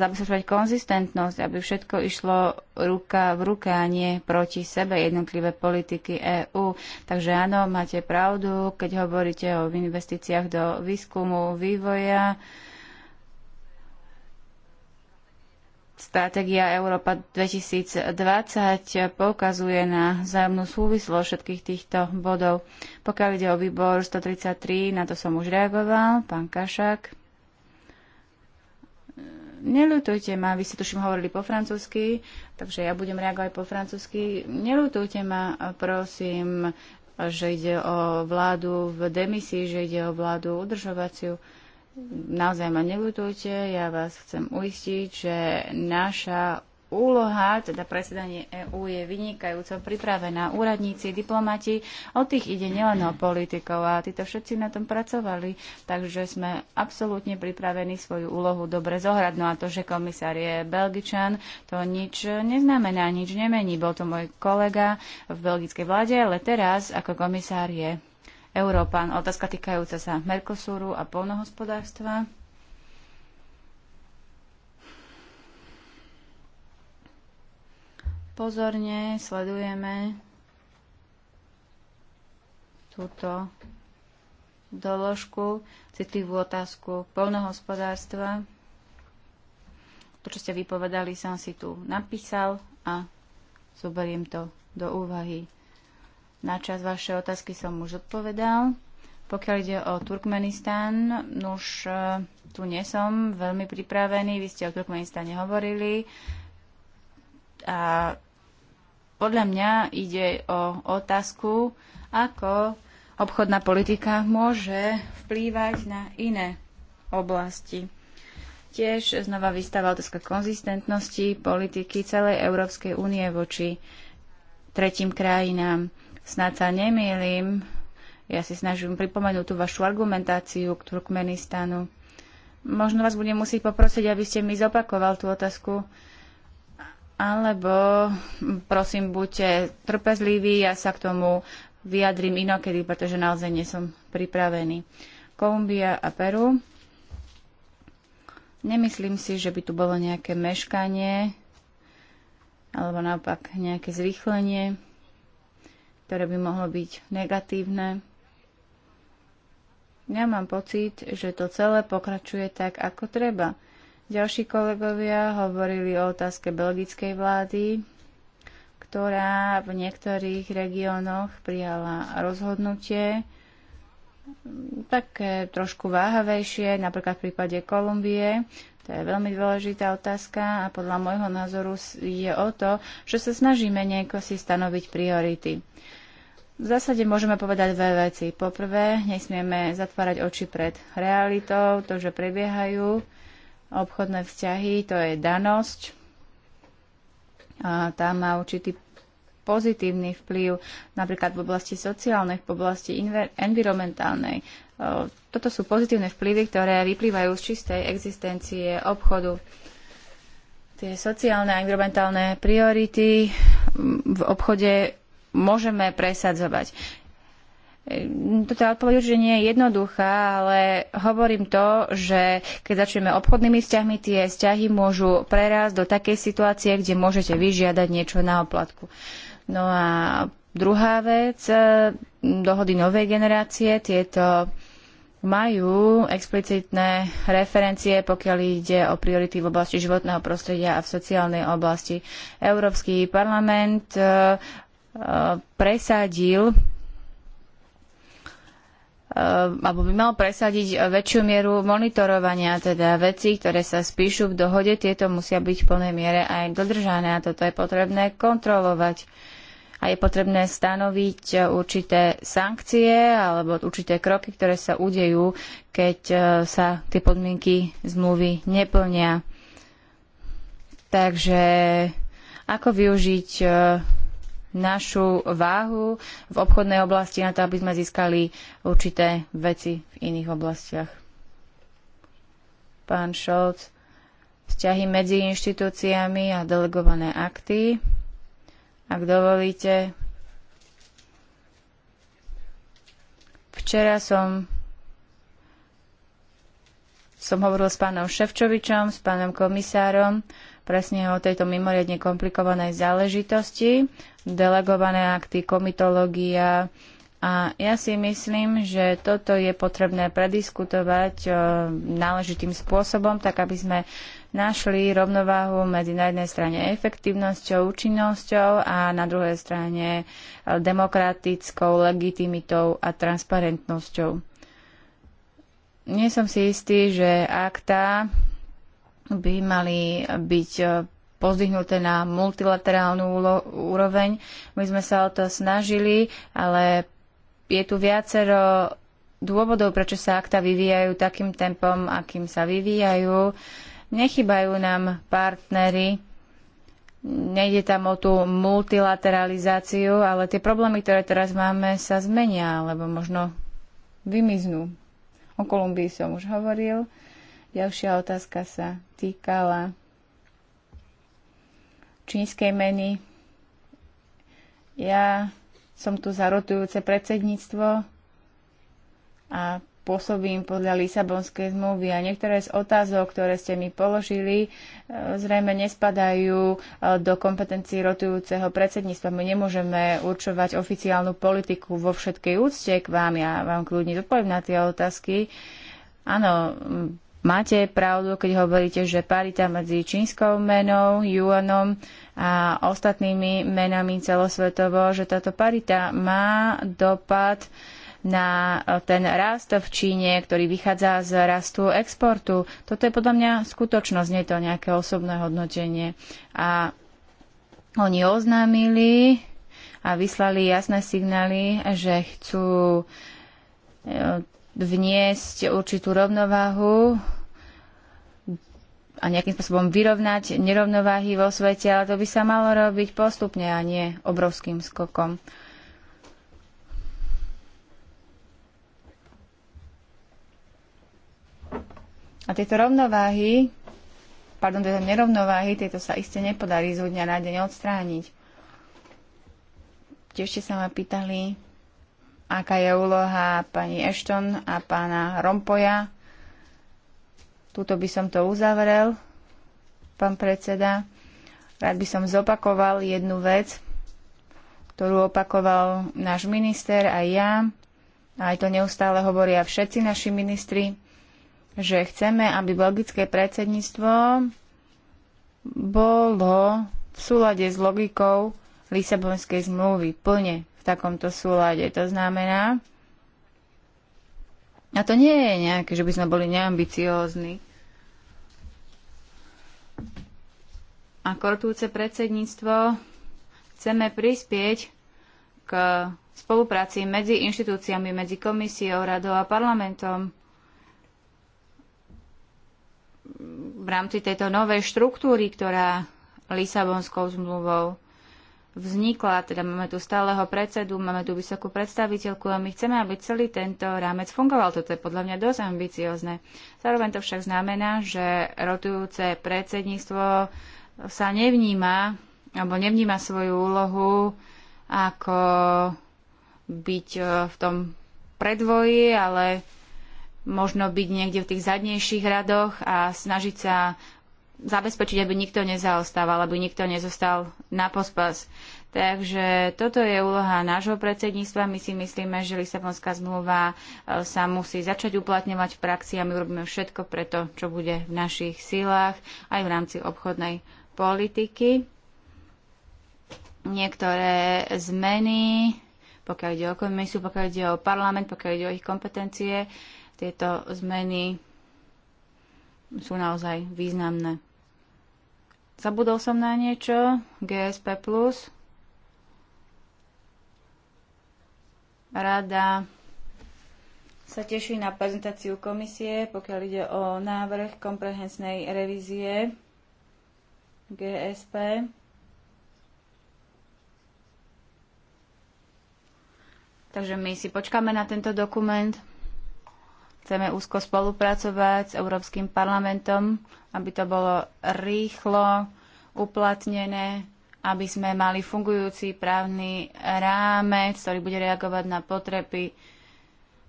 Speaker 3: zabezpečovať konzistentnosť, aby všetko išlo ruka v ruke a nie proti sebe jednotlivé politiky EÚ. Takže áno, máte pravdu, keď hovoríte o investíciách do výskumu, vývoja, Stratégia Európa 2020 poukazuje na vzájomnú súvislosť všetkých týchto bodov. Pokiaľ ide o výbor 133, na to som už reagoval, pán Kašák. Nelutujte ma, vy ste tuším hovorili po francúzsky, takže ja budem reagovať po francúzsky. Nelutujte ma, prosím, že ide o vládu v demisii, že ide o vládu udržovaciu naozaj ma nebudujte, ja vás chcem uistiť, že naša úloha, teda predsedanie EÚ je vynikajúco pripravená. Úradníci, diplomati, o tých ide nielen o politikov a títo všetci na tom pracovali, takže sme absolútne pripravení svoju úlohu dobre zohrať. No a to, že komisár je Belgičan, to nič neznamená, nič nemení. Bol to môj kolega v belgickej vláde, ale teraz ako komisár je Európan. No, otázka týkajúca sa Mercosuru a polnohospodárstva. Pozorne sledujeme túto doložku, citlivú otázku polnohospodárstva. To, čo ste vypovedali, som si tu napísal a zoberiem to do úvahy. Na čas vaše otázky som už odpovedal. Pokiaľ ide o Turkmenistán, už e, tu nie som veľmi pripravený, vy ste o Turkmenistáne hovorili. A podľa mňa ide o otázku, ako obchodná politika môže vplývať na iné oblasti. Tiež znova vystáva otázka konzistentnosti politiky celej Európskej únie voči tretím krajinám. Snad sa nemýlim, ja si snažím pripomenúť tú vašu argumentáciu k Turkmenistanu. Možno vás budem musieť poprosiť, aby ste mi zopakoval tú otázku. Alebo prosím, buďte trpezliví, ja sa k tomu vyjadrím inokedy, pretože naozaj nie som pripravený. Kolumbia a Peru. Nemyslím si, že by tu bolo nejaké meškanie alebo naopak nejaké zrýchlenie ktoré by mohlo byť negatívne. Ja mám pocit, že to celé pokračuje tak, ako treba. Ďalší kolegovia hovorili o otázke belgickej vlády, ktorá v niektorých regiónoch prijala rozhodnutie mm, také trošku váhavejšie, napríklad v prípade Kolumbie. To je veľmi dôležitá otázka a podľa môjho názoru je o to, že sa snažíme nejako si stanoviť priority. V zásade môžeme povedať dve veci. Poprvé, nesmieme zatvárať oči pred realitou, to, že prebiehajú obchodné vzťahy, to je danosť. A tá má určitý pozitívny vplyv napríklad v oblasti sociálnej, v oblasti environmentálnej. Toto sú pozitívne vplyvy, ktoré vyplývajú z čistej existencie obchodu. Tie sociálne a environmentálne priority v obchode môžeme presadzovať. Toto odpoveď že nie je jednoduchá, ale hovorím to, že keď začneme obchodnými vzťahmi, tie vzťahy môžu prerásť do takej situácie, kde môžete vyžiadať niečo na oplatku. No a druhá vec, e, dohody novej generácie, tieto majú explicitné referencie, pokiaľ ide o priority v oblasti životného prostredia a v sociálnej oblasti. Európsky parlament e, presadil eh, alebo by mal presadiť väčšiu mieru monitorovania, teda vecí, ktoré sa spíšu v dohode, tieto musia byť v plnej miere aj dodržané a toto je potrebné kontrolovať. A je potrebné stanoviť určité sankcie alebo určité kroky, ktoré sa udejú, keď eh, sa tie podmienky zmluvy neplnia. Takže ako využiť eh, našu váhu v obchodnej oblasti na to, aby sme získali určité veci v iných oblastiach. Pán Šolc, vzťahy medzi inštitúciami a delegované akty. Ak dovolíte, včera som som hovoril s pánom Ševčovičom, s pánom komisárom presne o tejto mimoriadne komplikovanej záležitosti, delegované akty, komitológia. A ja si myslím, že toto je potrebné prediskutovať e, náležitým spôsobom, tak aby sme našli rovnováhu medzi na jednej strane efektívnosťou, účinnosťou a na druhej strane e, demokratickou legitimitou a transparentnosťou. Nie som si istý, že akta by mali byť e, pozdvihnuté na multilaterálnu úroveň. My sme sa o to snažili, ale je tu viacero dôvodov, prečo sa akta vyvíjajú takým tempom, akým sa vyvíjajú. Nechybajú nám partnery, nejde tam o tú multilateralizáciu, ale tie problémy, ktoré teraz máme, sa zmenia, alebo možno vymiznú. O Kolumbii som už hovoril. Ďalšia otázka sa týkala čínskej meny. Ja som tu za rotujúce predsedníctvo a pôsobím podľa Lisabonskej zmluvy a niektoré z otázok, ktoré ste mi položili, e, zrejme nespadajú e, do kompetencií rotujúceho predsedníctva. My nemôžeme určovať oficiálnu politiku vo všetkej úcte k vám. Ja vám kľudne zodpoviem na tie otázky. Áno, Máte pravdu, keď hovoríte, že parita medzi čínskou menou, juanom a ostatnými menami celosvetovo, že táto parita má dopad na e, ten rast v Číne, ktorý vychádza z rastu exportu. Toto je podľa mňa skutočnosť, nie je to nejaké osobné hodnotenie. A oni oznámili a vyslali jasné signály, že chcú e, vniesť určitú rovnováhu a nejakým spôsobom vyrovnať nerovnováhy vo svete, ale to by sa malo robiť postupne a nie obrovským skokom. A tieto rovnováhy, pardon, tieto nerovnováhy, tieto sa iste nepodarí zo dňa na deň odstrániť. Tiež ste sa ma pýtali, aká je úloha pani Ashton a pána Rompoja. Tuto by som to uzavrel, pán predseda. Rád by som zopakoval jednu vec, ktorú opakoval náš minister aj ja. A aj to neustále hovoria všetci naši ministri, že chceme, aby belgické predsedníctvo bolo v súlade s logikou Lisabonskej zmluvy plne takomto súlade. To znamená, a to nie je nejaké, že by sme boli neambiciózni. A kortúce predsedníctvo chceme prispieť k spolupráci medzi inštitúciami, medzi komisiou, radou a parlamentom v rámci tejto novej štruktúry, ktorá Lisabonskou zmluvou vznikla. Teda máme tu stáleho predsedu, máme tu vysokú predstaviteľku a my chceme, aby celý tento rámec fungoval. Toto je podľa mňa dosť ambiciozne. Zároveň to však znamená, že rotujúce predsedníctvo sa nevníma alebo nevníma svoju úlohu ako byť e, v tom predvoji, ale možno byť niekde v tých zadnejších radoch a snažiť sa zabezpečiť, aby nikto nezaostával, aby nikto nezostal na pospas. Takže toto je úloha nášho predsedníctva. My si myslíme, že Lisabonská zmluva e, sa musí začať uplatňovať v praxi a my urobíme všetko pre to, čo bude v našich silách aj v rámci obchodnej politiky. Niektoré zmeny, pokiaľ ide o komisiu, pokiaľ ide o parlament, pokiaľ ide o ich kompetencie, tieto zmeny sú naozaj významné. Zabudol som na niečo? GSP+. Plus. Rada sa teší na prezentáciu komisie, pokiaľ ide o návrh komprehensnej revízie GSP. Takže my si počkáme na tento dokument. Chceme úzko spolupracovať s Európskym parlamentom, aby to bolo rýchlo uplatnené, aby sme mali fungujúci právny rámec, ktorý bude reagovať na potreby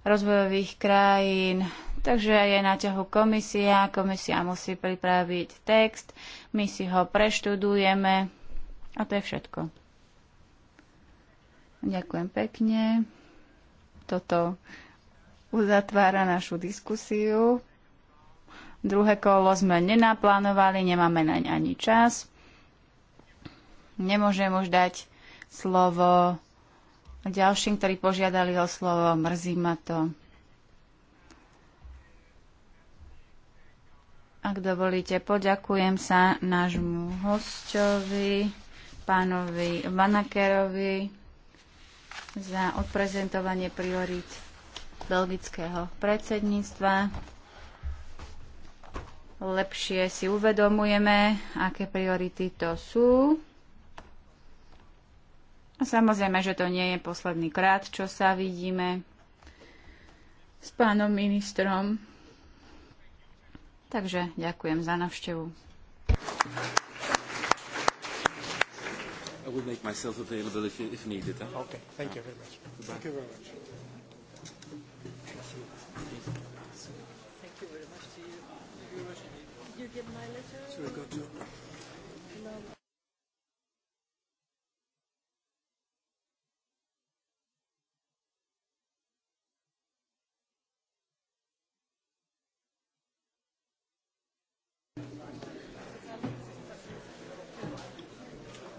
Speaker 3: rozvojových krajín. Takže je na ťahu komisia, komisia musí pripraviť text, my si ho preštudujeme a to je všetko. Ďakujem pekne. Toto uzatvára našu diskusiu. Druhé kolo sme nenaplánovali, nemáme naň ani čas. Nemôžem už dať slovo ďalším, ktorí požiadali o slovo. Mrzí ma to. Ak dovolíte, poďakujem sa nášmu hostovi, pánovi Vanakerovi za odprezentovanie priorít belgického predsedníctva. Lepšie si uvedomujeme, aké priority to sú. A Samozrejme, že to nie je posledný krát, čo sa vidíme s pánom ministrom. Takže ďakujem za navštevu.
Speaker 1: I will make myself available if, if needed. Huh? Okay,
Speaker 3: thank you very much. Thank you
Speaker 1: very much.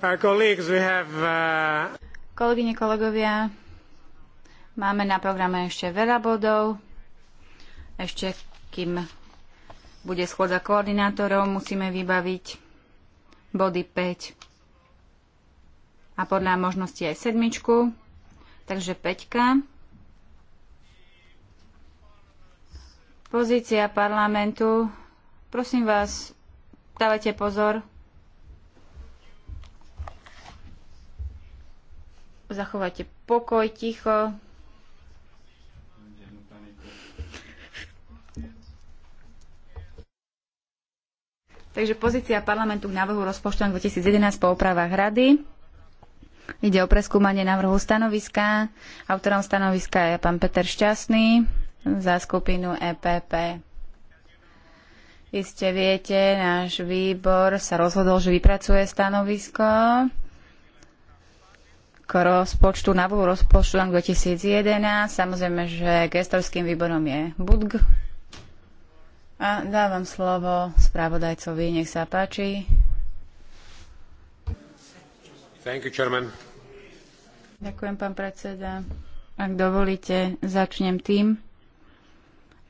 Speaker 1: Uh,
Speaker 3: Kolegyne, kolegovia, máme na programe ešte veľa bodov. Ešte kým bude schôdza koordinátorov, musíme vybaviť body 5 a podľa možnosti aj sedmičku. Takže 5. Pozícia parlamentu. Prosím vás, dávajte pozor. Zachovajte pokoj, ticho. Takže pozícia parlamentu k návrhu rozpočtu 2011 po opravách rady. Ide o preskúmanie návrhu stanoviska. Autorom stanoviska je pán Peter Šťastný za skupinu EPP. Iste viete, náš výbor sa rozhodol, že vypracuje stanovisko k rozpočtu, návrhu rozpočtu 2011. Samozrejme, že gestorským výborom je BUDG, a dávam slovo spravodajcovi, nech sa páči.
Speaker 1: Thank you, chairman.
Speaker 3: Ďakujem, pán predseda. Ak dovolíte, začnem tým,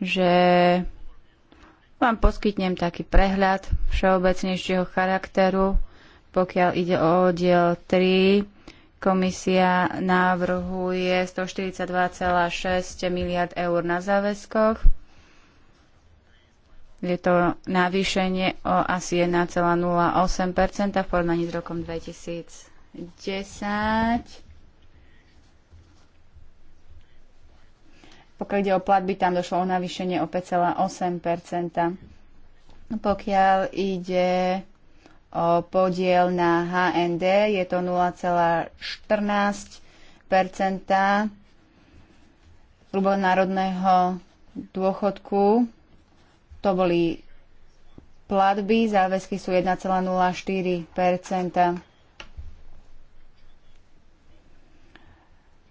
Speaker 3: že vám poskytnem taký prehľad všeobecnejšieho charakteru, pokiaľ ide o oddiel 3. Komisia návrhuje 142,6 miliard eur na záväzkoch je to navýšenie o asi 1,08% v porovnaní s rokom 2010. Pokiaľ ide o platby, tam došlo o navýšenie o 5,8 Pokiaľ ide o podiel na HND, je to 0,14 hrubonárodného dôchodku to boli platby, záväzky sú 1,04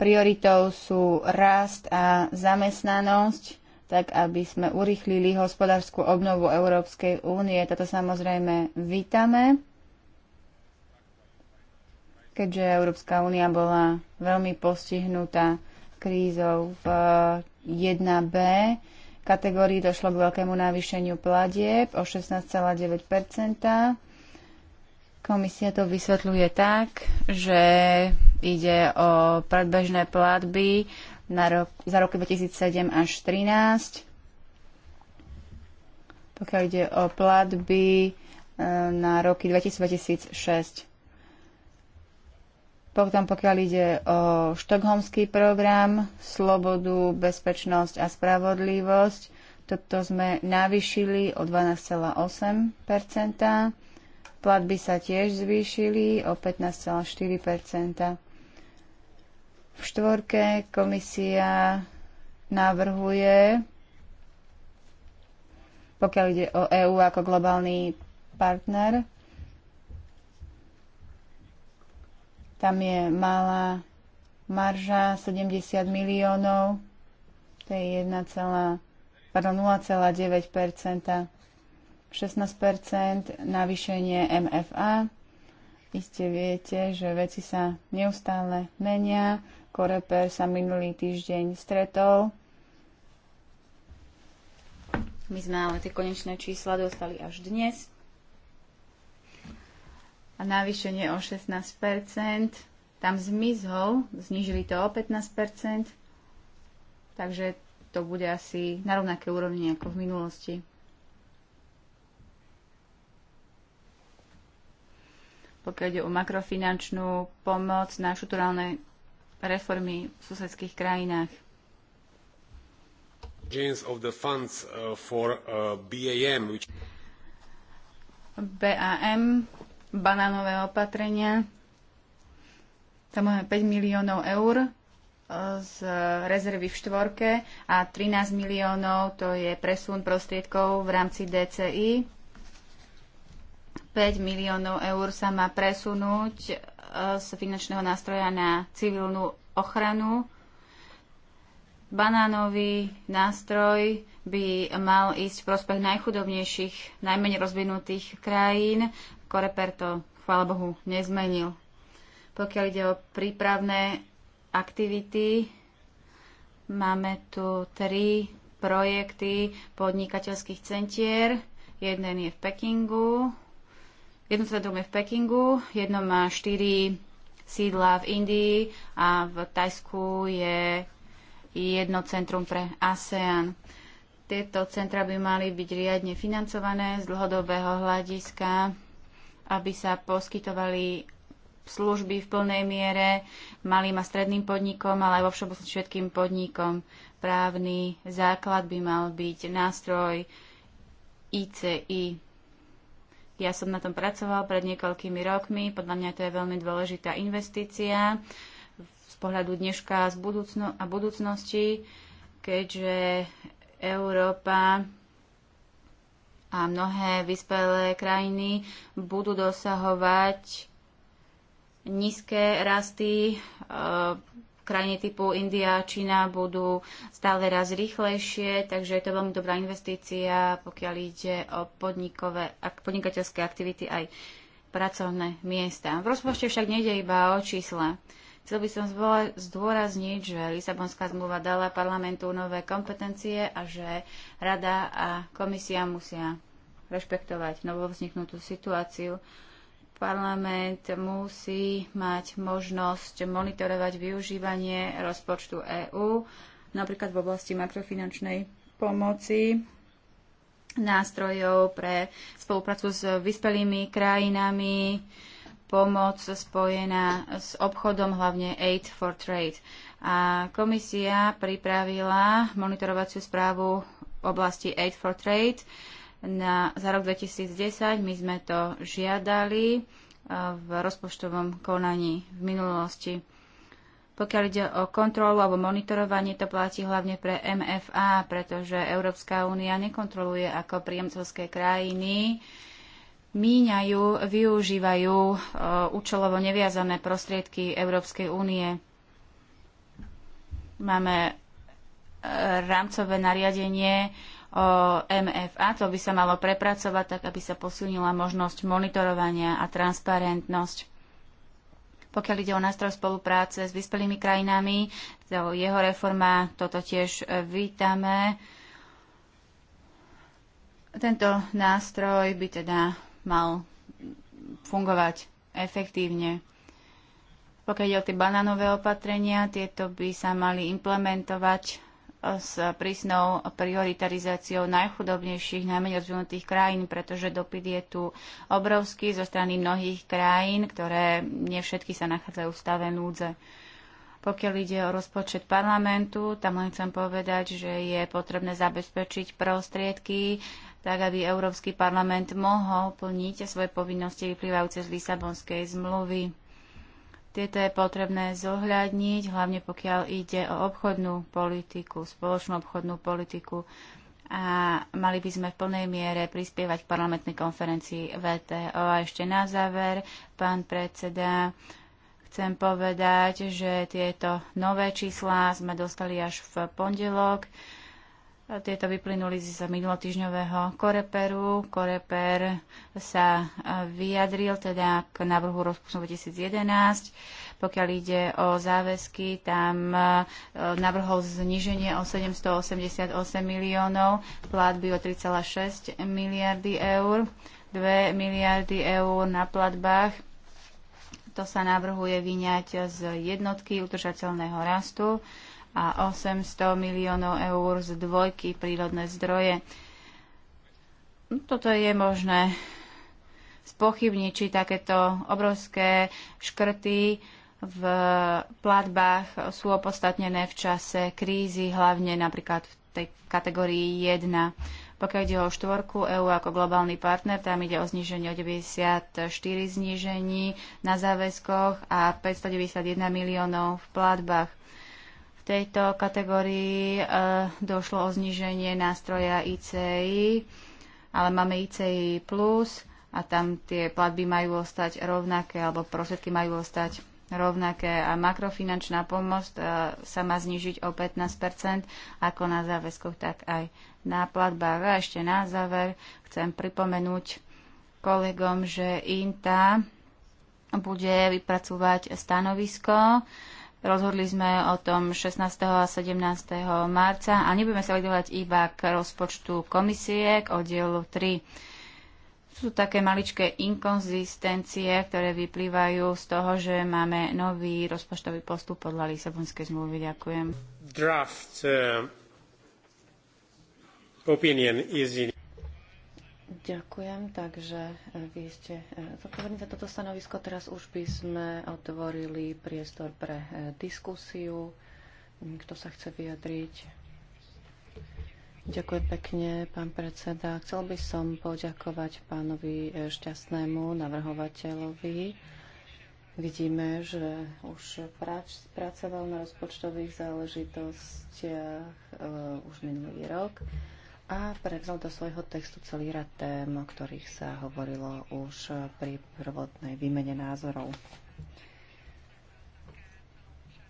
Speaker 3: Prioritou sú rast a zamestnanosť, tak aby sme urýchlili hospodárskú obnovu Európskej únie. Toto samozrejme vítame, keďže Európska únia bola veľmi postihnutá krízou v 1B eh, kategórii došlo k veľkému navýšeniu platieb o 16,9 Komisia to vysvetľuje tak, že ide o predbežné platby na rok, za roky 2007 až 2013. Pokiaľ ide o platby e, na roky 2006 potom pokiaľ ide o štokholmský program, slobodu, bezpečnosť a spravodlivosť, toto sme navyšili o 12,8 Platby sa tiež zvýšili o 15,4 V štvorke komisia navrhuje, pokiaľ ide o EÚ ako globálny partner, Tam je malá marža 70 miliónov, to je 1, pardon, 0,9 16 navýšenie MFA. Iste viete, že veci sa neustále menia. Koreper sa minulý týždeň stretol. My sme ale tie konečné čísla dostali až dnes a navýšenie o 16 Tam zmizol, znižili to o 15 takže to bude asi na rovnaké úrovni ako v minulosti. Pokiaľ ide o makrofinančnú pomoc na štrukturálne reformy v susedských krajinách. Uh, uh, BAM banánové opatrenia. Tam máme 5 miliónov eur e, z rezervy v štvorke a 13 miliónov to je presun prostriedkov v rámci DCI. 5 miliónov eur sa má presunúť e, z finančného nástroja na civilnú ochranu. Banánový nástroj by mal ísť v prospech najchudobnejších, najmenej rozvinutých krajín. Koreper to, chvála Bohu, nezmenil. Pokiaľ ide o prípravné aktivity, máme tu tri projekty podnikateľských centier. Jeden je v Pekingu, jedno centrum je v Pekingu, jedno má štyri sídla v Indii a v Tajsku je jedno centrum pre ASEAN. Tieto centra by mali byť riadne financované z dlhodobého hľadiska aby sa poskytovali služby v plnej miere malým a stredným podnikom, ale aj vo všeobecnosti všetkým podnikom. Právny základ by mal byť nástroj ICI. Ja som na tom pracoval pred niekoľkými rokmi, podľa mňa to je veľmi dôležitá investícia z pohľadu dneška a budúcnosti, keďže Európa a mnohé vyspelé krajiny budú dosahovať nízke rasty. E, krajiny typu India, Čína budú stále raz rýchlejšie, takže je to veľmi dobrá investícia, pokiaľ ide o podnikové, podnikateľské aktivity aj pracovné miesta. V rozpočte však nejde iba o čísla. Chcel by som zdôrazniť, že Lisabonská zmluva dala parlamentu nové kompetencie a že rada a komisia musia rešpektovať novovzniknutú situáciu. Parlament musí mať možnosť monitorovať využívanie rozpočtu EÚ, napríklad v oblasti makrofinančnej pomoci nástrojov pre spoluprácu s vyspelými krajinami, pomoc spojená s obchodom, hlavne Aid for Trade. A komisia pripravila monitorovaciu správu v oblasti Aid for Trade na, za rok 2010. My sme to žiadali e, v rozpočtovom konaní v minulosti. Pokiaľ ide o kontrolu alebo monitorovanie, to platí hlavne pre MFA, pretože Európska únia nekontroluje ako príjemcovské krajiny míňajú, využívajú e, účelovo neviazané prostriedky Európskej únie. Máme e, rámcové nariadenie o MFA, to by sa malo prepracovať tak, aby sa posunila možnosť monitorovania a transparentnosť. Pokiaľ ide o nástroj spolupráce s vyspelými krajinami, to jeho reforma, toto tiež e, vítame. Tento nástroj by teda mal fungovať efektívne. Pokiaľ ide o tie banánové opatrenia, tieto by sa mali implementovať e, s prísnou prioritarizáciou najchudobnejších, najmenej rozvinutých krajín, pretože dopyt je tu obrovský zo strany mnohých krajín, ktoré nie všetky sa nachádzajú v stave núdze. Pokiaľ ide o rozpočet parlamentu, tam len chcem povedať, že je potrebné zabezpečiť prostriedky tak aby Európsky parlament mohol plniť svoje povinnosti vyplývajúce z Lisabonskej zmluvy. Tieto je potrebné zohľadniť, hlavne pokiaľ ide o obchodnú politiku, spoločnú obchodnú politiku a mali by sme v plnej miere prispievať k parlamentnej konferencii VTO. A ešte na záver, pán predseda, chcem povedať, že tieto nové čísla sme dostali až v pondelok. Tieto vyplynuli z minulotýžňového Koreperu. Koreper sa e, vyjadril teda k návrhu rozpočtu 2011. Pokiaľ ide o záväzky, tam e, navrhol zniženie o 788 miliónov, platby o 3,6 miliardy eur, 2 miliardy eur na platbách. To sa navrhuje vyňať z jednotky udržateľného rastu a 800 miliónov eur z dvojky prírodné zdroje. Toto je možné spochybniť, či takéto obrovské škrty v platbách sú opodstatnené v čase krízy, hlavne napríklad v tej kategórii 1. Pokiaľ ide o štvorku EU ako globálny partner, tam ide o zníženie o 94 znížení na záväzkoch a 591 miliónov v platbách. V tejto kategórii eh, došlo o zniženie nástroja ICI, ale máme ICI plus a tam tie platby majú ostať rovnaké alebo prostriedky majú ostať rovnaké a makrofinančná pomoc eh, sa má znižiť o 15 ako na záväzkoch, tak aj na platbách. A ešte na záver chcem pripomenúť kolegom, že INTA bude vypracovať stanovisko Rozhodli sme o tom 16. a 17. marca a nebudeme sa vedovať iba k rozpočtu komisie, k oddielu 3. Sú také maličké inkonzistencie, ktoré vyplývajú z toho, že máme nový rozpočtový postup podľa Lisabonskej zmluvy. Ďakujem.
Speaker 1: Draft, uh, opinion is in...
Speaker 2: Ďakujem, takže e, vy ste e, zodpovední za toto stanovisko. Teraz už by sme otvorili priestor pre e, diskusiu. Mm, kto sa chce vyjadriť? Ďakujem pekne, pán predseda. Chcel by som poďakovať pánovi šťastnému navrhovateľovi. Vidíme, že už prač, pracoval na rozpočtových záležitostiach už minulý rok a prevzal do svojho textu celý rad tém, o ktorých sa hovorilo už pri prvotnej výmene názorov.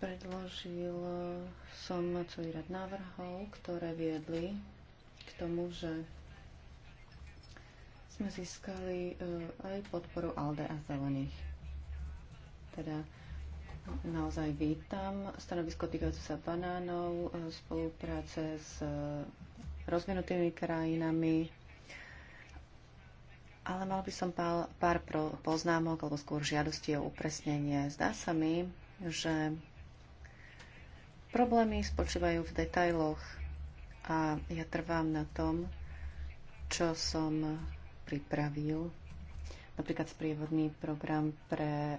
Speaker 2: Predložil som celý rad návrhov, ktoré viedli k tomu, že sme získali eh, aj podporu ALDE a zelených. Teda naozaj vítam stanovisko týkajúce sa banánov, eh, spolupráce s rozvinutými krajinami. Ale mal by som pár, poznámok, alebo skôr žiadosti o upresnenie. Zdá sa mi, že problémy spočívajú v detailoch a ja trvám na tom, čo som pripravil napríklad sprievodný program pre eh,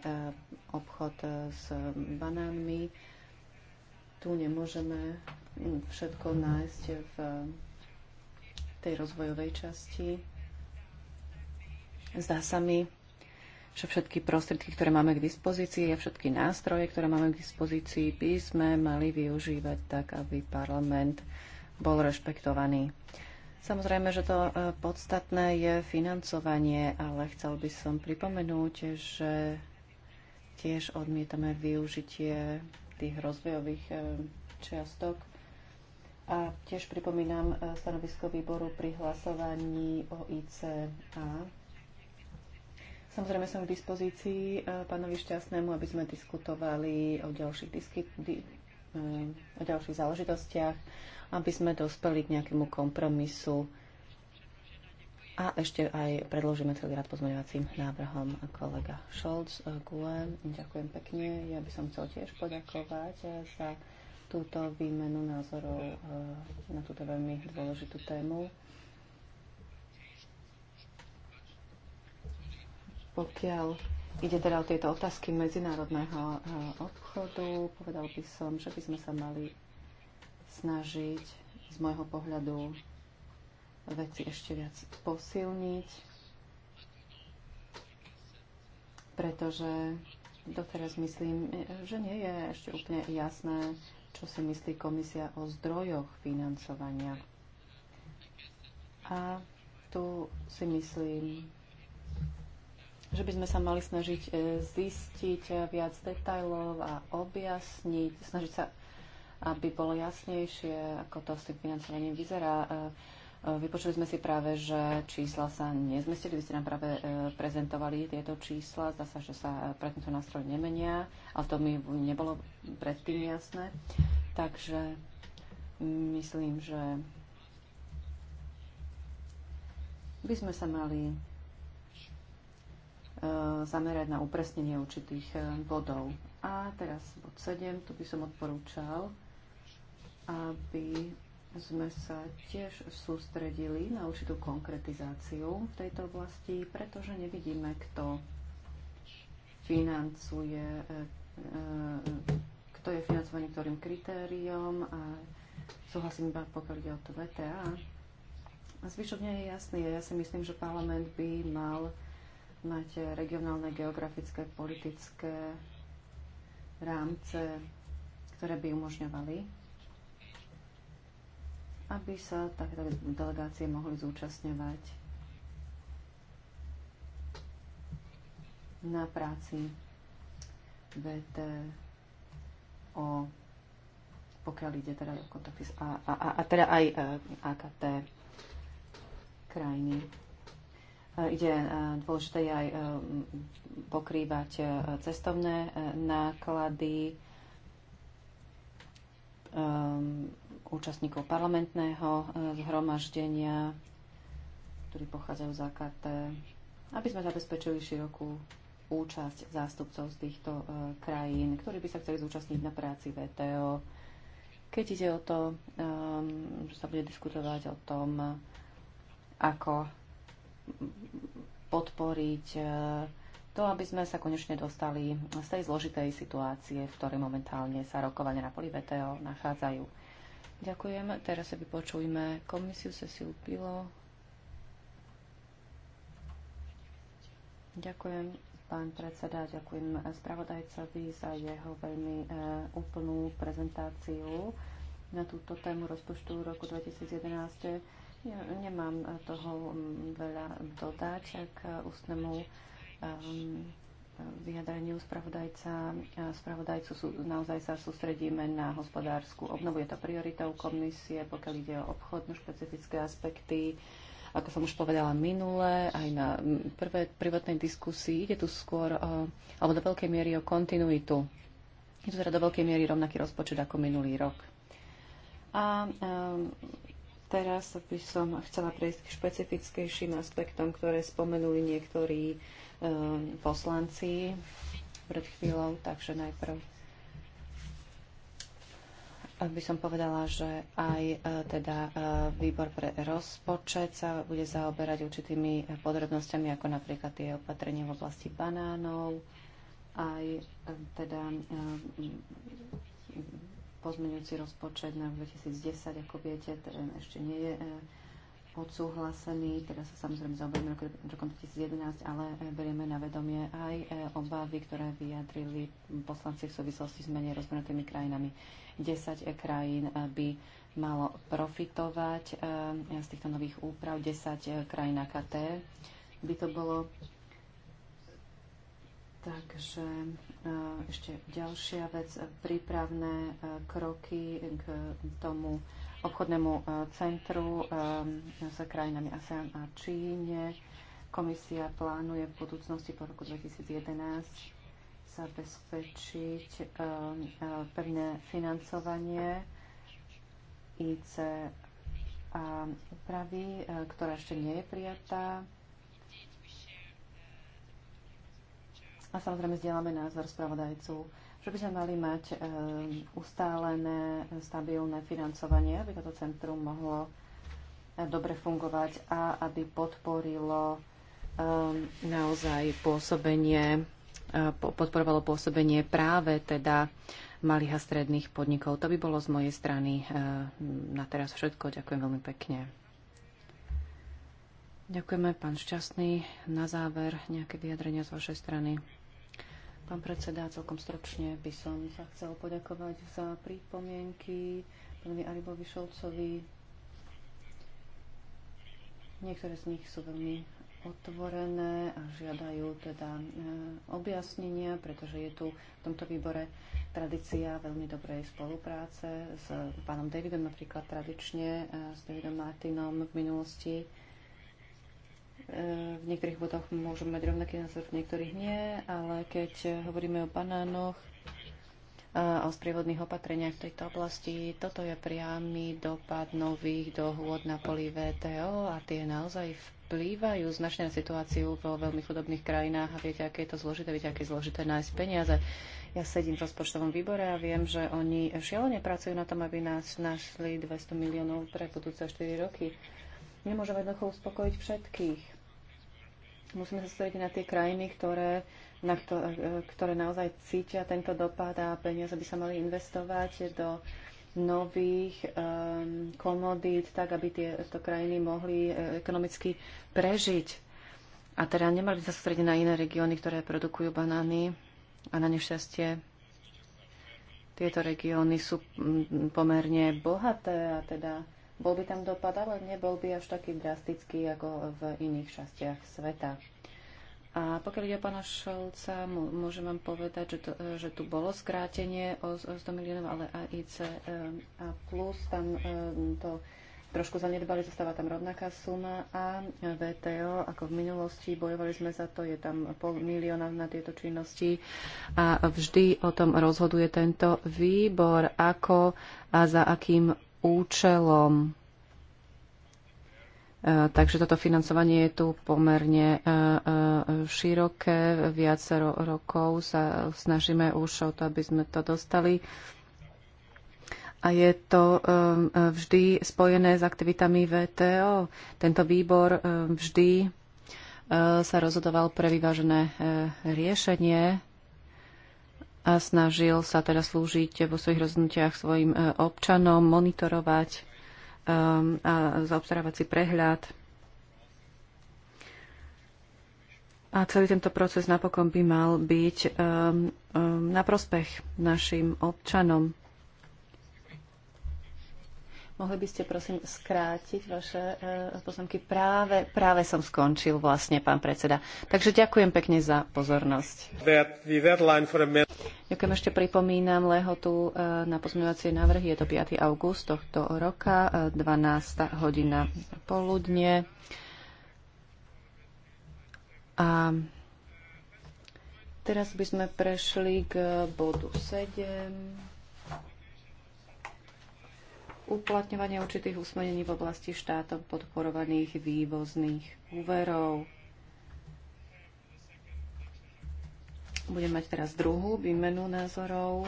Speaker 2: obchod eh, s banánmi. Tu nemôžeme hm, všetko nájsť v tej rozvojovej časti. Zdá sa mi, že všetky prostriedky, ktoré máme k dispozícii a všetky nástroje, ktoré máme k dispozícii, by sme mali využívať tak, aby parlament bol rešpektovaný. Samozrejme, že to e, podstatné je financovanie, ale chcel by som pripomenúť, že tiež odmietame využitie tých rozvojových e, čiastok a tiež pripomínam e, stanovisko výboru pri hlasovaní o ICA. Samozrejme som k dispozícii e, pánovi Šťastnému, aby sme diskutovali o ďalších, disky, di, e, o ďalších záležitostiach, aby sme dospeli k nejakému kompromisu. A ešte aj predložíme celý rad pozmeňovacím návrhom kolega Scholz, Gue. Ďakujem pekne. Ja by som chcel tiež poďakovať za túto výmenu názorov e, na túto veľmi dôležitú tému. Pokiaľ ide teda o tieto otázky medzinárodného e, obchodu, povedal by som, že by sme sa mali snažiť z môjho pohľadu veci ešte viac posilniť, pretože doteraz myslím, e, že nie je ešte úplne jasné, čo si myslí komisia o zdrojoch financovania. A tu si myslím, že by sme sa mali snažiť e, zistiť viac detajlov a objasniť, snažiť sa, aby bolo jasnejšie, ako to s tým financovaním vyzerá e, Vypočuli sme si práve, že čísla sa nezmestili. Vy ste nám práve e, prezentovali tieto čísla. Zdá sa, že sa e, pre nástroje nástroj nemenia, ale to mi nebolo predtým jasné. Takže myslím, že by sme sa mali e, zamerať na upresnenie určitých bodov. A teraz bod 7, tu by som odporúčal, aby sme sa tiež sústredili na určitú konkretizáciu v tejto oblasti, pretože nevidíme, kto financuje, e, e, kto je financovaný ktorým kritériom a súhlasím iba pokiaľ ide o to VTA. A zvyšok nie je jasný ja si myslím, že parlament by mal mať regionálne, geografické, politické rámce, ktoré by umožňovali aby sa takéto delegácie mohli zúčastňovať na práci VTO, pokiaľ ide teda o kontakty a, a, a, a teda aj e, AKT krajiny. E, ide, e, dôležité je aj pokrývať cestovné náklady, účastníkov parlamentného eh, zhromaždenia, ktorí pochádzajú z AKT, aby sme zabezpečili širokú účasť zástupcov z týchto eh, krajín, ktorí by sa chceli zúčastniť na práci VTO. Keď ide o to, ehm, že sa bude diskutovať o tom, ako podporiť eh, to, aby sme sa konečne dostali z tej zložitej situácie, v ktorej momentálne sa rokovania na poli VTO nachádzajú. Ďakujem. Teraz sa vypočujme komisiu Cecil Pilo. Ďakujem, pán predseda, ďakujem spravodajcovi za jeho veľmi e, úplnú prezentáciu na túto tému rozpočtu roku 2011. Nemám toho veľa dodať k ústnemu um, vyjadreniu spravodajca, spravodajcu sú, naozaj sa sústredíme na hospodárskú obnovu. Je to prioritou komisie, pokiaľ ide o obchodnú špecifické aspekty. Ako som už povedala minule, aj na prvé prvotnej diskusii ide tu skôr, o, alebo do veľkej miery o kontinuitu. Je tu teda do veľkej miery rovnaký rozpočet ako minulý rok. A e, teraz by som chcela prejsť k špecifickejším aspektom, ktoré spomenuli niektorí poslanci pred chvíľou, takže najprv by som povedala, že aj teda výbor pre rozpočet sa bude zaoberať určitými podrobnosťami, ako napríklad tie opatrenia v oblasti banánov, aj teda pozmeňujúci rozpočet na 2010, ako viete, ten ešte nie je odsúhlasený, teraz sa samozrejme zaoberáme rokom 2011, ale eh, berieme na vedomie aj eh, obavy, ktoré vyjadrili poslanci v súvislosti s menej rozvinutými krajinami. 10 eh, krajín by malo profitovať z týchto nových úprav, 10 krajín AKT by to bolo. Takže ešte ďalšia vec, prípravné kroky k tomu, obchodnému e, centru e, s krajinami ASEAN a Číne. Komisia plánuje v budúcnosti po roku 2011 zabezpečiť e, pevné financovanie IC a úpravy, ktorá ešte nie je prijatá. A samozrejme, zdieľame názor spravodajcu že by sme mali mať eh, ustálené, stabilné financovanie, aby toto centrum mohlo eh, dobre fungovať a aby podporilo eh, naozaj pôsobenie, podporovalo pôsobenie práve teda malých a stredných podnikov. To by bolo z mojej strany na teraz všetko. Ďakujem veľmi pekne. Ďakujeme, pán Šťastný. Na záver nejaké vyjadrenia z vašej strany. Pán predseda, celkom stročne by som sa chcel poďakovať za pripomienky pánovi Aribovi Šolcovi. Niektoré z nich sú veľmi otvorené a žiadajú teda e, objasnenia, pretože je tu v tomto výbore tradícia veľmi dobrej spolupráce s pánom Davidom, napríklad tradične e, s Davidom Martinom v minulosti. Eh, v niektorých bodoch môžu mať rovnaký názor, v niektorých nie, ale keď hovoríme o banánoch eh, a o sprievodných opatreniach v tejto oblasti, toto je priamy dopad nových dohôd na poli VTO a tie naozaj vplývajú značne na situáciu vo veľmi chudobných krajinách a viete, aké je to zložité, viete, aké je zložité nájsť peniaze. Ja sedím v rozpočtovom výbore a viem, že oni šialene pracujú na tom, aby nás našli 200 miliónov pre budúce 4 roky. Nemôžeme jednoducho uspokojiť všetkých musíme sa sústrediť na tie krajiny, ktoré, na ktoré, eh, ktoré naozaj cítia tento dopad a peniaze by sa mali investovať do nových um, komodít, tak aby tieto krajiny mohli uh, ekonomicky prežiť. A teda nemali by sa sústrediť na iné regióny, ktoré produkujú banány a na nešťastie tieto regióny sú mm, pomerne bohaté a teda bol by tam dopad, ale nebol by až taký drastický ako v iných častiach sveta. A pokiaľ ide o pána Šolca, môžem vám povedať, že, to, že tu bolo skrátenie o, 100 miliónov, ale AIC eh, a plus tam eh, to trošku zanedbali, zostáva tam rovnaká suma a VTO, ako v minulosti, bojovali sme za to, je tam pol milióna na tieto činnosti a vždy o tom rozhoduje tento výbor, ako a za akým účelom. E, takže toto financovanie je tu pomerne e, e, široké. Viacero rokov sa snažíme už o to, aby sme to dostali. A je to vždy spojené s aktivitami VTO. Tento výbor vždy sa rozhodoval pre vyvážené riešenie a snažil sa teda slúžiť vo svojich rozhodnutiach svojim e, občanom, monitorovať um, a si prehľad. A celý tento proces napokon by mal byť um, um, na prospech našim občanom. Mohli by ste prosím skrátiť vaše eh, poznámky? Práve, práve som skončil vlastne, pán predseda. Takže ďakujem pekne za pozornosť. Ďakujem ešte pripomínam lehotu eh, na pozmeňovacie návrhy. Je to 5. august tohto roka, 12. Eh, hodina poludne. A teraz by sme prešli k bodu 7 uplatňovanie určitých usmernení v oblasti štátom podporovaných vývozných úverov. Budem mať teraz druhú výmenu názorov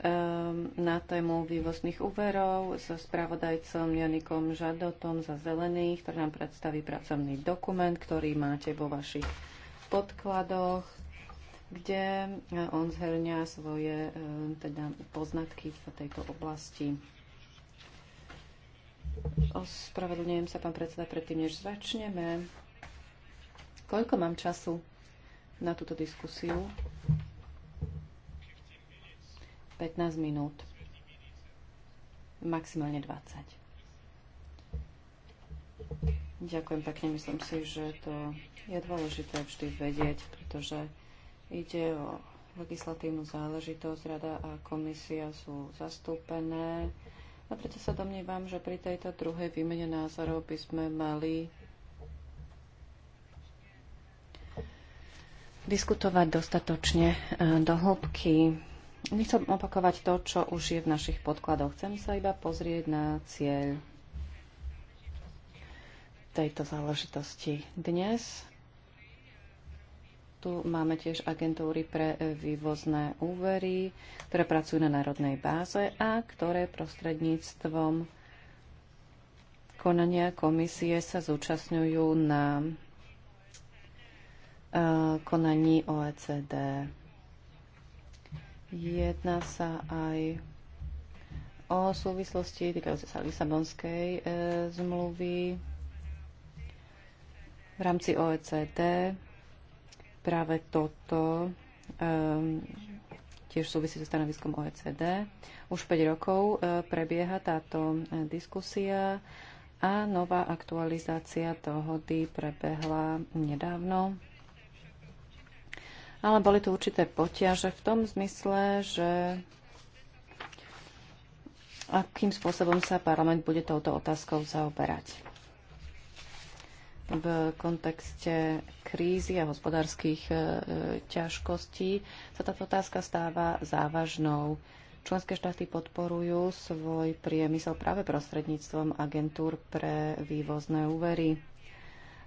Speaker 2: ehm, na tému vývozných úverov so spravodajcom Janikom Žadotom za zelených, ktorý nám predstaví pracovný dokument, ktorý máte vo vašich podkladoch kde e, on zhrňa svoje e, teda, poznatky v tejto oblasti. Ospravedlňujem sa, pán predseda, predtým, než začneme. Koľko mám času na túto diskusiu? 15 minút. Maximálne 20. Ďakujem pekne, myslím si, že to je dôležité vždy vedieť, pretože Ide o legislatívnu záležitosť, rada a komisia sú zastúpené. A preto sa domnívam, že pri tejto druhej výmene názorov by sme mali diskutovať dostatočne e, do hĺbky. Nechcem opakovať to, čo už je v našich podkladoch. Chcem sa iba pozrieť na cieľ tejto záležitosti. Dnes tu máme tiež agentúry pre vývozné úvery, ktoré pracujú na národnej báze a ktoré prostredníctvom konania komisie sa zúčastňujú na e, konaní OECD. Jedná sa aj o súvislosti týkajúce sa Lisabonskej e, zmluvy v rámci OECD práve toto um, tiež súvisí so stanoviskom OECD. Už 5 rokov uh, prebieha táto uh, diskusia a nová aktualizácia dohody prebehla nedávno. Ale boli tu určité potiaže v tom zmysle, že akým spôsobom sa parlament bude touto otázkou zaoberať v kontexte krízy a hospodárskych e, ťažkostí sa táto otázka stáva závažnou. Členské štáty podporujú svoj priemysel práve prostredníctvom agentúr pre vývozné úvery.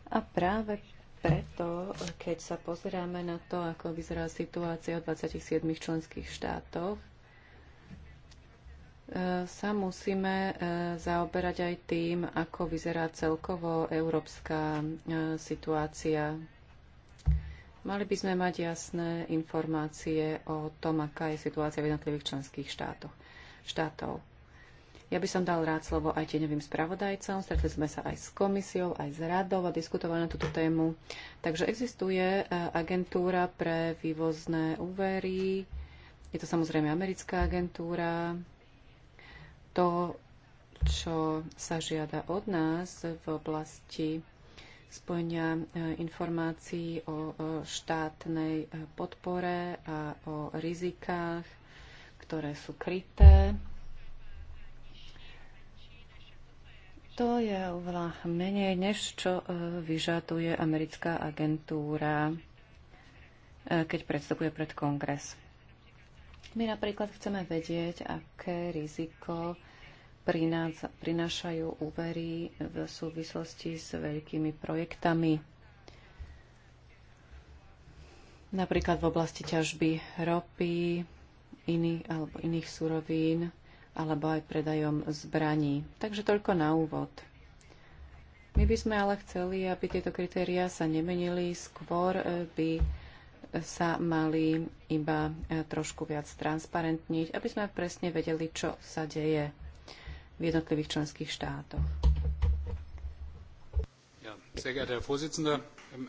Speaker 2: A práve preto, keď sa pozeráme na to, ako vyzerá situácia v 27 členských štátoch, sa musíme e, zaoberať aj tým, ako vyzerá celkovo európska e, situácia. Mali by sme mať jasné informácie o tom, aká je situácia v jednotlivých členských štátoch, štátov. Ja by som dal rád slovo aj tieňovým spravodajcom. Stretli sme sa aj s komisiou, aj s radou a diskutovali na túto tému. Takže existuje e, agentúra pre vývozné úvery. Je to samozrejme americká agentúra, to, čo sa žiada od nás v oblasti spojenia e, informácií o e, štátnej e, podpore a o rizikách, ktoré sú kryté. To je oveľa menej, než čo vyžaduje americká agentúra, keď predstupuje pred kongres. My napríklad chceme vedieť, aké riziko prinášajú úvery v súvislosti s veľkými projektami. Napríklad v oblasti ťažby ropy, iných alebo iných surovín, alebo aj predajom zbraní. Takže toľko na úvod. My by sme ale chceli, aby tieto kritériá sa nemenili, skôr eh, by sa mali iba e, trošku viac transparentniť, aby sme presne vedeli, čo sa deje v jednotlivých členských štátoch.
Speaker 1: Ähm,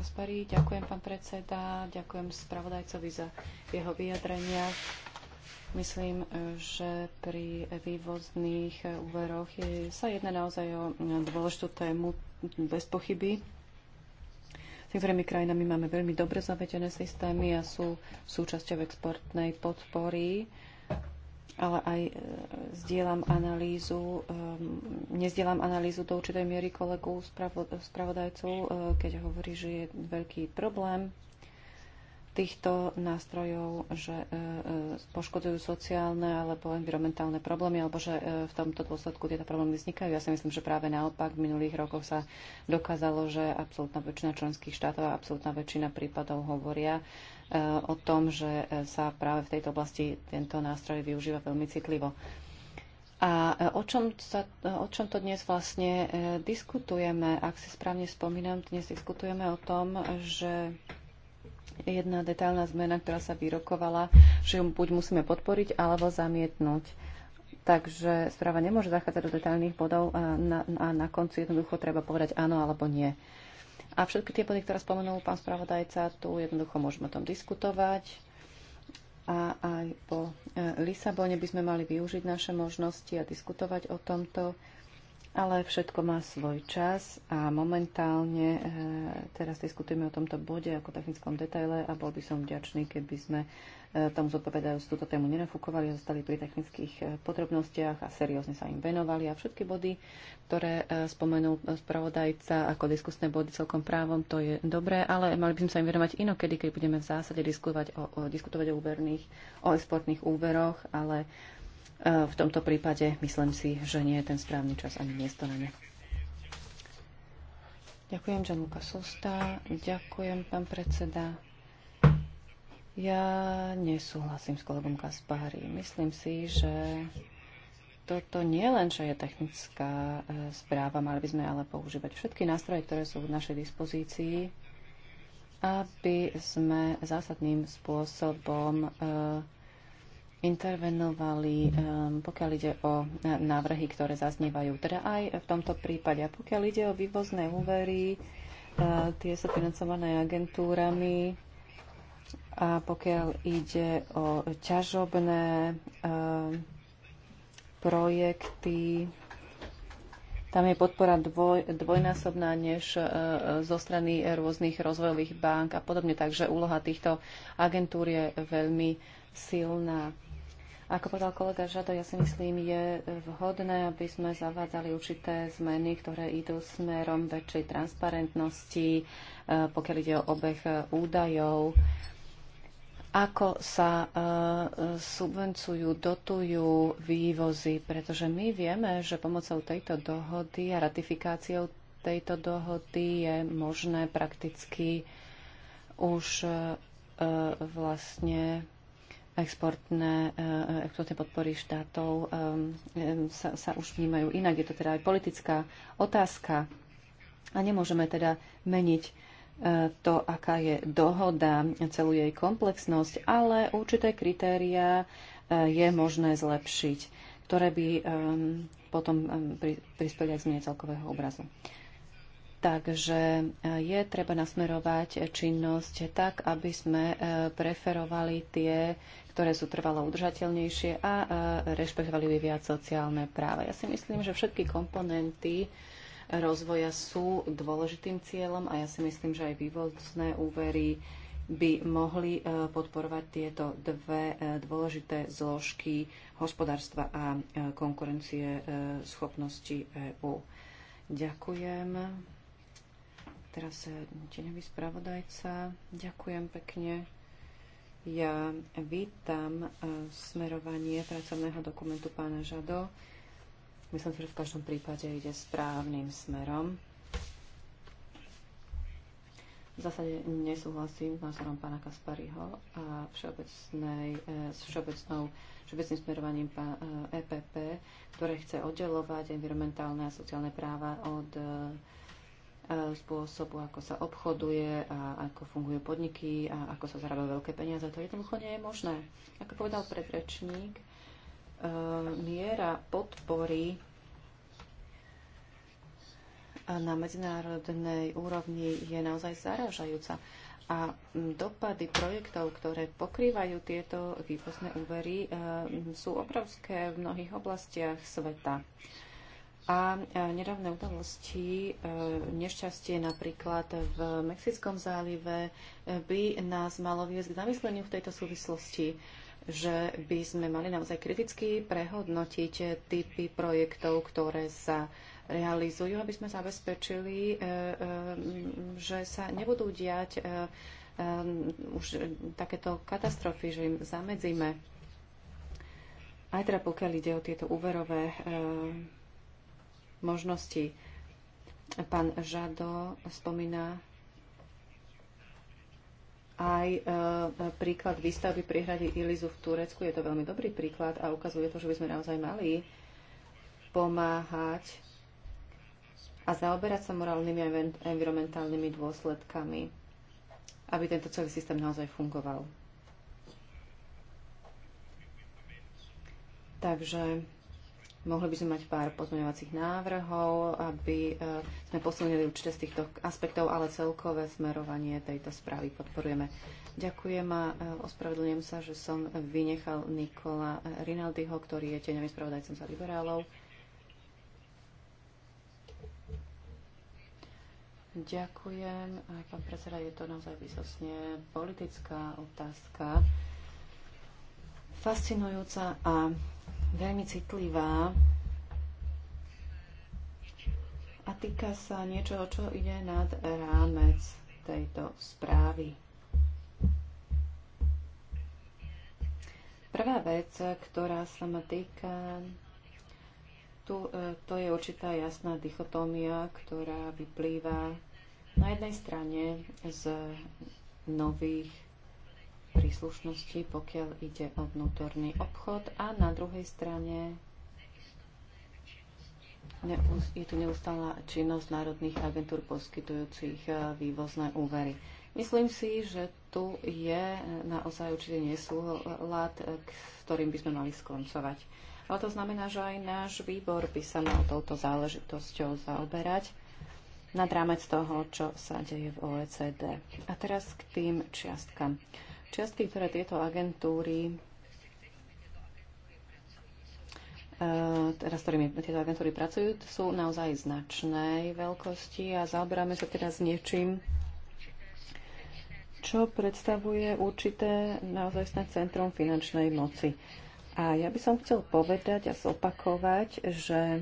Speaker 2: Kaspari, ďakujem pán predseda, ďakujem spravodajcovi za jeho vyjadrenia. Myslím, e, že pri vývozných úveroch je, sa jedná naozaj o e, dôležitú tému bez pochyby niektorými krajinami máme veľmi dobre zavedené systémy a sú súčasťou exportnej podpory, ale aj e, zdieľam analýzu, e, nezdielam analýzu do určitej miery kolegu spravodajcu, e, keď hovorí, že je veľký problém týchto nástrojov, že e, e, poškodujú sociálne alebo environmentálne problémy, alebo že e, v tomto dôsledku tieto problémy vznikajú. Ja si myslím, že práve naopak v minulých rokoch sa dokázalo, že absolútna väčšina členských štátov a absolútna väčšina prípadov hovoria o tom, že sa práve v tejto oblasti tento nástroj využíva veľmi citlivo. A o čom, sa, o čom to dnes vlastne diskutujeme? Ak si správne spomínam, dnes diskutujeme o tom, že jedna detailná zmena, ktorá sa vyrokovala, že ju buď musíme podporiť alebo zamietnúť. Takže správa nemôže zachádzať do detailných bodov a na, a na konci jednoducho treba povedať áno alebo nie. A všetky tie body, ktoré spomenul pán spravodajca, tu jednoducho môžeme o tom diskutovať. A aj po e, Lisabone by sme mali využiť naše možnosti a diskutovať o tomto ale všetko má svoj čas a momentálne e, teraz diskutujeme o tomto bode ako technickom detaile a bol by som vďačný, keby sme e, tomu zodpovedajúc túto tému nenafúkovali, zostali pri technických e, podrobnostiach a seriózne sa im venovali a všetky body, ktoré e, spomenul spravodajca ako diskusné body celkom právom, to je dobré, ale mali by sme sa im venovať inokedy, keď budeme v zásade diskutovať o, o, diskutovať o úverných, o exportných úveroch, ale E, v tomto prípade myslím si, že nie je ten správny čas ani miesto na ne. Ďakujem, Gianluca Sosta. Ďakujem, pán predseda. Ja nesúhlasím s kolegom Kaspári. Myslím si, že toto nie len, že je technická e, správa, mali by sme ale používať všetky nástroje, ktoré sú v našej dispozícii, aby sme zásadným spôsobom e, intervenovali, ehm, pokiaľ ide o e, návrhy, ktoré zaznievajú. Teda aj v tomto prípade. A pokiaľ ide o vývozné úvery, e, tie sú financované agentúrami. A pokiaľ ide o ťažobné e, projekty, tam je podpora dvoj, dvojnásobná než zo strany rôznych rozvojových bank a podobne. Takže úloha týchto agentúr je veľmi silná. Ako povedal kolega Žado, ja si myslím, je vhodné, aby sme zavádzali určité zmeny, ktoré idú smerom väčšej transparentnosti, e, pokiaľ ide o obeh e, údajov, ako sa e, subvencujú, dotujú vývozy, pretože my vieme, že pomocou tejto dohody a ratifikáciou tejto dohody je možné prakticky už vlastne exportné, eh, exportné podpory štátov eh, eh, sa, sa už vnímajú inak. Je to teda aj politická otázka a nemôžeme teda meniť to, aká je dohoda, celú jej komplexnosť, ale určité kritéria je možné zlepšiť, ktoré by potom prispeli aj zmene celkového obrazu. Takže je treba nasmerovať činnosť tak, aby sme preferovali tie ktoré sú trvalo udržateľnejšie a rešpektovali by viac sociálne práva. Ja si myslím, že všetky komponenty rozvoja sú dôležitým cieľom a ja si myslím, že aj vývozné úvery by mohli e, podporovať tieto dve e, dôležité zložky hospodárstva a e, konkurencie schopnosti EÚ. Ďakujem. Teraz tenevý spravodajca. Ďakujem pekne. Ja vítam e, smerovanie pracovného dokumentu pána Žado. Myslím si, že v každom prípade ide správnym smerom. V zásade nesúhlasím s názorom pána Kaspariho a všeobecnej, e, s všeobecnou, všeobecným smerovaním EPP, e ktoré chce oddelovať environmentálne a sociálne práva od spôsobu, ako sa obchoduje, a ako fungujú podniky a ako sa zarábajú veľké peniaze. To jednoducho nie je možné. Ako povedal predrečník, e, miera podpory na medzinárodnej úrovni je naozaj zaražajúca. A dopady projektov, ktoré pokrývajú tieto vývozné úvery, e, sú obrovské v mnohých oblastiach sveta a e, nedávne udalosti, e, nešťastie napríklad v Mexickom zálive e, by nás malo viesť k zamysleniu v tejto súvislosti že by sme mali naozaj kriticky prehodnotiť typy projektov, ktoré sa realizujú, aby sme zabezpečili, že sa nebudú diať už takéto katastrofy, že im zamedzíme. Aj teda pokiaľ ide o tieto úverové možností. Pán Žado spomína aj e, príklad výstavby priehrady Ilizu v Turecku. Je to veľmi dobrý príklad a ukazuje to, že by sme naozaj mali pomáhať a zaoberať sa morálnymi a environmentálnymi dôsledkami, aby tento celý systém naozaj fungoval. Takže Mohli by sme mať pár pozmeňovacích návrhov, aby e, sme posunuli určite z týchto aspektov, ale celkové smerovanie tejto správy podporujeme. Ďakujem a e, ospravedlňujem sa, že som vynechal Nikola Rinaldiho, ktorý je teňovým spravodajcom za liberálov. Ďakujem. Pán predseda, je to naozaj vysosne politická otázka. Fascinujúca a veľmi citlivá a týka sa niečoho, čo ide nad rámec tejto správy. Prvá vec, ktorá sa ma týka, tu, e, to je určitá jasná dichotómia, ktorá vyplýva na jednej strane z nových príslušnosti, pokiaľ ide o vnútorný obchod a na druhej strane je tu neustála činnosť národných agentúr poskytujúcich eh, vývozné úvery. Myslím si, že tu je naozaj určite nesúhľad, eh, s ktorým by sme mali skoncovať. Ale to znamená, že aj náš výbor by sa mal touto záležitosťou zaoberať nad rámec toho, čo sa deje v OECD. A teraz k tým čiastkam. Čiastky, ktoré tieto agentúry eh, teda, s ktorými tieto agentúry pracujú, sú naozaj značnej veľkosti a zaoberáme sa teraz niečím, čo predstavuje určité naozaj snad centrum finančnej moci. A ja by som chcel povedať a zopakovať, že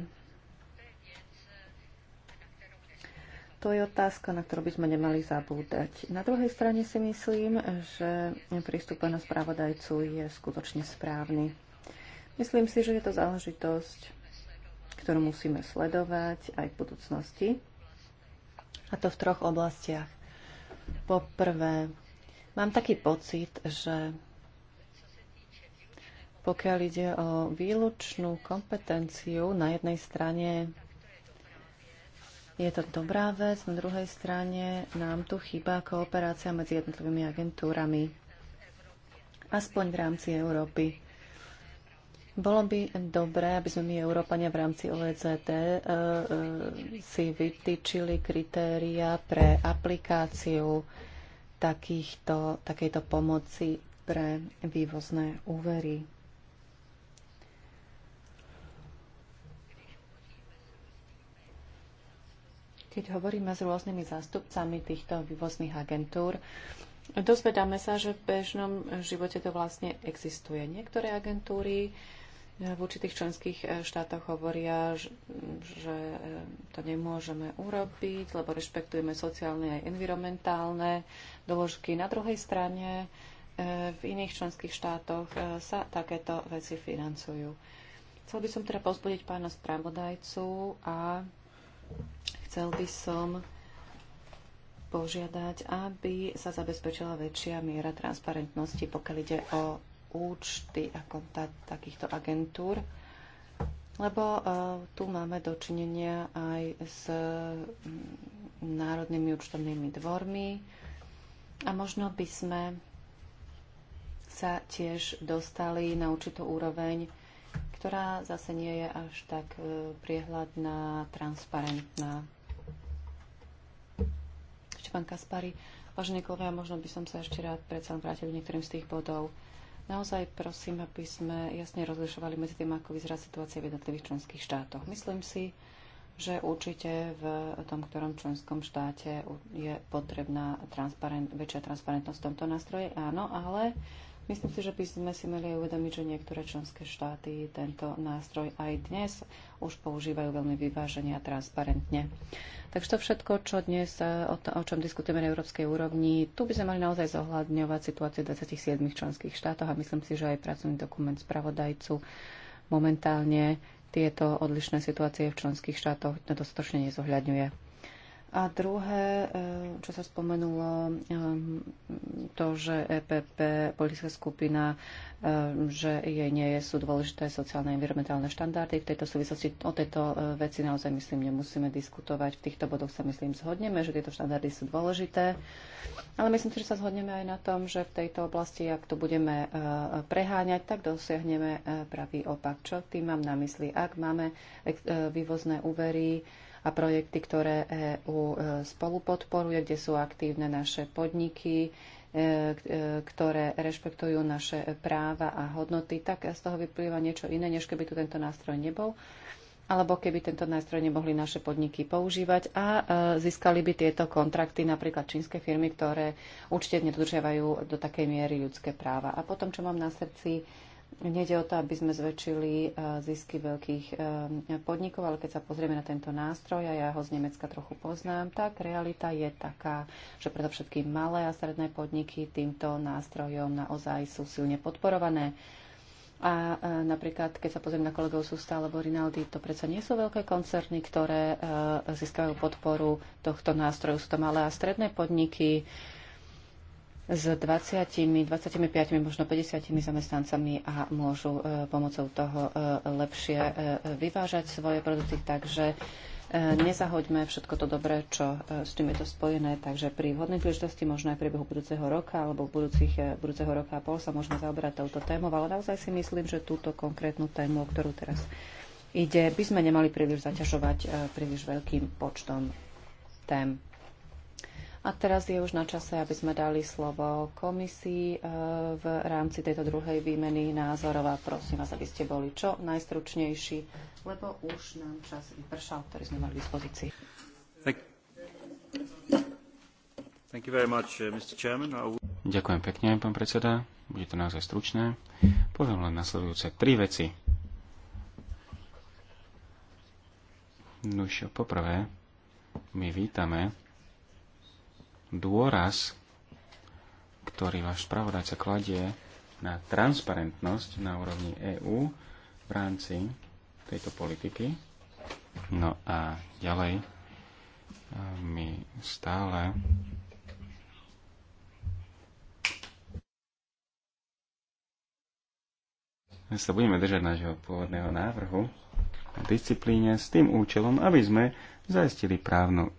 Speaker 2: To je otázka, na ktorú by sme nemali zabúdať. Na druhej strane si myslím, že prístup na správodajcu je skutočne správny. Myslím si, že je to záležitosť, ktorú musíme sledovať aj v budúcnosti. A to v troch oblastiach. Poprvé, mám taký pocit, že pokiaľ ide o výlučnú kompetenciu na jednej strane je to dobrá vec, na druhej strane nám tu chýba kooperácia medzi jednotlivými agentúrami, aspoň v rámci Európy. Bolo by dobré, aby sme my, Európania, v rámci OECD e, e, si vytýčili kritéria pre aplikáciu takýchto, takejto pomoci pre vývozné úvery. keď hovoríme s rôznymi zástupcami týchto vývozných agentúr, dozvedáme sa, že v bežnom živote to vlastne existuje. Niektoré agentúry e, v určitých členských e, štátoch hovoria, že e, to nemôžeme urobiť, lebo rešpektujeme sociálne aj environmentálne doložky. Na druhej strane v iných členských štátoch sa takéto veci financujú. Chcel by som teda pozbudiť pána spravodajcu a Chcel by som požiadať, aby sa zabezpečila väčšia miera transparentnosti, pokiaľ ide o účty a konta takýchto agentúr, lebo uh, tu máme dočinenia aj s mm, národnými účtovnými dvormi a možno by sme sa tiež dostali na určitú úroveň ktorá zase nie je až tak e, priehľadná, transparentná. Ešte pán Kaspari, vážení kolegovia, možno by som sa ešte rád predsa vrátil k niektorým z tých bodov. Naozaj prosím, aby sme jasne rozlišovali medzi tým, ako vyzerá situácia v jednotlivých členských štátoch. Myslím si, že určite v tom, ktorom členskom štáte je potrebná transparent, väčšia transparentnosť v tomto nástroje, áno, ale Myslím si, že by sme si mali aj uvedomiť, že niektoré členské štáty tento nástroj aj dnes už používajú veľmi vyvážene a transparentne. Takže to všetko, čo dnes, e, o, to, o čom diskutujeme na európskej úrovni, tu by sme mali naozaj zohľadňovať situáciu v 27 členských štátoch a myslím si, že aj pracovný dokument spravodajcu momentálne tieto odlišné situácie v členských štátoch dostatočne nezohľadňuje. A druhé, eh, čo sa spomenulo, eh, to, že EPP, politická skupina, eh, že jej nie sú dôležité sociálne a environmentálne štandardy. V tejto súvislosti o tejto veci naozaj, myslím, nemusíme diskutovať. V týchto bodoch sa, myslím, zhodneme, že tieto štandardy sú dôležité. Ale myslím si, že sa zhodneme aj na tom, že v tejto oblasti, ak to budeme preháňať, tak dosiahneme pravý opak. Čo tým mám na mysli? Ak máme vývozné úvery, a projekty, ktoré EÚ e, spolupodporuje, kde sú aktívne naše podniky, e, e, ktoré rešpektujú naše práva a hodnoty, tak z toho vyplýva niečo iné, než keby tu tento nástroj nebol alebo keby tento nástroj nemohli naše podniky používať a získali by tieto kontrakty napríklad čínske firmy, ktoré určite nedodržiavajú do takej miery ľudské práva. A potom, čo mám na srdci, Nede o to, aby sme zväčšili eh, zisky veľkých eh, podnikov, ale keď sa pozrieme na tento nástroj, a ja ho z Nemecka trochu poznám, tak realita je taká, že predovšetkým malé a stredné podniky týmto nástrojom naozaj sú silne podporované. A eh, napríklad, keď sa pozriem na kolegov sústa alebo Rinaldi, to predsa nie sú veľké koncerny, ktoré získajú podporu tohto nástroju. Sú to malé a stredné podniky, s 20, 25, možno 50 zamestnancami a môžu e, pomocou toho e, lepšie e, vyvážať svoje produkty. Takže nezahoďme všetko to dobré, čo s tým je to spojené. Takže pri vhodnej príležitosti možno aj v priebehu budúceho roka alebo budúcich, budúceho roka a pol sa môžeme zaoberať touto témou, ale naozaj si myslím, že túto konkrétnu tému, o ktorú teraz ide, by sme nemali príliš zaťažovať príliš veľkým počtom tém. A teraz je už na čase, aby sme dali slovo komisii e, v rámci tejto druhej výmeny názorov a prosím vás, aby ste boli čo najstručnejší, lebo už nám čas vypršal, ktorý sme mali k dispozícii.
Speaker 1: Thank you very much, uh, Mr. Chairman. Ďakujem pekne, pán predseda. Bude to naozaj stručné. Poviem len nasledujúce tri veci. Nuž, poprvé, my vítame dôraz, ktorý váš spravodajca kladie na transparentnosť na úrovni EÚ v rámci tejto politiky. No a ďalej my stále sa budeme držať nášho pôvodného návrhu na disciplíne s tým účelom, aby sme zaistili právnu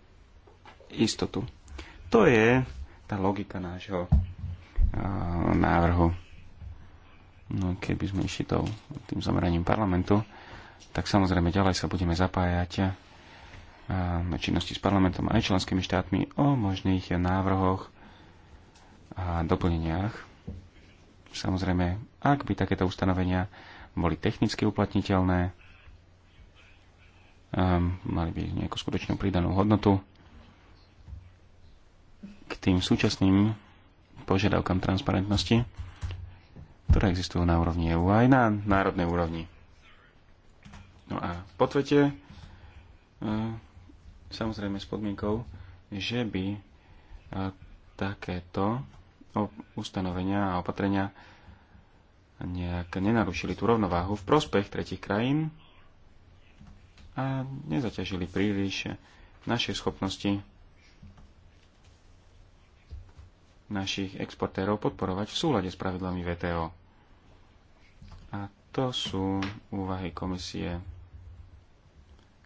Speaker 1: istotu. To je tá logika nášho návrhu. No, keby sme išli tou, tým zameraním parlamentu, tak samozrejme ďalej sa budeme zapájať na činnosti s parlamentom aj členskými štátmi o možných návrhoch a doplneniach. Samozrejme, ak by takéto ustanovenia boli technicky uplatniteľné, mali by nejakú skutočnú pridanú hodnotu, k tým súčasným požiadavkám transparentnosti, ktoré existujú na úrovni EU aj na národnej úrovni. No a v tvete, e, samozrejme s podmienkou, že by e, takéto ustanovenia a opatrenia nejak nenarušili tú rovnováhu v prospech tretich krajín a nezaťažili príliš naše schopnosti našich exportérov podporovať v súlade s pravidlami VTO. A to sú úvahy komisie,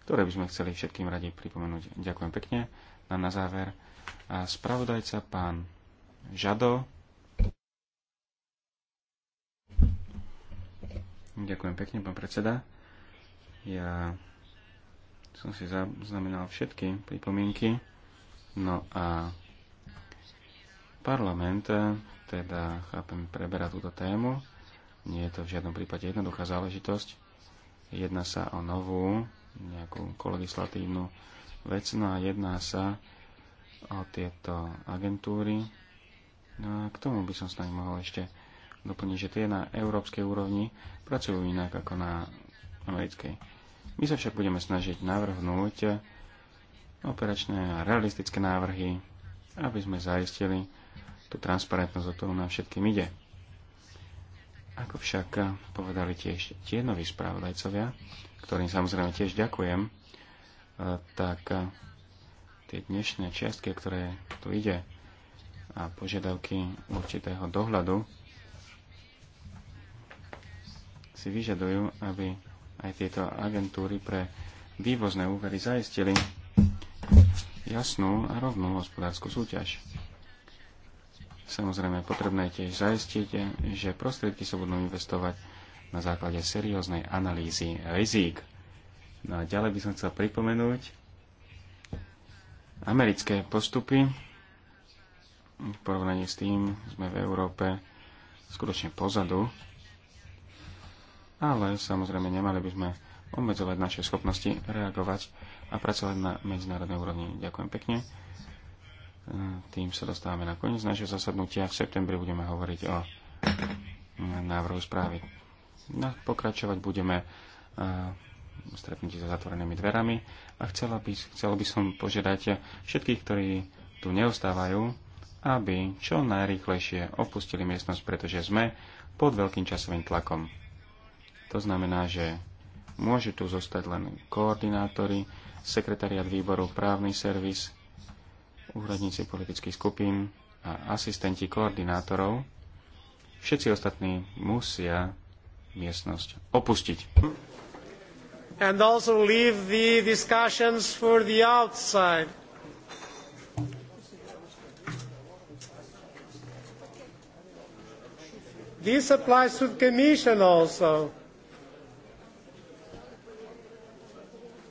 Speaker 1: ktoré by sme chceli všetkým radi pripomenúť. Ďakujem pekne. A na záver a spravodajca pán Žado. Ďakujem pekne, pán predseda. Ja som si zaznamenal všetky pripomienky. No a Parlament teda, chápem, preberá túto tému. Nie je to v žiadnom prípade jednoduchá záležitosť. Jedná sa o novú nejakú kolegislatívnu vec, no a jedná sa o tieto agentúry. No a k tomu by som s nami mohol ešte doplniť, že tie na európskej úrovni pracujú inak ako na americkej. My sa však budeme snažiť navrhnúť operačné a realistické návrhy, aby sme zaistili, tú transparentnosť, o ktorú nám všetkým ide. Ako však povedali tiež tie noví spravodajcovia, ktorým samozrejme tiež ďakujem, eh, tak eh, tie dnešné čiastky, ktoré tu ide a požiadavky určitého dohľadu si vyžadujú, aby aj tieto agentúry pre vývozné úvery zaistili jasnú a rovnú hospodárskú súťaž. Samozrejme, potrebné tiež zaistiť, že prostriedky sa budú investovať na základe serióznej analýzy rizík. No a ďalej by som chcel pripomenúť americké postupy. V porovnaní s tým sme v Európe skutočne pozadu, ale samozrejme nemali by sme obmedzovať naše schopnosti reagovať a pracovať na medzinárodnej úrovni. Ďakujem pekne. Tým sa dostávame na koniec našeho zasadnutia. V septembri budeme hovoriť o návrhu správy. No, pokračovať budeme e, stretnutí za zatvorenými dverami a chcela by, chcel by som požiadať všetkých, ktorí tu neostávajú, aby čo najrýchlejšie opustili miestnosť, pretože sme pod veľkým časovým tlakom. To znamená, že môžu tu zostať len koordinátori, sekretariat výboru, právny servis, úradníci politických skupín a asistenti koordinátorov, všetci ostatní musia miestnosť opustiť.
Speaker 3: And also leave the discussions for the outside.
Speaker 1: This applies to the Commission
Speaker 3: also.